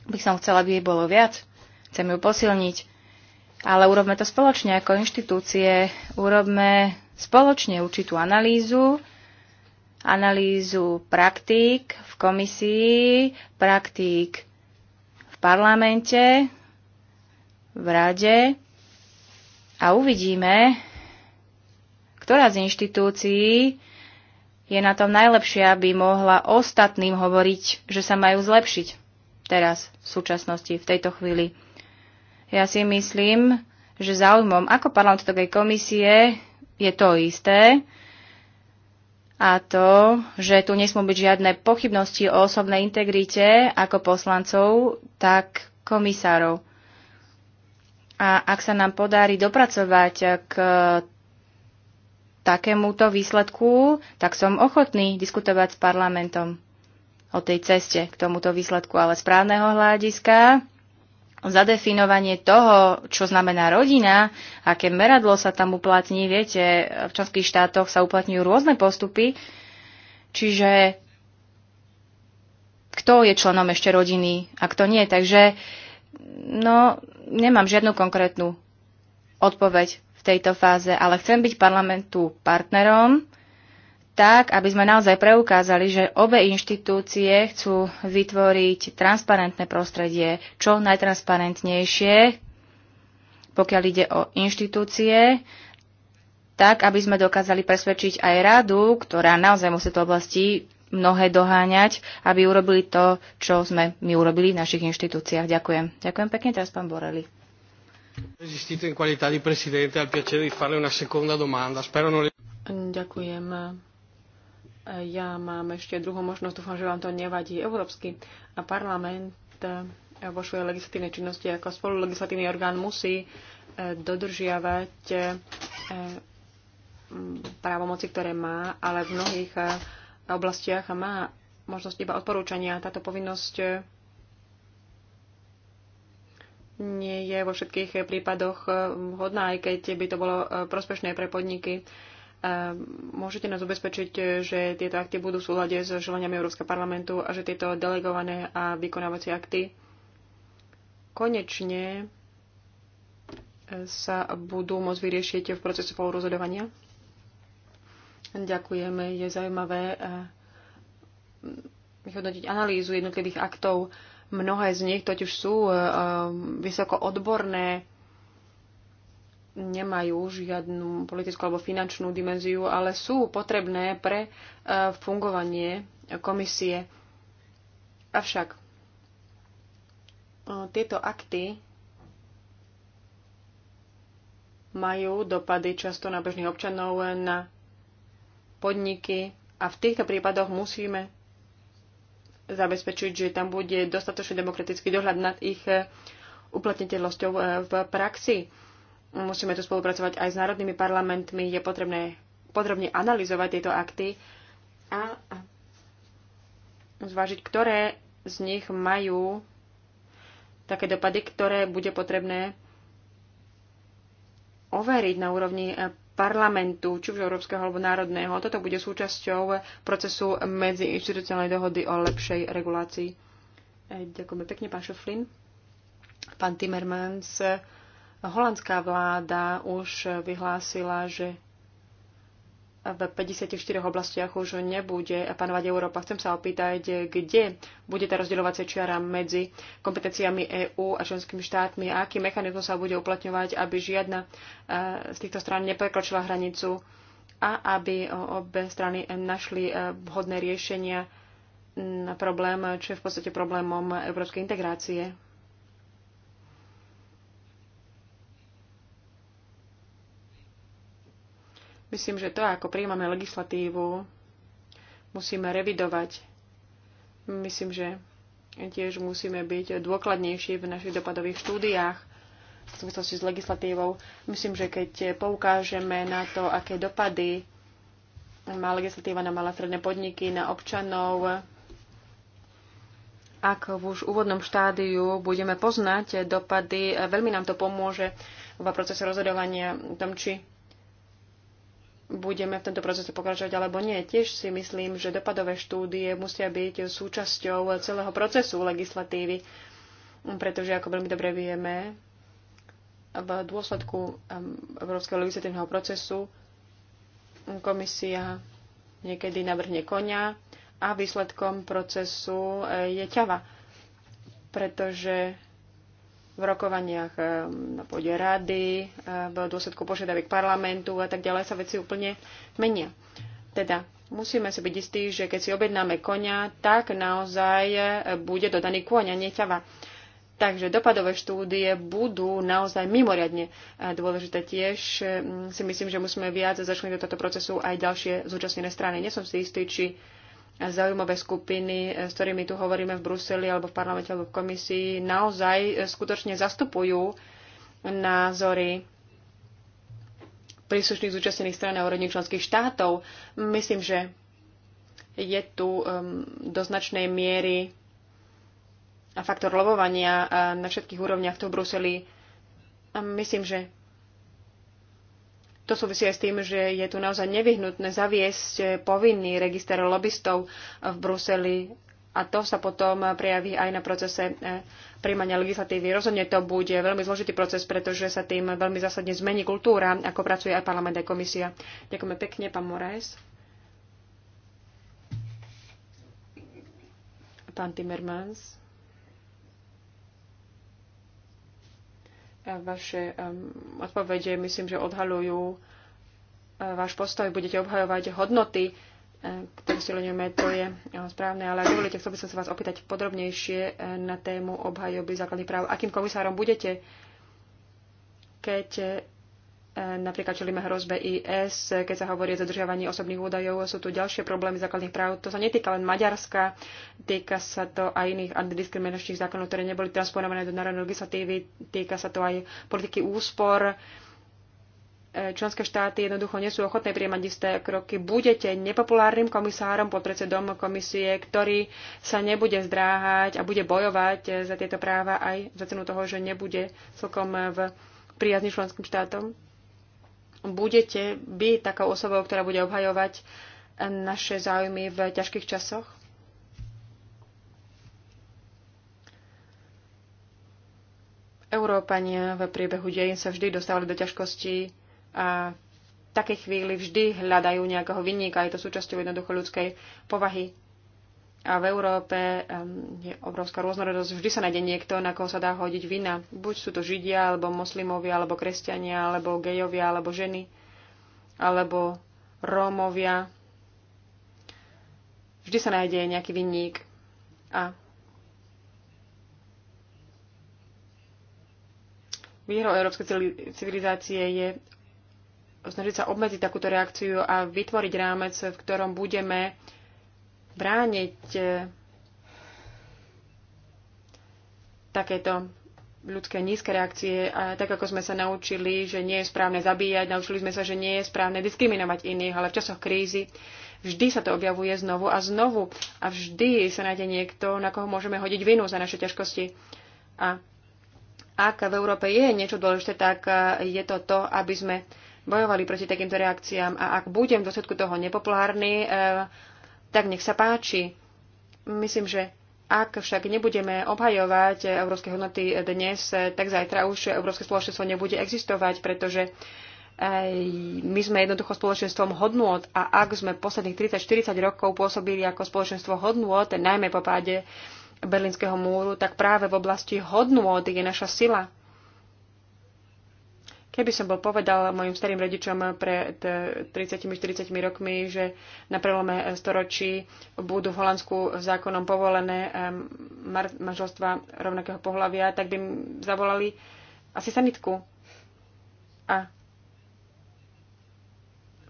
by som chcela, aby jej bolo viac. Chcem ju posilniť ale urobme to spoločne ako inštitúcie, urobme spoločne určitú analýzu, analýzu praktík v komisii, praktík v parlamente, v rade a uvidíme, ktorá z inštitúcií je na tom najlepšia, aby mohla ostatným hovoriť, že sa majú zlepšiť teraz, v súčasnosti, v tejto chvíli. Ja si myslím, že záujmom ako parlamentovej komisie je to isté, a to, že tu nesmú byť žiadne pochybnosti o osobnej integrite ako poslancov, tak komisárov. A ak sa nám podarí dopracovať k takémuto výsledku, tak som ochotný diskutovať s parlamentom o tej ceste k tomuto výsledku, ale správneho hľadiska zadefinovanie toho, čo znamená rodina, aké meradlo sa tam uplatní. Viete, v členských štátoch sa uplatňujú rôzne postupy, čiže kto je členom ešte rodiny a kto nie. Takže no, nemám žiadnu konkrétnu odpoveď v tejto fáze, ale chcem byť parlamentu partnerom tak, aby sme naozaj preukázali, že obe inštitúcie chcú vytvoriť transparentné prostredie, čo najtransparentnejšie, pokiaľ ide o inštitúcie, tak, aby sme dokázali presvedčiť aj radu, ktorá naozaj musí to oblasti mnohé doháňať, aby urobili to, čo sme my urobili v našich inštitúciách. Ďakujem. Ďakujem pekne teraz, pán Borelli. Ďakujem. Ja mám ešte druhú možnosť, dúfam, že vám to nevadí. Európsky parlament eh, vo svojej legislatívnej činnosti ako spolulegislatívny orgán musí eh, dodržiavať eh, právomoci, ktoré má, ale v mnohých oblastiach má možnosť iba odporúčania. Táto povinnosť nie je vo všetkých prípadoch vhodná, aj keď by to bolo prospešné pre podniky. Môžete nás ubezpečiť, že tieto akty budú v súlade s želaniami Európskeho parlamentu a že tieto delegované a vykonávacie akty konečne sa budú môcť vyriešiť v procese spolurozhodovania? Ďakujeme. Je zaujímavé eh, vyhodnotiť analýzu jednotlivých aktov. Mnohé z nich totiž sú eh, vysoko odborné, nemajú žiadnu politickú alebo finančnú dimenziu, ale sú potrebné pre e, fungovanie komisie. Avšak e, tieto akty majú dopady často na bežných občanov, na podniky a v týchto prípadoch musíme zabezpečiť, že tam bude dostatočný demokratický dohľad nad ich e, uplatniteľnosťou v praxi Musíme tu spolupracovať aj s národnými parlamentmi. Je potrebné podrobne analyzovať tieto akty a zvážiť, ktoré z nich majú také dopady, ktoré bude potrebné overiť na úrovni parlamentu, či už európskeho alebo národného. Toto bude súčasťou procesu medzi medziinstitucionálnej dohody o lepšej regulácii. Ďakujeme pekne, pán Šoflin. Pán Timmermans Holandská vláda už vyhlásila, že v 54 oblastiach už nebude panovať Európa. Chcem sa opýtať, kde bude tá rozdeľovacia čiara medzi kompetenciami EÚ a členskými štátmi a aký mechanizmus sa bude uplatňovať, aby žiadna eh, z týchto strán neprekročila hranicu a aby obe strany našli eh, vhodné riešenia na problém, čo je v podstate problémom európskej integrácie. Myslím, že to, ako príjmame legislatívu, musíme revidovať. Myslím, že tiež musíme byť dôkladnejší v našich dopadových štúdiách v súvislosti s legislatívou. Myslím, že keď poukážeme na to, aké dopady má legislatíva na malé stredné podniky, na občanov, ak v už úvodnom štádiu budeme poznať dopady, veľmi nám to pomôže v procese rozhodovania tom, či budeme v tomto procese pokračovať alebo nie. Tiež si myslím, že dopadové štúdie musia byť súčasťou celého procesu legislatívy, pretože ako veľmi dobre vieme, v dôsledku Európskeho legislatívneho procesu komisia niekedy navrhne konia a výsledkom procesu eh, je ťava, pretože v rokovaniach eh, na pôde rady, eh, v dôsledku požiadaviek parlamentu a tak ďalej sa veci úplne menia. Teda musíme si byť istí, že keď si objednáme konia, tak naozaj eh, bude dodaný kôň a neťava. Takže dopadové štúdie budú naozaj mimoriadne dôležité tiež. Si myslím, že musíme viac začleniť do tohto procesu aj ďalšie zúčastnené strany. Nie som si istý, či zaujímavé skupiny, e, s ktorými tu hovoríme v Bruseli alebo v parlamente alebo v komisii, naozaj e, skutočne zastupujú názory príslušných zúčastnených stran a úrovni členských štátov. Myslím, že je tu um, do značnej miery faktor lobovania e, na všetkých úrovniach tu v Bruseli. Myslím, že to súvisí aj s tým, že je tu naozaj nevyhnutné zaviesť povinný register lobbystov v Bruseli a to sa potom prejaví aj na procese eh, príjmania legislatívy. Rozhodne to bude veľmi zložitý proces, pretože sa tým veľmi zásadne zmení kultúra, ako pracuje aj parlament, aj komisia. Ďakujeme pekne, pán Moraes. Pán Timmermans. Vaše odpovede myslím, že odhalujú e, váš postoj. Budete obhajovať hodnoty, e, ktoré silňujeme, to je e, správne, ale dovolite, dovolíte, chcel by som sa vás opýtať podrobnejšie na tému obhajoby základných práv. Akým komisárom budete, keď Napríklad čelíme hrozbe IS, keď sa hovorí o zadržiavaní osobných údajov, sú tu ďalšie problémy základných práv. To sa netýka len Maďarska, týka sa to aj iných antidiskriminačných zákonov, ktoré neboli transponované do národnej legislatívy, týka sa to aj politiky úspor. Členské štáty jednoducho nie sú ochotné prijímať isté kroky. Budete nepopulárnym komisárom, podpredsedom komisie, ktorý sa nebude zdráhať a bude bojovať za tieto práva aj za cenu toho, že nebude celkom v priazni členským štátom? budete vy takou osobou, ktorá bude obhajovať eh, naše záujmy v ťažkých časoch? Európania v priebehu dejín sa vždy dostávali do ťažkostí a v takej chvíli vždy hľadajú nejakého vinníka. Je to súčasťou jednoducho ľudskej povahy a v Európe je obrovská rôznorodosť. Vždy sa nájde niekto, na koho sa dá hodiť vina. Buď sú to Židia, alebo moslimovia, alebo kresťania, alebo gejovia, alebo ženy, alebo Rómovia. Vždy sa nájde nejaký vinník. A výhrou európskej civilizácie je snažiť sa obmedziť takúto reakciu a vytvoriť rámec, v ktorom budeme brániť e, takéto ľudské nízke reakcie, a tak ako sme sa naučili, že nie je správne zabíjať, naučili sme sa, že nie je správne diskriminovať iných, ale v časoch krízy vždy sa to objavuje znovu a znovu a vždy sa nájde niekto, na koho môžeme hodiť vinu za naše ťažkosti. A ak v Európe je niečo dôležité, tak e, je to to, aby sme bojovali proti takýmto reakciám a ak budem v dôsledku toho nepopulárny, e, tak nech sa páči. Myslím, že ak však nebudeme obhajovať európske hodnoty dnes, tak zajtra už európske spoločenstvo nebude existovať, pretože my sme jednoducho spoločenstvom hodnôt a ak sme posledných 30-40 rokov pôsobili ako spoločenstvo hodnôt, najmä po páde Berlínskeho múru, tak práve v oblasti hodnôt je naša sila. Keby som bol povedal mojim starým rodičom pred 30-40 rokmi, že na prelome storočí budú v Holandsku zákonom povolené manželstva rovnakého pohľavia, tak by zavolali asi sanitku. A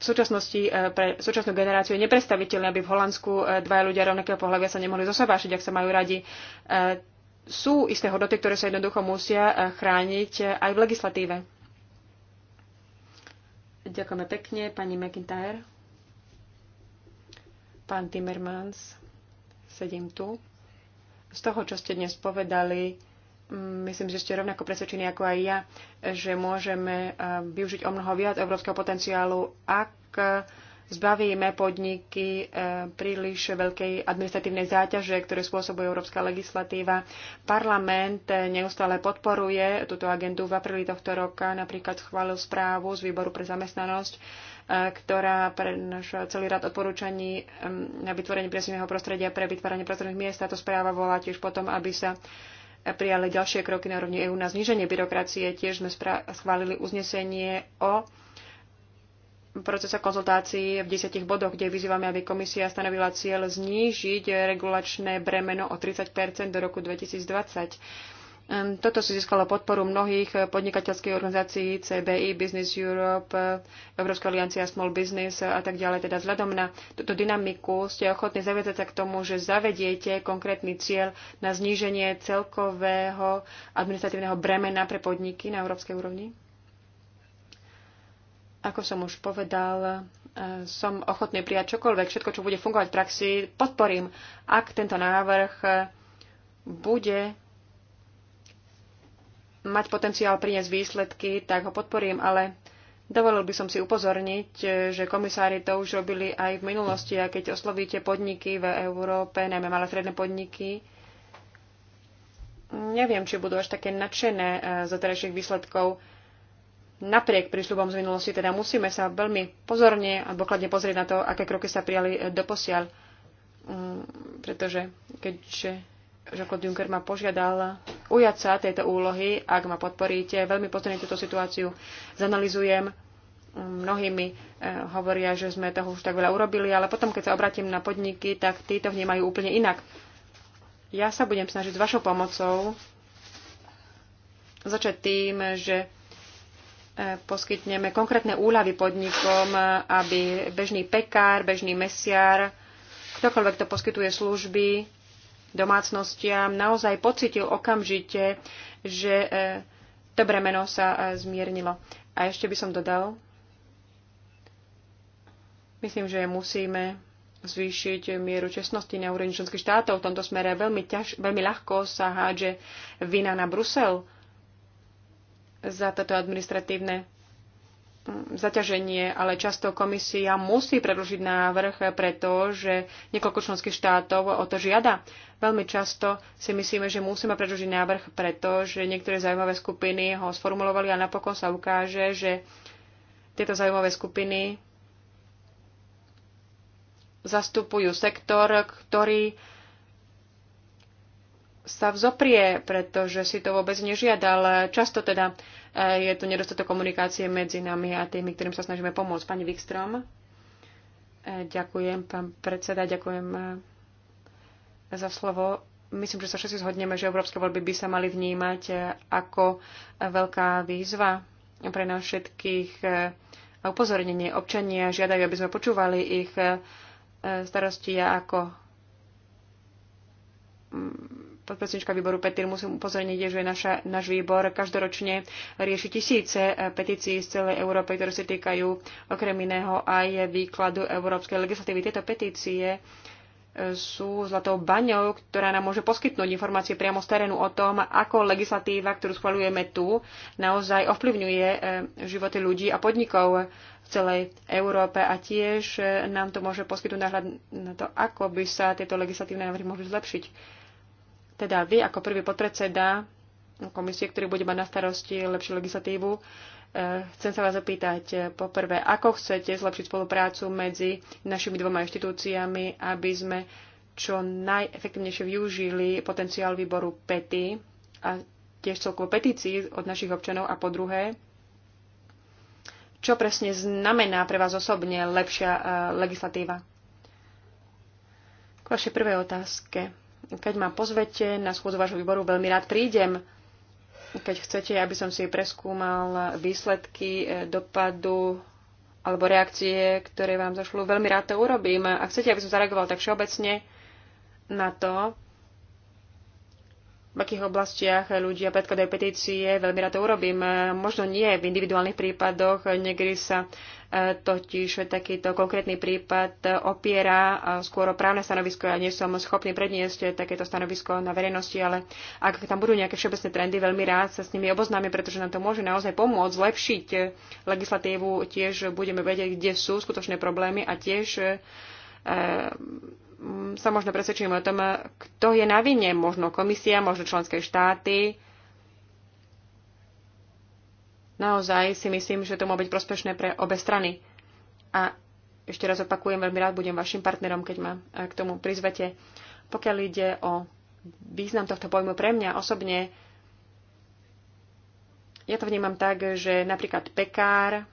v súčasnosti e, pre súčasnú generáciu je neprestaviteľné, aby v Holandsku e, dva ľudia rovnakého pohľavia sa nemohli zosobášiť, ak sa majú radi. E, sú isté hodnoty, ktoré sa jednoducho musia chrániť aj v legislatíve. Ďakujeme pekne, pani McIntyre. Pán Timmermans, sedím tu. Z toho, čo ste dnes povedali, mm, myslím, že ste rovnako presvedčení ako aj ja, že môžeme eh, využiť o mnoho viac európskeho potenciálu, ak zbavíme podniky e, príliš veľkej administratívnej záťaže, ktoré spôsobuje európska legislatíva. Parlament e, neustále podporuje túto agendu. V apríli tohto roka napríklad schválil správu z výboru pre zamestnanosť, e, ktorá pre náš celý rad odporúčaní na vytvorenie priesného prostredia pre vytváranie pracovných miest. Táto správa volá tiež potom, aby sa prijali ďalšie kroky na rovni EÚ na zníženie byrokracie. Tiež sme schválili uznesenie o procesa konzultácií v desiatich bodoch, kde vyzývame, aby komisia stanovila cieľ znížiť regulačné bremeno o 30 do roku 2020. Ehm, toto si získalo podporu mnohých podnikateľských organizácií CBI, Business Europe, Európska aliancia Small Business a tak ďalej. Teda vzhľadom na túto dynamiku ste ochotní zaviazať sa k tomu, že zavediete konkrétny cieľ na zníženie celkového administratívneho bremena pre podniky na európskej úrovni? Ako som už povedal, e, som ochotný prijať čokoľvek, všetko, čo bude fungovať v praxi, podporím, ak tento návrh e, bude mať potenciál priniesť výsledky, tak ho podporím, ale dovolil by som si upozorniť, e, že komisári to už robili aj v minulosti a keď oslovíte podniky v Európe, najmä malé stredné podniky, neviem, či budú až také nadšené z výsledkov napriek prísľubom z minulosti, teda musíme sa veľmi pozorne a dôkladne pozrieť na to, aké kroky sa prijali e, doposiaľ. Mm, pretože keďže Jean-Claude Juncker ma požiadal ujať sa tejto úlohy, ak ma podporíte, veľmi pozorne túto situáciu zanalizujem. Mm, Mnohí mi e, hovoria, že sme toho už tak veľa urobili, ale potom, keď sa obratím na podniky, tak títo vnímajú úplne inak. Ja sa budem snažiť s vašou pomocou začať tým, že poskytneme konkrétne úľavy podnikom, aby bežný pekár, bežný mesiar, ktokoľvek to poskytuje služby domácnostiam, naozaj pocitil okamžite, že e, to bremeno sa e, zmiernilo. A ešte by som dodal, myslím, že musíme zvýšiť mieru čestnosti na úrovni členských štátov. V tomto smere veľmi, ťaž, veľmi ľahko sa hádže vina na Brusel za toto administratívne mm, zaťaženie, ale často komisia musí predložiť návrh, pretože niekoľko členských štátov o to žiada. Veľmi často si myslíme, že musíme predložiť návrh, pretože niektoré zaujímavé skupiny ho sformulovali a napokon sa ukáže, že tieto zaujímavé skupiny zastupujú sektor, ktorý sa vzoprie, pretože si to vôbec ale Často teda e, je tu nedostatok komunikácie medzi nami a tými, ktorým sa snažíme pomôcť. Pani Wikstrom. E, ďakujem, pán predseda, ďakujem e, za slovo. Myslím, že sa všetci zhodneme, že európske voľby by sa mali vnímať ako veľká výzva pre nás všetkých a upozornenie. Občania žiadajú, aby sme počúvali ich starosti a ako podpredsednička výboru Petir, musím upozorniť, že naša, náš výbor každoročne rieši tisíce eh, petícií z celej Európy, ktoré sa týkajú okrem iného aj výkladu európskej legislatívy. Tieto petície eh, sú zlatou baňou, ktorá nám môže poskytnúť informácie priamo z terénu o tom, ako legislatíva, ktorú schvaľujeme tu, naozaj ovplyvňuje eh, životy ľudí a podnikov v celej Európe a tiež nám to môže poskytnúť náhľad na to, ako by sa tieto legislatívne návrhy mohli zlepšiť teda vy ako prvý podpredseda komisie, ktorý bude mať na starosti lepšiu legislatívu, e, chcem sa vás opýtať e, poprvé, ako chcete zlepšiť spoluprácu medzi našimi dvoma inštitúciami, aby sme čo najefektívnejšie využili potenciál výboru PETI a tiež celkovo petícií od našich občanov a po druhé, čo presne znamená pre vás osobne lepšia e, legislatíva? K vašej prvej otázke. Keď ma pozvete na schôdzu vášho výboru, veľmi rád prídem. Keď chcete, aby som si preskúmal výsledky e, dopadu alebo reakcie, ktoré vám zašlo, veľmi rád to urobím. Ak chcete, aby som zareagoval tak všeobecne na to, v akých oblastiach ľudia predkladajú petície, veľmi rád to urobím. Možno nie v individuálnych prípadoch, niekedy sa e, totiž takýto konkrétny prípad opiera e, skôr o právne stanovisko. Ja nie som schopný predniesť takéto stanovisko na verejnosti, ale ak tam budú nejaké všeobecné trendy, veľmi rád sa s nimi oboznáme, pretože nám to môže naozaj pomôcť zlepšiť e, legislatívu. Tiež budeme vedieť, kde sú skutočné problémy a tiež Mm, sa možno presvedčíme o tom, kto je na vine, možno komisia, možno členské štáty. Naozaj si myslím, že to môže byť prospešné pre obe strany. A ešte raz opakujem, veľmi rád budem vašim partnerom, keď ma eh, k tomu prizvete. Pokiaľ ide o význam tohto pojmu pre mňa osobne, ja to vnímam tak, že napríklad pekár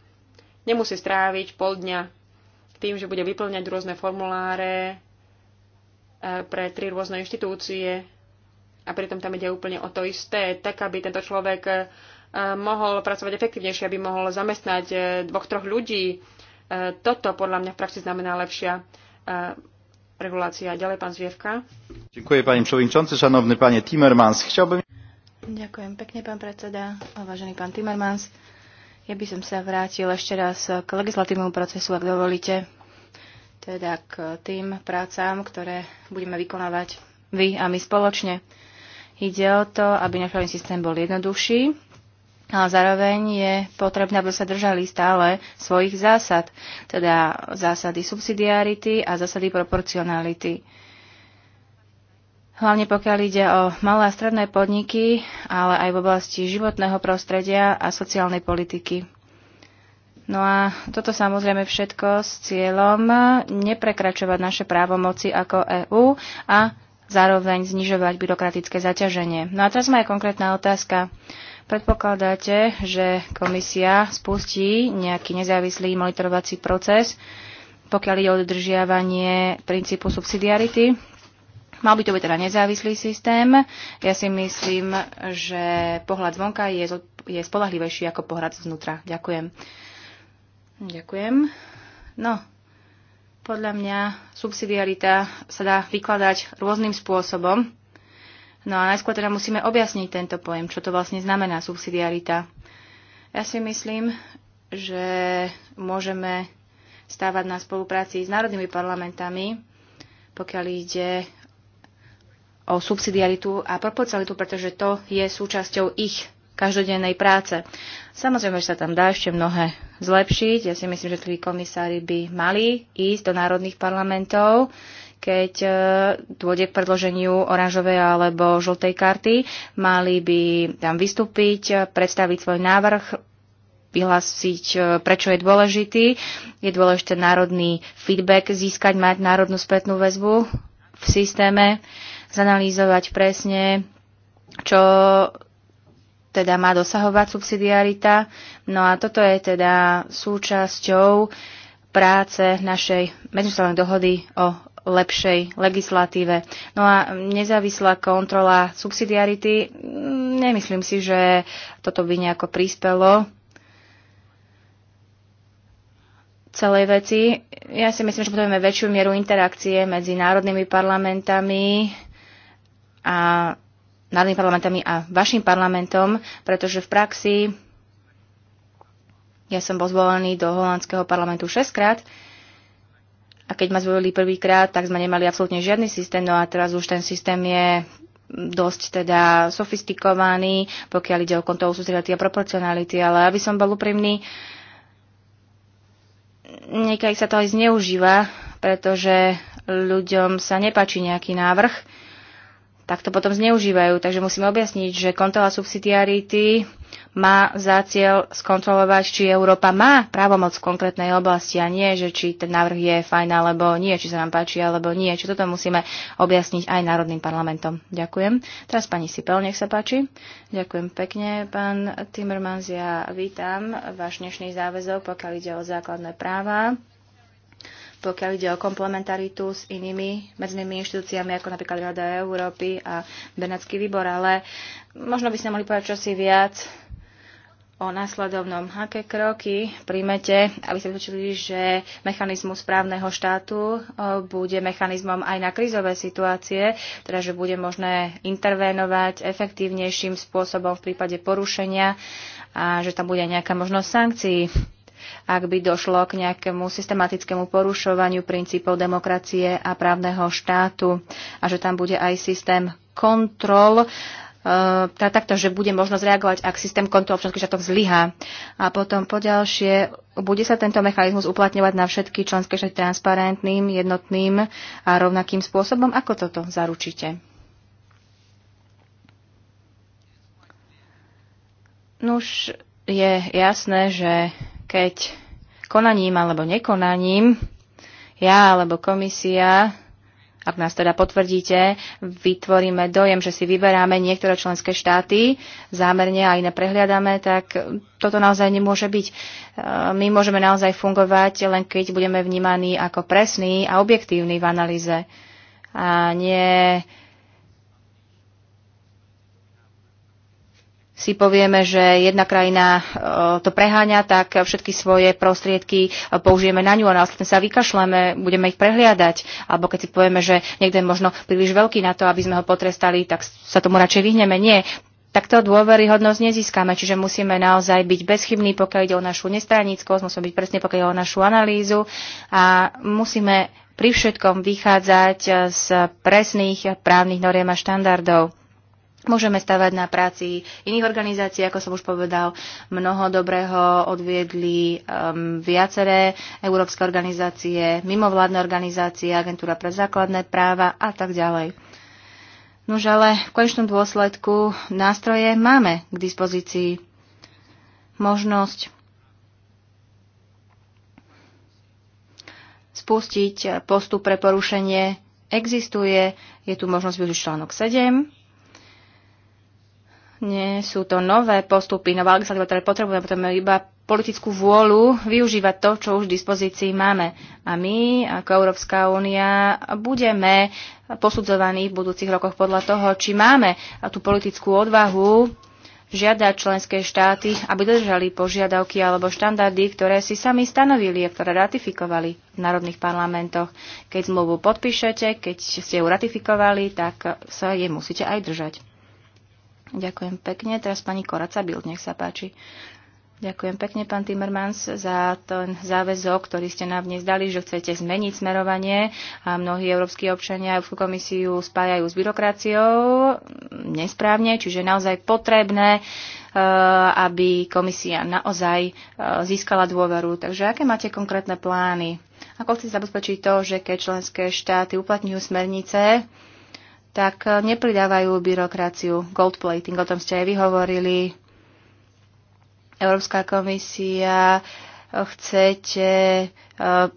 nemusí stráviť pol dňa tým, že bude vyplňať rôzne formuláre, pre tri rôzne inštitúcie a pritom tam ide úplne o to isté, tak aby tento človek e, mohol pracovať efektívnejšie, aby mohol zamestnať e, dvoch, troch ľudí. E, toto podľa mňa v praxi znamená lepšia regulácia. Ďalej pán Zvievka. Ďakujem pani Čovinčonce, šanovný panie Timmermans. Ďakujem pekne, pán predseda, vážený pán Timmermans. Ja by som sa vrátil ešte raz k legislatívnemu procesu, ak dovolíte teda k tým prácám, ktoré budeme vykonávať vy a my spoločne. Ide o to, aby náš systém bol jednoduchší, ale zároveň je potrebné, aby sa držali stále svojich zásad, teda zásady subsidiarity a zásady proporcionality. Hlavne pokiaľ ide o malé a stredné podniky, ale aj v oblasti životného prostredia a sociálnej politiky. No a toto samozrejme všetko s cieľom neprekračovať naše právomoci ako EÚ a zároveň znižovať byrokratické zaťaženie. No a teraz má konkrétna otázka. Predpokladáte, že komisia spustí nejaký nezávislý monitorovací proces, pokiaľ ide o dodržiavanie princípu subsidiarity? Mal by to byť teda nezávislý systém. Ja si myslím, že pohľad zvonka je, je spolahlivejší ako pohľad zvnútra. Ďakujem. Ďakujem. No, podľa mňa subsidiarita sa dá vykladať rôznym spôsobom. No a najskôr teda musíme objasniť tento pojem, čo to vlastne znamená subsidiarita. Ja si myslím, že môžeme stávať na spolupráci s národnými parlamentami, pokiaľ ide o subsidiaritu a proporcionalitu, pretože to je súčasťou ich každodennej práce. Samozrejme, že sa tam dá ešte mnohé zlepšiť. Ja si myslím, že tí komisári by mali ísť do národných parlamentov, keď e, dôjde k predloženiu oranžovej alebo žltej karty. Mali by tam vystúpiť, e, predstaviť svoj návrh, vyhlásiť, e, prečo je dôležitý. Je dôležité národný feedback získať, mať národnú spätnú väzbu v systéme, zanalýzovať presne, čo teda má dosahovať subsidiarita. No a toto je teda súčasťou práce našej medzinárodnej dohody o lepšej legislatíve. No a nezávislá kontrola subsidiarity, nemyslím si, že toto by nejako prispelo celej veci. Ja si myslím, že potrebujeme väčšiu mieru interakcie medzi národnými parlamentami a národnými parlamentami a vašim parlamentom, pretože v praxi ja som bol zvolený do holandského parlamentu 6 krát a keď ma zvolili prvýkrát, tak sme nemali absolútne žiadny systém, no a teraz už ten systém je dosť teda sofistikovaný, pokiaľ ide o kontrolu sústredatí a proporcionality, ale aby som bol úprimný, niekedy sa to aj zneužíva, pretože ľuďom sa nepačí nejaký návrh, tak to potom zneužívajú. Takže musíme objasniť, že kontrola subsidiarity má za cieľ skontrolovať, či Európa má právomoc v konkrétnej oblasti a nie, že či ten návrh je fajn alebo nie, či sa nám páči alebo nie. Čiže toto musíme objasniť aj Národným parlamentom. Ďakujem. Teraz pani Sipel, nech sa páči. Ďakujem pekne, pán Timmermans. Ja vítam váš dnešný záväzok, pokiaľ ide o základné práva pokiaľ ide o komplementaritu s inými medzinými inštitúciami, ako napríklad Rada Európy a Benátsky výbor, ale možno by ste mohli povedať čosi viac o následovnom. Aké kroky príjmete, aby ste vytočili, že mechanizmus správneho štátu bude mechanizmom aj na krizové situácie, teda že bude možné intervenovať efektívnejším spôsobom v prípade porušenia a že tam bude nejaká možnosť sankcií? ak by došlo k nejakému systematickému porušovaniu princípov demokracie a právneho štátu a že tam bude aj systém kontrol, teda takto, že bude možnosť reagovať, ak systém kontrol všetkých štátov zlyhá. A potom poďalšie, bude sa tento mechanizmus uplatňovať na všetky členské štáty transparentným, jednotným a rovnakým spôsobom? Ako toto zaručíte? Nuž je jasné, že keď konaním alebo nekonaním ja alebo komisia, ak nás teda potvrdíte, vytvoríme dojem, že si vyberáme niektoré členské štáty zámerne a iné prehliadame, tak toto naozaj nemôže byť. E, my môžeme naozaj fungovať len keď budeme vnímaní ako presní a objektívni v analýze a nie si povieme, že jedna krajina e, to preháňa, tak všetky svoje prostriedky e, použijeme na ňu a následne sa vykašľame, budeme ich prehliadať. Alebo keď si povieme, že niekto je možno príliš veľký na to, aby sme ho potrestali, tak sa tomu radšej vyhneme. Nie, takto dôveryhodnosť nezískame, čiže musíme naozaj byť bezchybní, pokiaľ ide o našu nestranickosť, musíme byť presne, pokiaľ ide o našu analýzu a musíme pri všetkom vychádzať e, z presných právnych noriem a štandardov. Môžeme stavať na práci iných organizácií, ako som už povedal, mnoho dobrého odviedli um, viaceré európske organizácie, mimovládne organizácie, agentúra pre základné práva a tak ďalej. Nož ale v konečnom dôsledku nástroje máme k dispozícii. Možnosť spustiť postup pre porušenie existuje. Je tu možnosť využiť článok 7 nie sú to nové postupy, nová legislatíva, ktoré potrebujeme, potrebujeme iba politickú vôľu využívať to, čo už v dispozícii máme. A my, ako Európska únia, budeme posudzovaní v budúcich rokoch podľa toho, či máme tú politickú odvahu žiadať členské štáty, aby držali požiadavky alebo štandardy, ktoré si sami stanovili a ktoré ratifikovali v národných parlamentoch. Keď zmluvu podpíšete, keď ste ju ratifikovali, tak sa jej musíte aj držať. Ďakujem pekne. Teraz pani Koraca Bild, nech sa páči. Ďakujem pekne, pán Timmermans, za ten záväzok, ktorý ste nám dnes dali, že chcete zmeniť smerovanie a mnohí európsky občania Európsku komisiu spájajú s byrokraciou nesprávne, čiže je naozaj potrebné, eh, aby komisia naozaj eh, získala dôveru. Takže aké máte konkrétne plány? Ako chcete zabezpečiť to, že keď členské štáty uplatňujú smernice, tak eh, nepridávajú byrokraciu. Gold plating, o tom ste aj vyhovorili. Európska komisia eh, chcete eh,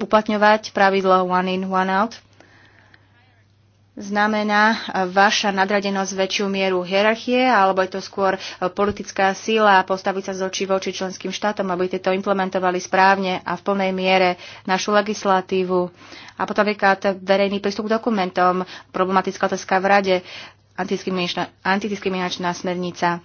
uplatňovať pravidlo one in, one out znamená e, vaša nadradenosť väčšiu mieru hierarchie, alebo je to skôr e, politická síla postaviť sa z očí voči členským štátom, aby tieto implementovali správne a v plnej miere našu legislatívu. A potom napríklad verejný prístup k dokumentom, problematická otázka v rade, antidiskriminačná, smernica.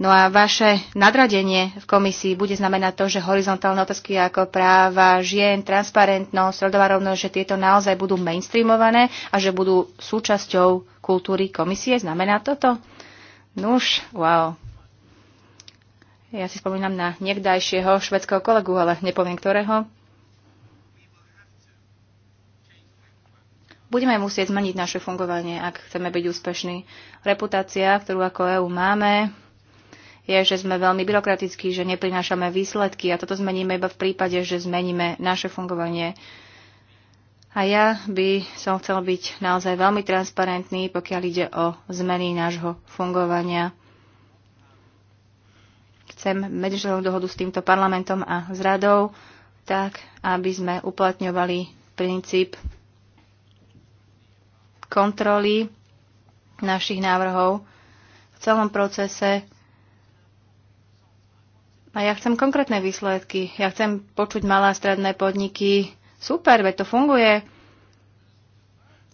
No a vaše nadradenie v komisii bude znamenať to, že horizontálne otázky ako práva žien, transparentnosť, rodová rovnosť, že tieto naozaj budú mainstreamované a že budú súčasťou kultúry komisie. Znamená toto? Nuž, wow. Ja si spomínam na niekdajšieho švedského kolegu, ale nepoviem ktorého. Budeme musieť zmeniť naše fungovanie, ak chceme byť úspešní. Reputácia, ktorú ako EU máme, je, že sme veľmi byrokratickí, že neprinášame výsledky a toto zmeníme iba v prípade, že zmeníme naše fungovanie. A ja by som chcel byť naozaj veľmi transparentný, pokiaľ ide o zmeny nášho fungovania. Chcem medzinárodnú dohodu s týmto parlamentom a s radou, tak aby sme uplatňovali princíp kontroly našich návrhov v celom procese a ja chcem konkrétne výsledky. Ja chcem počuť malé a stredné podniky. Super, veď to funguje.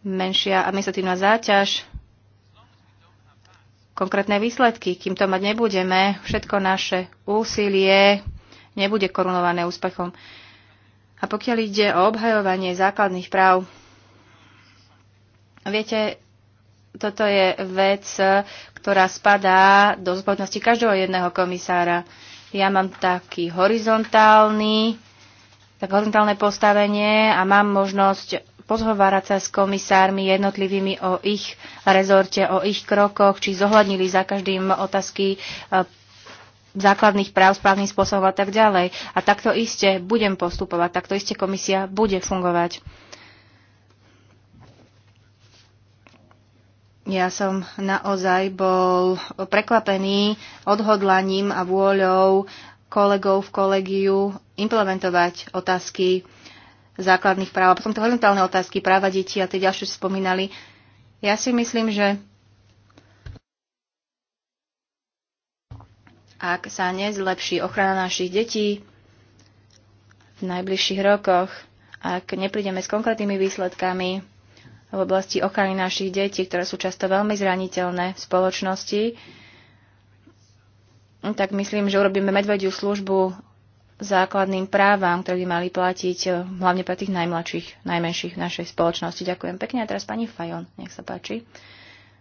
Menšia administratívna záťaž. Konkrétne výsledky. Kým to mať nebudeme, všetko naše úsilie nebude korunované úspechom. A pokiaľ ide o obhajovanie základných práv, viete, toto je vec, ktorá spadá do zodpovednosti každého jedného komisára. Ja mám taký horizontálny, tak horizontálne postavenie a mám možnosť pozhovárať sa s komisármi jednotlivými o ich rezorte, o ich krokoch, či zohľadnili za každým otázky e, základných práv správnym spôsobom a tak ďalej. A takto iste budem postupovať, takto iste komisia bude fungovať. Ja som naozaj bol prekvapený odhodlaním a vôľou kolegov v kolegiu implementovať otázky základných práv. A potom to horizontálne otázky práva detí a tie ďalšie spomínali. Ja si myslím, že ak sa nezlepší ochrana našich detí v najbližších rokoch, ak neprídeme s konkrétnymi výsledkami, v oblasti ochrany našich detí, ktoré sú často veľmi zraniteľné v spoločnosti, tak myslím, že urobíme medvediu službu základným právam, ktoré by mali platiť eh, hlavne pre tých najmladších, najmenších v našej spoločnosti. Ďakujem pekne. A teraz pani Fajon, nech sa páči.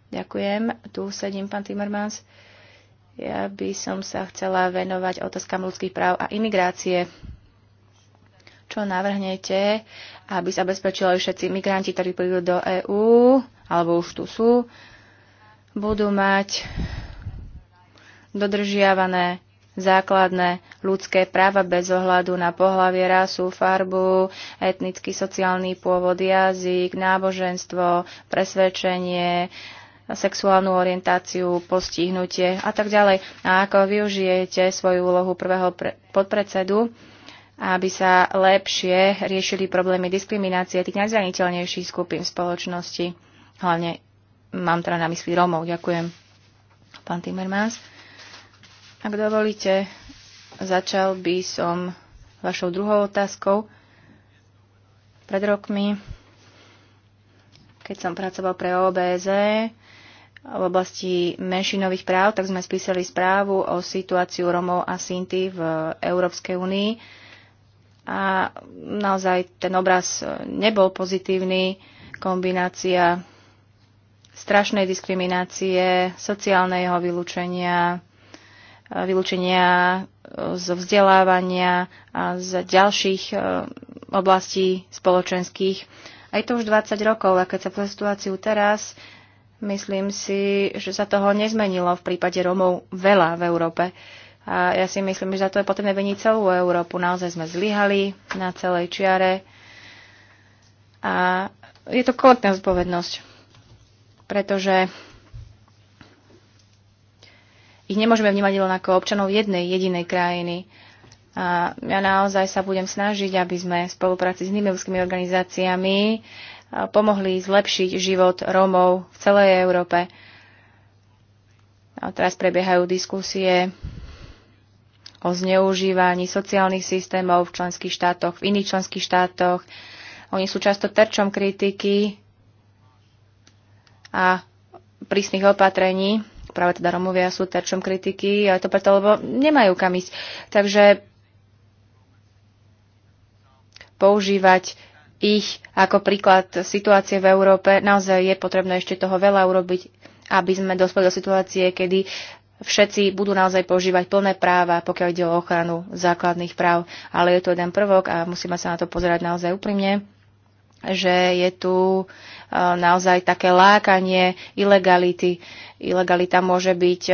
Ďakujem. Tu sedím, pán Timmermans. Ja by som sa chcela venovať otázkam ľudských práv a imigrácie čo navrhnete, aby sa bezpečili všetci migranti, ktorí prídu do EÚ, alebo už tu sú, budú mať dodržiavané základné ľudské práva bez ohľadu na pohlavie, rasu, farbu, etnický, sociálny pôvod, jazyk, náboženstvo, presvedčenie, sexuálnu orientáciu, postihnutie a tak ďalej. A ako využijete svoju úlohu prvého podpredsedu, aby sa lepšie riešili problémy diskriminácie tých najzraniteľnejších skupín v spoločnosti. Hlavne mám teda na mysli Rómov. Ďakujem, pán Timmermans. Ak dovolíte, začal by som vašou druhou otázkou. Pred rokmi, keď som pracoval pre OBZ v oblasti menšinových práv, tak sme spísali správu o situáciu Romov a Sinti v Európskej únii a naozaj ten obraz e, nebol pozitívny. Kombinácia strašnej diskriminácie, sociálneho vylúčenia, e, vylúčenia e, zo vzdelávania a z ďalších oblastí spoločenských. Aj to už 20 rokov a keď sa pre situáciu teraz, myslím si, že sa toho nezmenilo v prípade Romov veľa v Európe. A ja si myslím, že za to je potrebné veniť celú Európu. Naozaj sme zlyhali na celej čiare. A je to kolektívna zodpovednosť, pretože ich nemôžeme vnímať len ako občanov jednej jedinej krajiny. A ja naozaj sa budem snažiť, aby sme v spolupráci s ľudskými organizáciami pomohli zlepšiť život Rómov v celej Európe. A teraz prebiehajú diskusie o zneužívaní sociálnych systémov v členských štátoch, v iných členských štátoch. Oni sú často terčom kritiky a prísnych opatrení. Práve teda Romovia sú terčom kritiky, ale to preto, lebo nemajú kam ísť. Takže používať ich ako príklad situácie v Európe. Naozaj je potrebné ešte toho veľa urobiť, aby sme dospeli do situácie, kedy všetci budú naozaj používať plné práva, pokiaľ ide o ochranu základných práv. Ale je to jeden prvok a musíme sa na to pozerať naozaj úprimne že je tu e, naozaj také lákanie ilegality. Ilegalita môže byť e,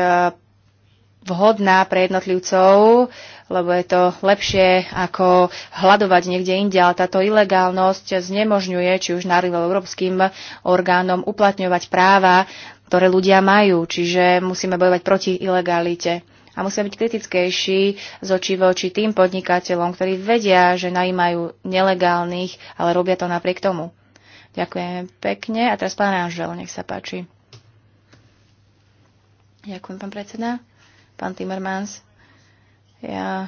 vhodná pre jednotlivcov, lebo je to lepšie ako hľadovať niekde inde, ale táto ilegálnosť znemožňuje či už národným európskym orgánom uplatňovať práva ktoré ľudia majú, čiže musíme bojovať proti ilegalite. A musíme byť kritickejší z očí voči tým podnikateľom, ktorí vedia, že najímajú nelegálnych, ale robia to napriek tomu. Ďakujem pekne. A teraz pán Anžel, nech sa páči. Ďakujem, pán predseda. Pán Timmermans, ja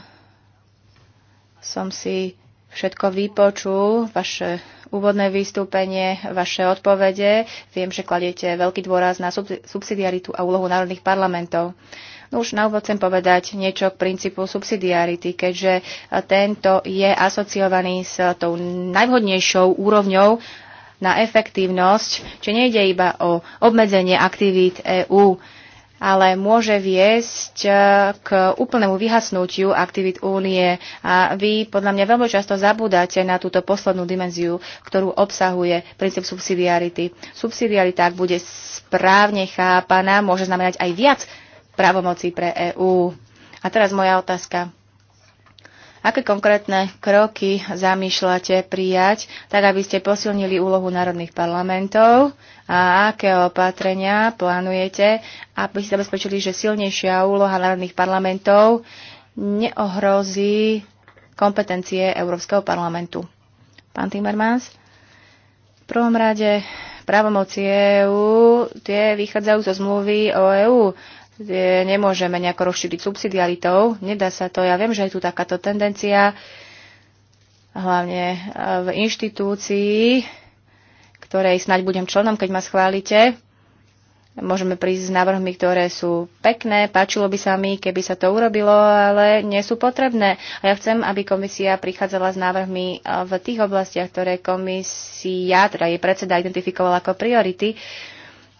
som si všetko vypočul, vaše úvodné vystúpenie, vaše odpovede. Viem, že kladiete veľký dôraz na subsidiaritu a úlohu národných parlamentov. No už na úvod chcem povedať niečo k princípu subsidiarity, keďže tento je asociovaný s tou najvhodnejšou úrovňou na efektívnosť, či nejde iba o obmedzenie aktivít EÚ ale môže viesť e, k úplnému vyhasnutiu aktivít únie. A vy podľa mňa veľmi často zabúdate na túto poslednú dimenziu, ktorú obsahuje princíp subsidiarity. Subsidiarita, ak bude správne chápaná, môže znamenať aj viac právomocí pre EÚ. A teraz moja otázka. Aké konkrétne kroky zamýšľate prijať, tak aby ste posilnili úlohu národných parlamentov a aké opatrenia plánujete, aby ste zabezpečili, že silnejšia úloha národných parlamentov neohrozí kompetencie Európskeho parlamentu. Pán Timmermans, v prvom rade právomoci EÚ, tie vychádzajú zo zmluvy o EÚ nemôžeme nejako rozšíriť subsidiaritou. Nedá sa to. Ja viem, že je tu takáto tendencia, hlavne e, v inštitúcii, ktorej snaď budem členom, keď ma schválite. Môžeme prísť s návrhmi, ktoré sú pekné, páčilo by sa mi, keby sa to urobilo, ale nie sú potrebné. A ja chcem, aby komisia prichádzala s návrhmi e, v tých oblastiach, ktoré komisia, teda jej predseda, identifikovala ako priority,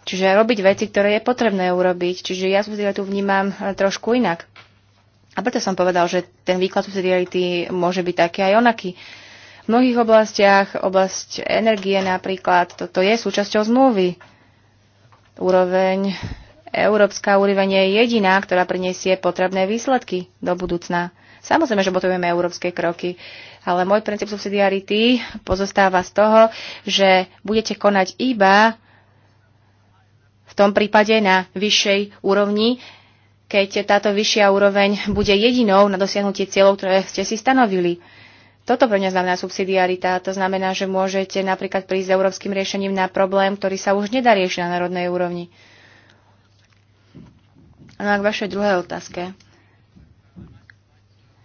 Čiže robiť veci, ktoré je potrebné urobiť. Čiže ja subsidiaritu vnímam eh, trošku inak. A preto som povedal, že ten výklad subsidiarity môže byť taký aj onaký. V mnohých oblastiach, oblasť energie napríklad, toto je súčasťou zmluvy. Úroveň, európska úroveň je jediná, ktorá prinesie potrebné výsledky do budúcna. Samozrejme, že potrebujeme európske kroky, ale môj princíp subsidiarity pozostáva z toho, že budete konať iba v tom prípade na vyššej úrovni, keď táto vyššia úroveň bude jedinou na dosiahnutie cieľov, ktoré ste si stanovili. Toto pre mňa znamená subsidiarita. To znamená, že môžete napríklad prísť s európskym riešením na problém, ktorý sa už nedá riešiť na národnej úrovni. No a k vašej druhej otázke.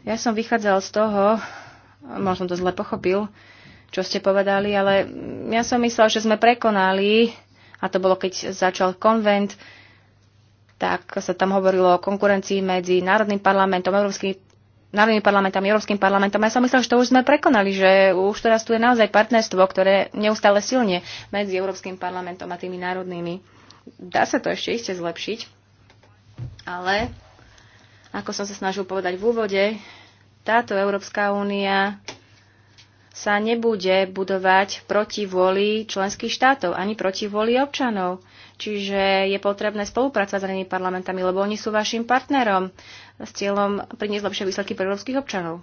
Ja som vychádzal z toho, možno to zle pochopil, čo ste povedali, ale ja som myslel, že sme prekonali a to bolo, keď začal konvent, tak sa tam hovorilo o konkurencii medzi Národným parlamentom, Európskym národnými parlamentami, Európskym parlamentom. Ja som myslela, že to už sme prekonali, že už teraz tu je naozaj partnerstvo, ktoré neustále silne medzi Európskym parlamentom a tými národnými. Dá sa to ešte iste zlepšiť, ale ako som sa snažil povedať v úvode, táto Európska únia sa nebude budovať proti vôli členských štátov, ani proti vôli občanov. Čiže je potrebné spolupracovať s inými parlamentami, lebo oni sú vašim partnerom s cieľom priniesť lepšie výsledky pre európskych občanov.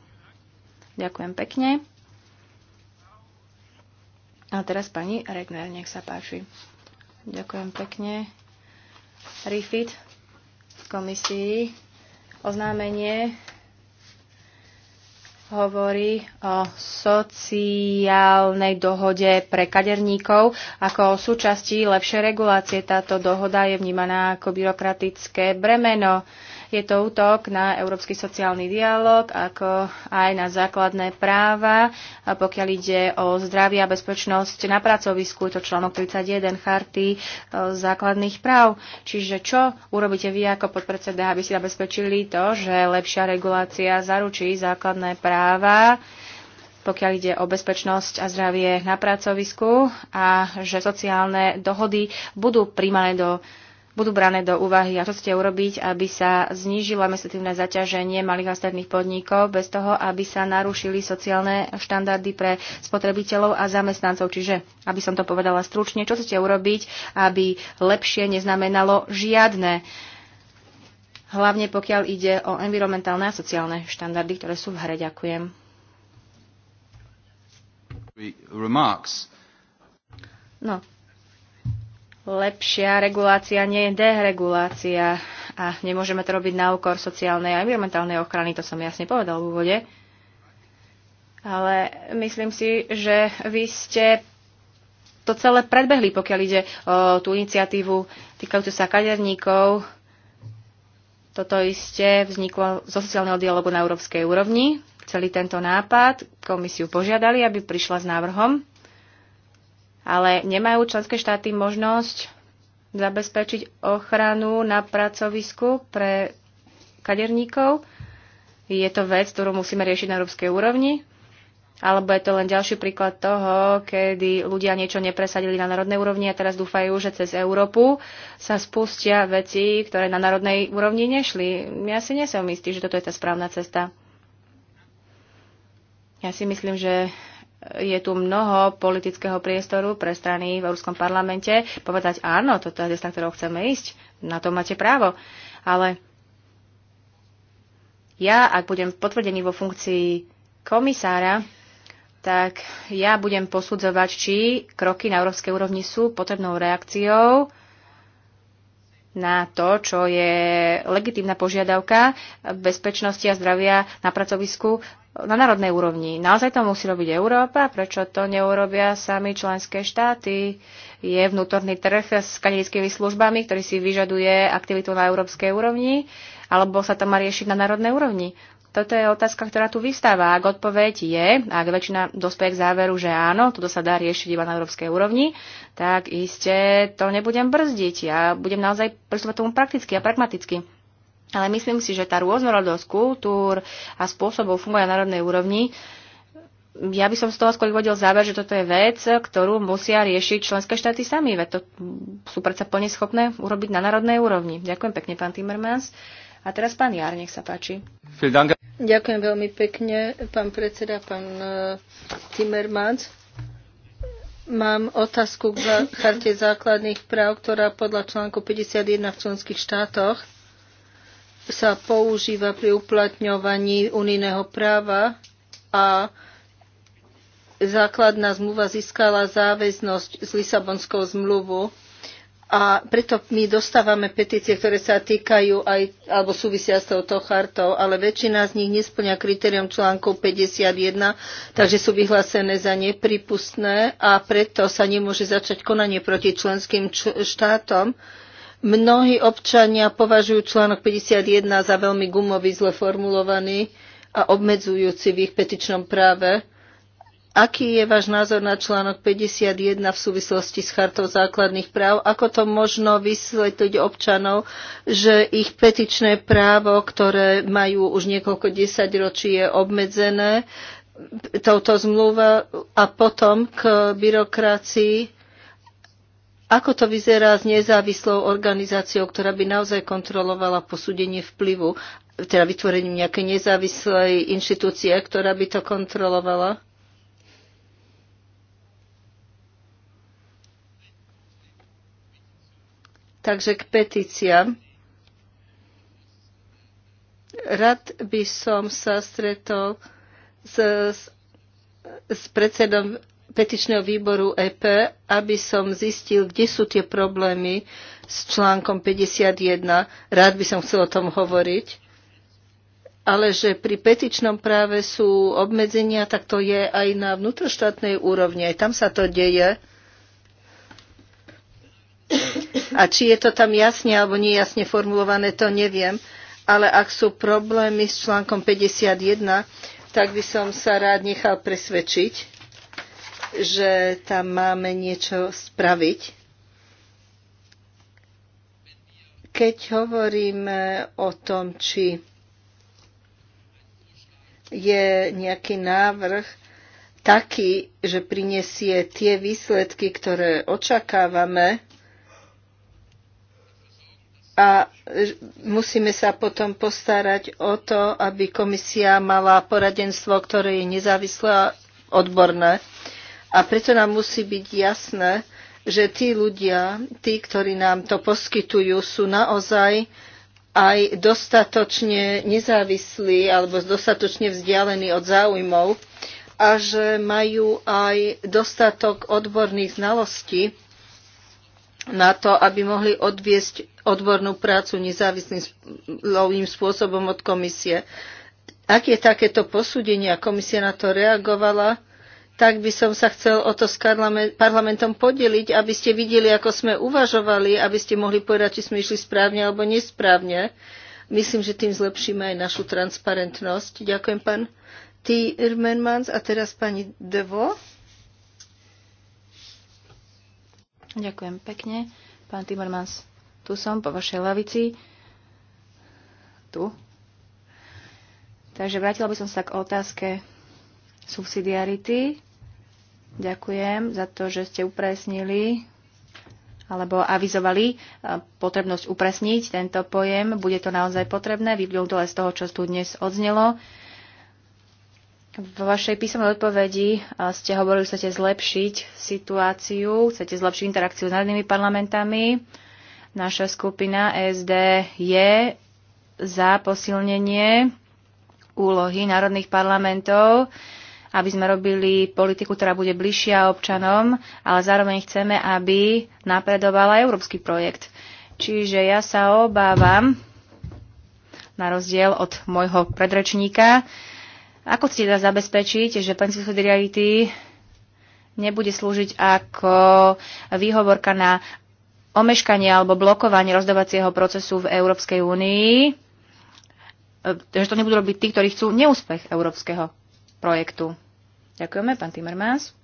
Ďakujem pekne. A teraz pani Regner, nech sa páči. Ďakujem pekne. Refit komisii oznámenie hovorí o sociálnej dohode pre kaderníkov ako o súčasti lepšej regulácie. Táto dohoda je vnímaná ako byrokratické bremeno. Je to útok na európsky sociálny dialog, ako aj na základné práva, pokiaľ ide o zdravie a bezpečnosť na pracovisku, je to článok 31 charty e, základných práv. Čiže čo urobíte vy ako podpredseda, aby ste zabezpečili to, že lepšia regulácia zaručí základné práva, pokiaľ ide o bezpečnosť a zdravie na pracovisku a že sociálne dohody budú príjmané do budú brané do úvahy a čo chcete urobiť, aby sa znížilo administratívne zaťaženie malých a stredných podnikov bez toho, aby sa narušili sociálne štandardy pre spotrebiteľov a zamestnancov. Čiže, aby som to povedala stručne, čo chcete urobiť, aby lepšie neznamenalo žiadne hlavne pokiaľ ide o environmentálne a sociálne štandardy, ktoré sú v hre. Ďakujem. No, lepšia regulácia nie je deregulácia a nemôžeme to robiť na úkor sociálnej a environmentálnej ochrany, to som jasne povedal v úvode. Ale myslím si, že vy ste to celé predbehli, pokiaľ ide o tú iniciatívu týkajúcu sa kaderníkov. Toto iste vzniklo zo sociálneho dialogu na európskej úrovni. Celý tento nápad komisiu požiadali, aby prišla s návrhom ale nemajú členské štáty možnosť zabezpečiť ochranu na pracovisku pre kaderníkov. Je to vec, ktorú musíme riešiť na európskej úrovni. Alebo je to len ďalší príklad toho, kedy ľudia niečo nepresadili na národnej úrovni a teraz dúfajú, že cez Európu sa spustia veci, ktoré na národnej úrovni nešli. Ja si nesom istý, že toto je tá správna cesta. Ja si myslím, že je tu mnoho politického priestoru pre strany v Európskom parlamente povedať áno, toto je cesta, ktorou chceme ísť, na to máte právo. Ale ja, ak budem potvrdený vo funkcii komisára, tak ja budem posudzovať, či kroky na európskej úrovni sú potrebnou reakciou na to, čo je legitímna požiadavka bezpečnosti a zdravia na pracovisku na národnej úrovni. Naozaj to musí robiť Európa? Prečo to neurobia sami členské štáty? Je vnútorný trh s kanadickými službami, ktorý si vyžaduje aktivitu na európskej úrovni? Alebo sa to má riešiť na národnej úrovni? Toto je otázka, ktorá tu vystáva. Ak odpoveď je, ak väčšina dospeje k záveru, že áno, toto sa dá riešiť iba na európskej úrovni, tak iste to nebudem brzdiť. Ja budem naozaj pristúpať tomu prakticky a pragmaticky. Ale myslím si, že tá rôznorodosť kultúr a spôsobov fungovania na národnej úrovni ja by som z toho skôr vodil záver, že toto je vec, ktorú musia riešiť členské štáty sami, veď to sú predsa plne schopné urobiť na národnej úrovni. Ďakujem pekne, pán Timmermans. A teraz pán Jar, nech sa páči. Ďakujem veľmi pekne, pán predseda, pán eh, Timmermans. Mám otázku k charte základných práv, ktorá podľa článku 51 v členských štátoch sa používa pri uplatňovaní unijného práva a základná zmluva získala záväznosť z Lisabonskou zmluvu a preto my dostávame petície, ktoré sa týkajú aj, alebo súvisia s touto chartou, ale väčšina z nich nesplňa kritérium článku 51, takže sú vyhlásené za nepripustné a preto sa nemôže začať konanie proti členským štátom, Mnohí občania považujú článok 51 za veľmi gumový, zle formulovaný a obmedzujúci v ich petičnom práve. Aký je váš názor na článok 51 v súvislosti s chartou základných práv? Ako to možno vysvetliť občanov, že ich petičné právo, ktoré majú už niekoľko desaťročí, je obmedzené touto zmluvou a potom k byrokracii ako to vyzerá s nezávislou organizáciou, ktorá by naozaj kontrolovala posúdenie vplyvu, teda vytvorením nejakej nezávislej inštitúcie, ktorá by to kontrolovala? Takže k petíciám. Rád by som sa stretol s, s predsedom petičného výboru EP, aby som zistil, kde sú tie problémy s článkom 51. Rád by som chcel o tom hovoriť. Ale že pri petičnom práve sú obmedzenia, tak to je aj na vnútroštátnej úrovni. Aj tam sa to deje. A či je to tam jasne alebo nejasne formulované, to neviem. Ale ak sú problémy s článkom 51, tak by som sa rád nechal presvedčiť že tam máme niečo spraviť. Keď hovoríme o tom, či je nejaký návrh taký, že prinesie tie výsledky, ktoré očakávame, a musíme sa potom postarať o to, aby komisia mala poradenstvo, ktoré je nezávislé a odborné. Uh, a preto nám musí byť jasné, že tí ľudia, tí, ktorí nám to poskytujú, sú naozaj aj dostatočne nezávislí alebo dostatočne vzdialení od záujmov a že majú aj dostatok odborných znalostí na to, aby mohli odviesť odbornú prácu nezávislým lovým spôsobom od komisie. Ak je takéto posúdenie a komisia na to reagovala, tak by som sa chcel o to s parlamentom podeliť, aby ste videli, ako sme uvažovali, aby ste mohli povedať, či sme išli správne alebo nesprávne. Myslím, že tým zlepšíme aj našu transparentnosť. Ďakujem, pán Tiermenmans. A teraz pani Devo. Ďakujem pekne. Pán Timmermans, tu som, po vašej lavici. Tu. Takže vrátila by som sa k otázke subsidiarity. Ďakujem za to, že ste upresnili alebo avizovali e, potrebnosť upresniť tento pojem. Bude to naozaj potrebné, vyplnul z toho, čo tu dnes odznelo. V vašej písomnej odpovedi e, ste hovorili, že chcete zlepšiť situáciu, chcete zlepšiť interakciu s národnými parlamentami. Naša skupina SD je za posilnenie úlohy národných parlamentov. Uh, aby sme robili politiku, ktorá bude bližšia občanom, ale zároveň chceme, aby napredovala európsky projekt. Čiže ja sa obávam, na rozdiel od môjho predrečníka, ako chcete teda zabezpečiť, že princíp subsidiarity nebude slúžiť ako výhovorka na omeškanie alebo blokovanie rozdávacieho procesu v Európskej únii, e, že to nebudú robiť tí, ktorí chcú neúspech európskeho projektu. Ďakujeme, pán Timmermans.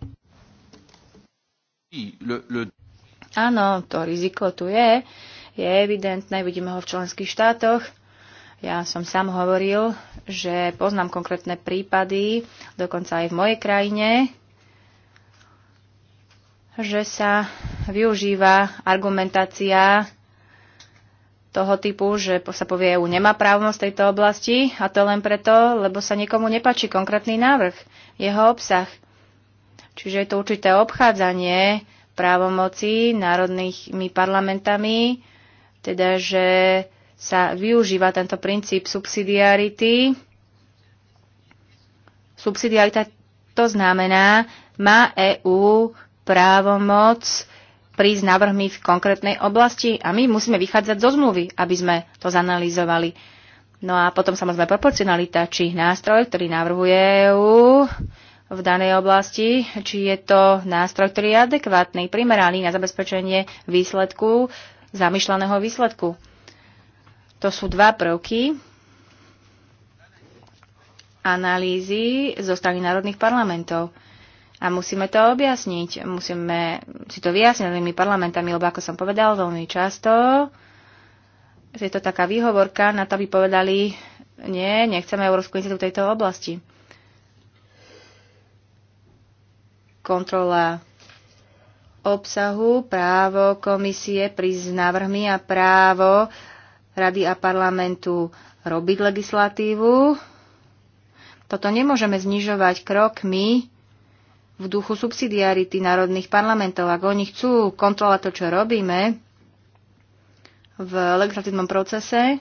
Áno, to riziko tu je. Je evidentné, vidíme ho v členských štátoch. Ja som sám hovoril, že poznám konkrétne prípady, dokonca aj v mojej krajine, že sa využíva argumentácia toho typu, že sa povie EU nemá právomoc v tejto oblasti a to len preto, lebo sa niekomu nepačí konkrétny návrh, jeho obsah. Čiže je to určité obchádzanie právomoci národnými parlamentami, teda že sa využíva tento princíp subsidiarity. Subsidiarita to znamená, má EÚ právomoc prísť návrhmi v konkrétnej oblasti a my musíme vychádzať zo zmluvy, aby sme to zanalýzovali. No a potom samozrejme proporcionalita, či nástroj, ktorý navrhuje EU v danej oblasti, či je to nástroj, ktorý je adekvátny, primeraný na zabezpečenie výsledku, zamýšľaného výsledku. To sú dva prvky analýzy zo strany národných parlamentov. A musíme to objasniť, musíme si to vyjasniť novými parlamentami, lebo ako som povedal veľmi často, je to taká výhovorka na to, aby povedali, nie, nechceme Európsku iniciatívu v tejto oblasti. Kontrola obsahu, právo komisie prísť s návrhmi a právo rady a parlamentu robiť legislatívu. Toto nemôžeme znižovať krokmi, v duchu subsidiarity národných parlamentov. Ak oni chcú kontrolovať to, čo robíme v legislatívnom procese,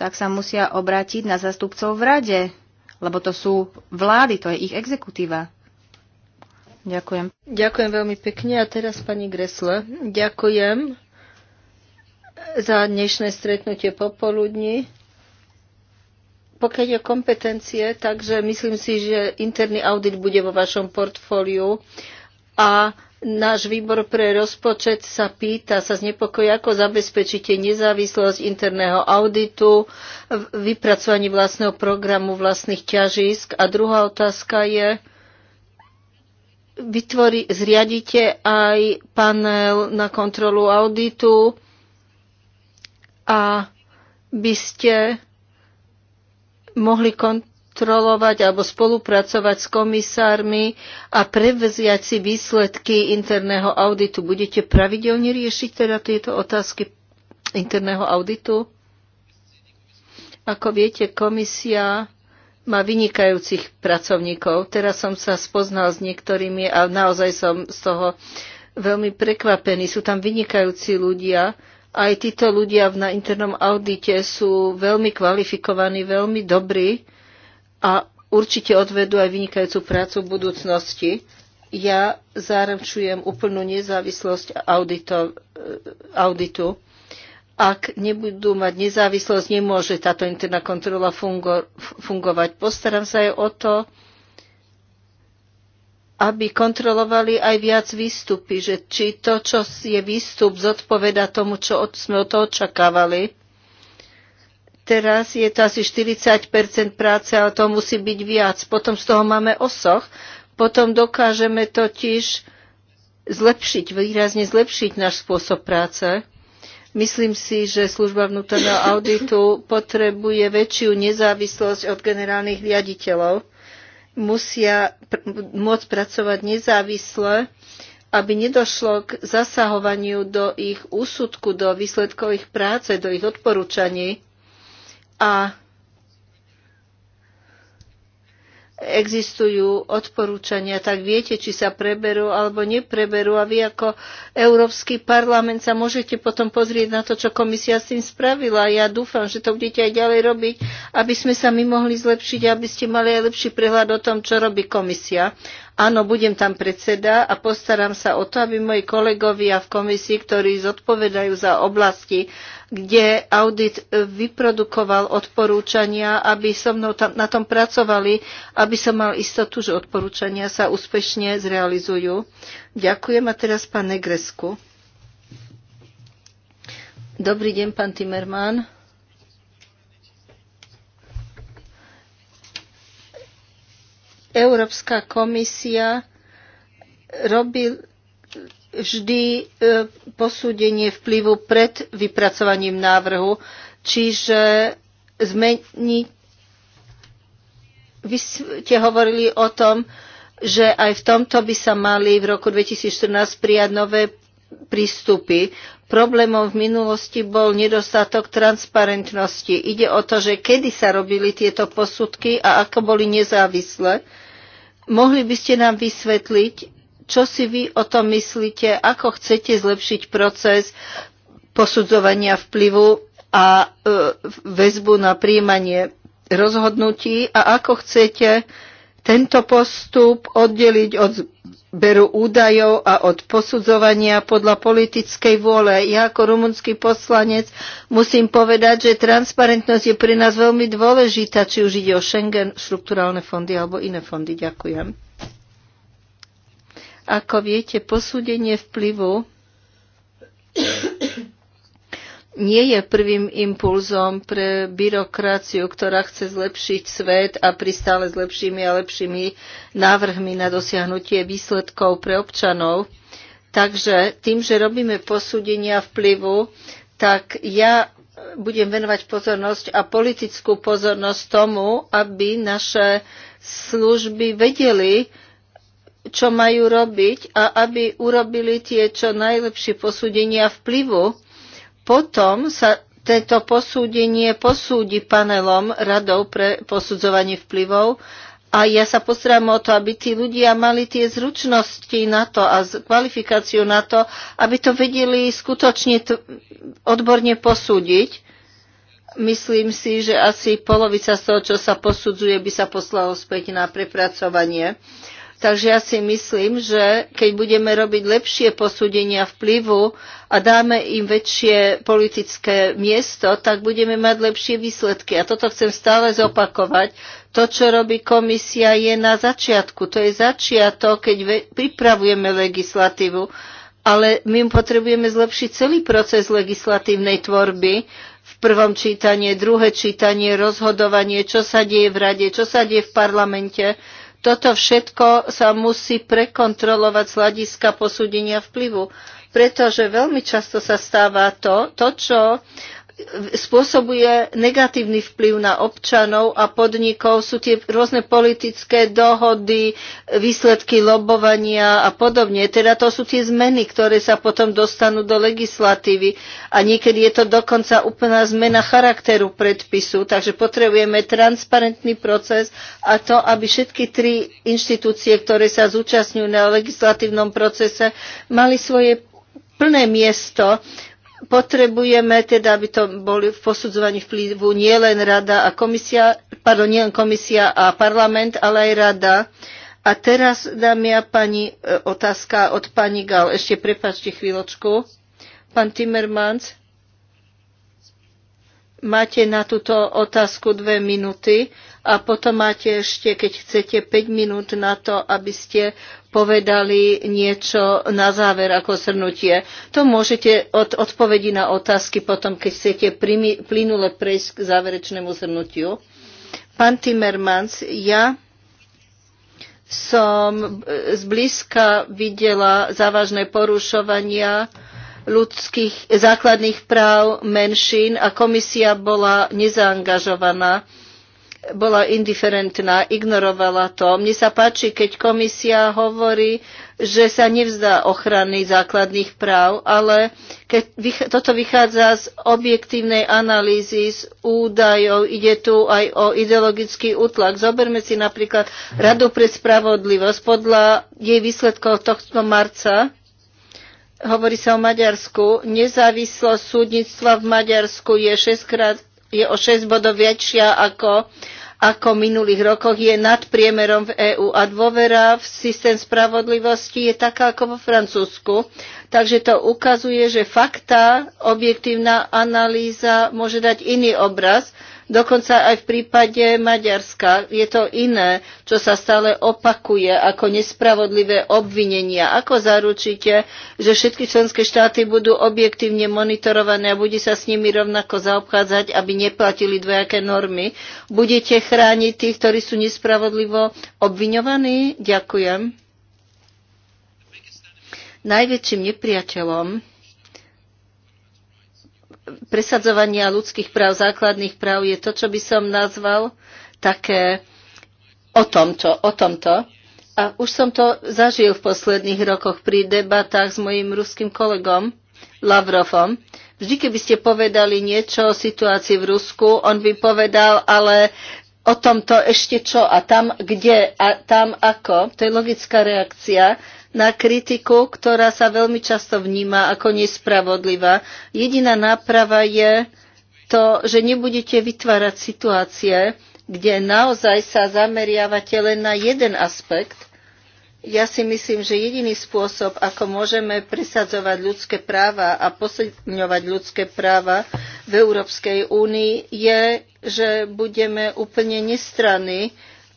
tak sa musia obrátiť na zastupcov v rade, lebo to sú vlády, to je ich exekutíva. Ďakujem. Ďakujem veľmi pekne. A teraz pani Gresle. Ďakujem za dnešné stretnutie popoludní. Pokiaľ je kompetencie, takže myslím si, že interný audit bude vo vašom portfóliu a náš výbor pre rozpočet sa pýta, sa znepokojí, ako zabezpečíte nezávislosť interného auditu, vypracovanie vlastného programu, vlastných ťažisk. A druhá otázka je, vytvorí, zriadite aj panel na kontrolu auditu a by ste mohli kontrolovať alebo spolupracovať s komisármi a prevziať si výsledky interného auditu. Budete pravidelne riešiť teda tieto otázky interného auditu? Ako viete, komisia má vynikajúcich pracovníkov. Teraz som sa spoznal s niektorými a naozaj som z toho veľmi prekvapený. Sú tam vynikajúci ľudia, aj títo ľudia na internom audite sú veľmi kvalifikovaní, veľmi dobrí a určite odvedú aj vynikajúcu prácu v budúcnosti. Ja zaručujem úplnú nezávislosť audito, eh, auditu. Ak nebudú mať nezávislosť, nemôže táto interná kontrola fungo, fungovať. Postaram sa aj o to, aby kontrolovali aj viac výstupy, že či to, čo je výstup, zodpoveda tomu, čo sme od toho očakávali. Teraz je to asi 40 práce, ale to musí byť viac. Potom z toho máme osoch. Potom dokážeme totiž zlepšiť, výrazne zlepšiť náš spôsob práce. Myslím si, že služba vnútorného auditu potrebuje väčšiu nezávislosť od generálnych riaditeľov musia pr- môcť pracovať nezávisle, aby nedošlo k zasahovaniu do ich úsudku, do výsledkov ich práce, do ich odporúčaní. A existujú odporúčania, tak viete, či sa preberú alebo nepreberú a vy ako Európsky parlament sa môžete potom pozrieť na to, čo komisia s tým spravila. Ja dúfam, že to budete aj ďalej robiť, aby sme sa my mohli zlepšiť, aby ste mali aj lepší prehľad o tom, čo robí komisia. Áno, budem tam predseda a postaram sa o to, aby moji kolegovia v komisii, ktorí zodpovedajú za oblasti, kde audit e, vyprodukoval odporúčania, aby so mnou tam, na tom pracovali, aby som mal istotu, že odporúčania sa úspešne zrealizujú. Ďakujem a teraz pán Negresku. Dobrý deň, pán Timerman. Európska komisia robí vždy e, posúdenie vplyvu pred vypracovaním návrhu, čiže zmení. Vy ste hovorili o tom, že aj v tomto by sa mali v roku 2014 prijať nové prístupy. Problémom v minulosti bol nedostatok transparentnosti. Ide o to, že kedy sa robili tieto posudky a ako boli nezávislé. Mohli by ste nám vysvetliť, čo si vy o tom myslíte, ako chcete zlepšiť proces posudzovania vplyvu a e, väzbu na príjmanie rozhodnutí a ako chcete tento postup oddeliť od zberu údajov a od posudzovania podľa politickej vôle. Ja ako rumunský poslanec musím povedať, že transparentnosť je pri nás veľmi dôležitá, či už ide o Schengen, štruktúralne fondy alebo iné fondy. Ďakujem. Ako viete, posúdenie vplyvu nie je prvým impulzom pre byrokraciu, ktorá chce zlepšiť svet a pristále s lepšími a lepšími návrhmi na dosiahnutie výsledkov pre občanov. Takže tým, že robíme posúdenia vplyvu, tak ja budem venovať pozornosť a politickú pozornosť tomu, aby naše služby vedeli, čo majú robiť a aby urobili tie čo najlepšie posúdenia vplyvu, potom sa tento posúdenie posúdi panelom radov pre posudzovanie vplyvov a ja sa postaram o to, aby tí ľudia mali tie zručnosti na to a kvalifikáciu na to, aby to vedeli skutočne odborne posúdiť. Myslím si, že asi polovica z toho, čo sa posudzuje, by sa poslalo späť na prepracovanie. Uh, Takže ja si myslím, že keď budeme robiť lepšie posúdenia vplyvu a dáme im väčšie politické miesto, tak budeme mať lepšie výsledky. A toto chcem stále zopakovať. To, čo robí komisia, je na začiatku. To je začiatok, keď pripravujeme legislatívu. Ale my potrebujeme zlepšiť celý proces legislatívnej tvorby, v prvom čítanie, druhé čítanie, rozhodovanie, čo sa deje v rade, čo sa deje v parlamente. Toto všetko sa musí prekontrolovať z hľadiska posúdenia vplyvu, pretože veľmi často sa stáva to, to čo spôsobuje negatívny vplyv na občanov a podnikov. Sú tie rôzne politické dohody, výsledky lobovania a podobne. Teda to sú tie zmeny, ktoré sa potom dostanú do legislatívy. A niekedy je to dokonca úplná zmena charakteru predpisu. Takže potrebujeme transparentný proces a to, aby všetky tri inštitúcie, ktoré sa zúčastňujú na legislatívnom procese, mali svoje plné miesto potrebujeme teda, aby to boli v posudzovaní vplyvu nielen rada a komisia, pardon, nielen komisia a parlament, ale aj rada. A teraz dám ja pani e, otázka od pani Gal. Ešte prepačte chvíľočku. Pán Timmermans, máte na túto otázku dve minúty a potom máte ešte, keď chcete, 5 minút na to, aby ste povedali niečo na záver ako zhrnutie. To môžete od odpovedi na otázky potom, keď chcete plynule prejsť k záverečnému zhrnutiu. Pán Timmermans, ja som zblízka videla závažné porušovania ľudských základných práv menšín a komisia bola nezaangažovaná bola indiferentná, ignorovala to. Mne sa páči, keď komisia hovorí, že sa nevzdá ochrany základných práv, ale keď toto vychádza z objektívnej analýzy, z údajov, ide tu aj o ideologický útlak. Zoberme si napríklad Radu pre spravodlivosť. Podľa jej výsledkov tohto marca hovorí sa o Maďarsku. Nezávislosť súdnictva v Maďarsku je šestkrát je o 6 bodov väčšia ako ako v minulých rokoch je nad priemerom v EÚ a dôvera v systém spravodlivosti je taká ako vo Francúzsku. Takže to ukazuje, že fakta, objektívna analýza môže dať iný obraz. Dokonca aj v prípade Maďarska je to iné, čo sa stále opakuje ako nespravodlivé obvinenia. Ako zaručíte, že všetky členské štáty budú objektívne monitorované a bude sa s nimi rovnako zaobchádzať, aby neplatili dvojaké normy? Budete chrániť tých, ktorí sú nespravodlivo obviňovaní? Ďakujem. Najväčším nepriateľom presadzovania ľudských práv, základných práv je to, čo by som nazval také o tomto, o tomto. A už som to zažil v posledných rokoch pri debatách s mojim ruským kolegom Lavrovom. Vždy, keby ste povedali niečo o situácii v Rusku, on by povedal, ale o tomto ešte čo a tam kde a tam ako. To je logická reakcia na kritiku, ktorá sa veľmi často vníma ako nespravodlivá. Jediná náprava je to, že nebudete vytvárať situácie, kde naozaj sa zameriavate len na jeden aspekt. Ja si myslím, že jediný spôsob, ako môžeme presadzovať ľudské práva a posilňovať ľudské práva v Európskej únii, je, že budeme úplne nestranní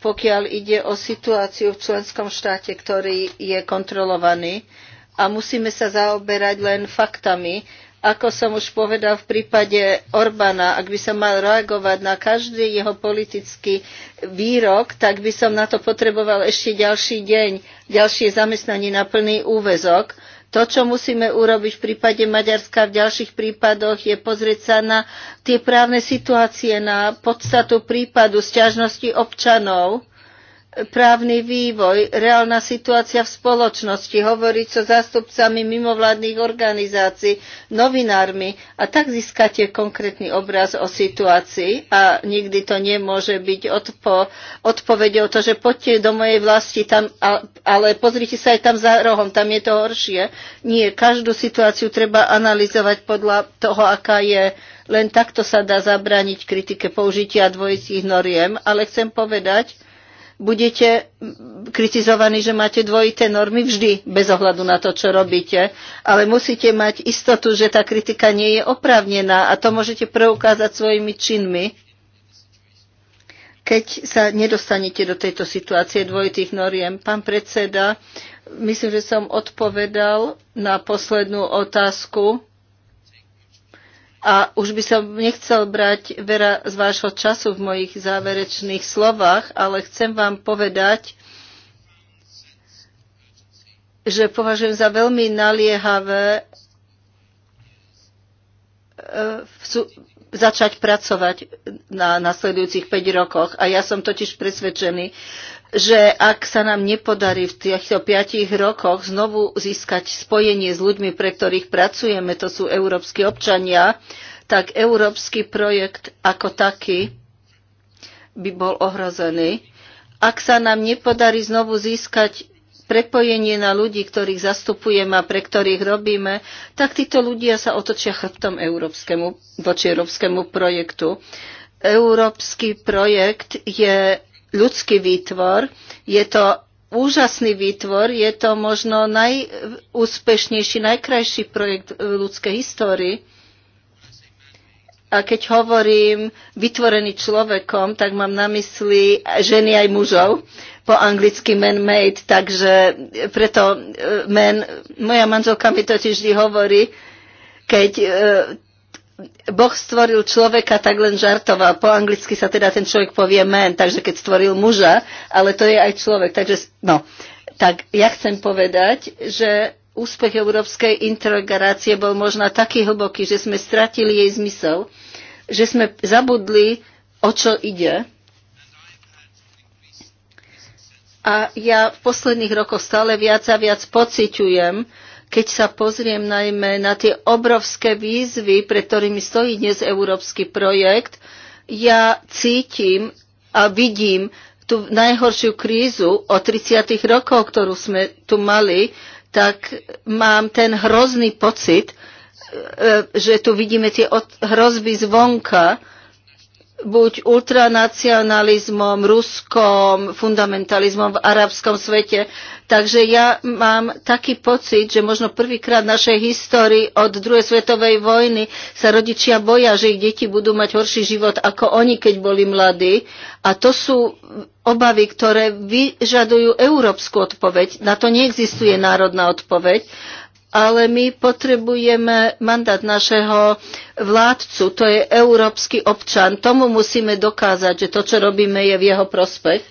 pokiaľ ide o situáciu v členskom štáte, ktorý je kontrolovaný. A musíme sa zaoberať len faktami. Ako som už povedal v prípade Orbána, ak by som mal reagovať na každý jeho politický výrok, tak by som na to potreboval ešte ďalší deň, ďalšie zamestnanie na plný úvezok. To, čo musíme urobiť v prípade Maďarska v ďalších prípadoch, je pozrieť sa na tie právne situácie, na podstatu prípadu, sťažnosti občanov právny vývoj, reálna situácia v spoločnosti, hovoriť so zástupcami mimovládnych organizácií, novinármi a tak získate konkrétny obraz o situácii a nikdy to nemôže byť odpo, odpovedou to, že poďte do mojej vlasti tam, ale pozrite sa aj tam za rohom, tam je to horšie. Nie, každú situáciu treba analyzovať podľa toho, aká je len takto sa dá zabrániť kritike použitia dvojitých noriem, ale chcem povedať, budete kritizovaní, že máte dvojité normy vždy, bez ohľadu na to, čo robíte. Ale musíte mať istotu, že tá kritika nie je oprávnená a to môžete preukázať svojimi činmi. Keď sa nedostanete do tejto situácie dvojitých noriem, pán predseda, myslím, že som odpovedal na poslednú otázku a už by som nechcel brať veľa z vášho času v mojich záverečných slovách, ale chcem vám povedať, že považujem za veľmi naliehavé e, začať pracovať na nasledujúcich 5 rokoch. A ja som totiž presvedčený, že ak sa nám nepodarí v týchto piatich rokoch znovu získať spojenie s ľuďmi, pre ktorých pracujeme, to sú európsky občania, tak európsky projekt ako taký by bol ohrozený. Ak sa nám nepodarí znovu získať prepojenie na ľudí, ktorých zastupujeme a pre ktorých robíme, tak títo ľudia sa otočia chrbtom európskemu, voči európskemu projektu. Európsky projekt je ľudský výtvor. Je to úžasný výtvor, je to možno najúspešnejší, najkrajší projekt v ľudskej histórii. A keď hovorím vytvorený človekom, tak mám na mysli ženy aj mužov, po anglicky man-made, takže preto eh, man, moja manželka mi totiž vždy hovorí, keď eh, Boh stvoril človeka, tak len žartoval. Po anglicky sa teda ten človek povie man, takže keď stvoril muža, ale to je aj človek. Takže, no, tak ja chcem povedať, že úspech európskej integrácie bol možno taký hlboký, že sme stratili jej zmysel, že sme zabudli, o čo ide. A ja v posledných rokoch stále viac a viac pociťujem, keď sa pozriem najmä na tie obrovské výzvy, pre ktorými stojí dnes európsky projekt, ja cítim a vidím tú najhoršiu krízu od 30. rokov, ktorú sme tu mali, tak mám ten hrozný pocit, e, e, že tu vidíme tie hrozby zvonka, buď ultranacionalizmom, ruskom, fundamentalizmom v arabskom svete. Takže ja mám taký pocit, že možno prvýkrát v našej histórii od druhej svetovej vojny sa rodičia boja, že ich deti budú mať horší život ako oni, keď boli mladí. A to sú obavy, ktoré vyžadujú európsku odpoveď. Na to neexistuje národná odpoveď ale my potrebujeme mandát našeho vládcu, to je európsky občan. Tomu musíme dokázať, že to, čo robíme, je v jeho prospech.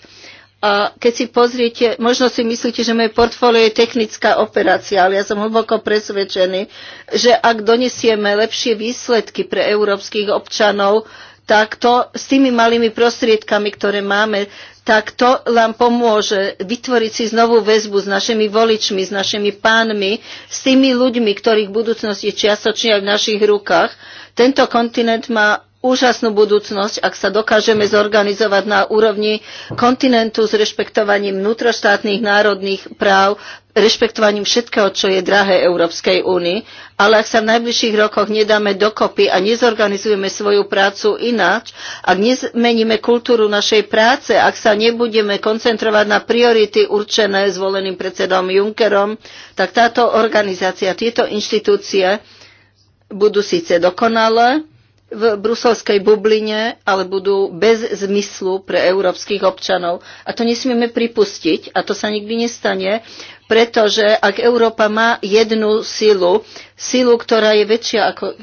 A keď si pozriete, možno si myslíte, že moje portfólio je technická operácia, ale ja som hlboko presvedčený, že ak donesieme lepšie výsledky pre európskych občanov, tak to s tými malými prostriedkami, ktoré máme, tak to nám pomôže vytvoriť si znovu väzbu s našimi voličmi, s našimi pánmi, s tými ľuďmi, ktorých budúcnosť je čiastočne aj v našich rukách. Tento kontinent má úžasnú budúcnosť, ak sa dokážeme zorganizovať na úrovni kontinentu s rešpektovaním vnútroštátnych národných práv, rešpektovaním všetkého, čo je drahé Európskej únii. Ale ak sa v najbližších rokoch nedáme dokopy a nezorganizujeme svoju prácu ináč, ak nezmeníme kultúru našej práce, ak sa nebudeme koncentrovať na priority určené zvoleným predsedom Junckerom, tak táto organizácia, tieto inštitúcie budú síce dokonalé, v bruselskej bubline, ale budú bez zmyslu pre európskych občanov. A to nesmieme pripustiť a to sa nikdy nestane, pretože ak Európa má jednu silu, silu, ktorá je väčšia ako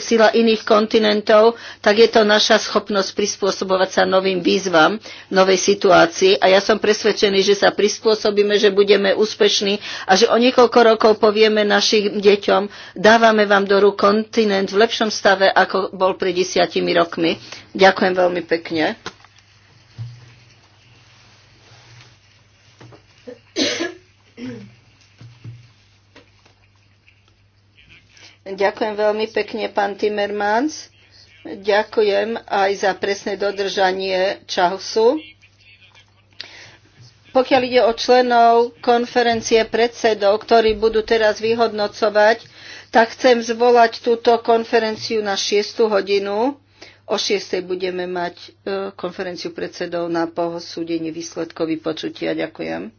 sila iných kontinentov, tak je to naša schopnosť prispôsobovať sa novým výzvam, novej situácii. A ja som presvedčený, že sa prispôsobíme, že budeme úspešní a že o niekoľko rokov povieme našim deťom, dávame vám do rúk kontinent v lepšom stave, ako bol pred desiatimi rokmi. Ďakujem veľmi pekne. Thank you. Ďakujem veľmi pekne, pán Timmermans. Ďakujem aj za presné dodržanie času. Pokiaľ ide o členov konferencie predsedov, ktorí budú teraz vyhodnocovať, tak chcem zvolať túto konferenciu na 6. hodinu. O 6. budeme mať e, konferenciu predsedov na posúdenie výsledkov vypočutia. Ďakujem.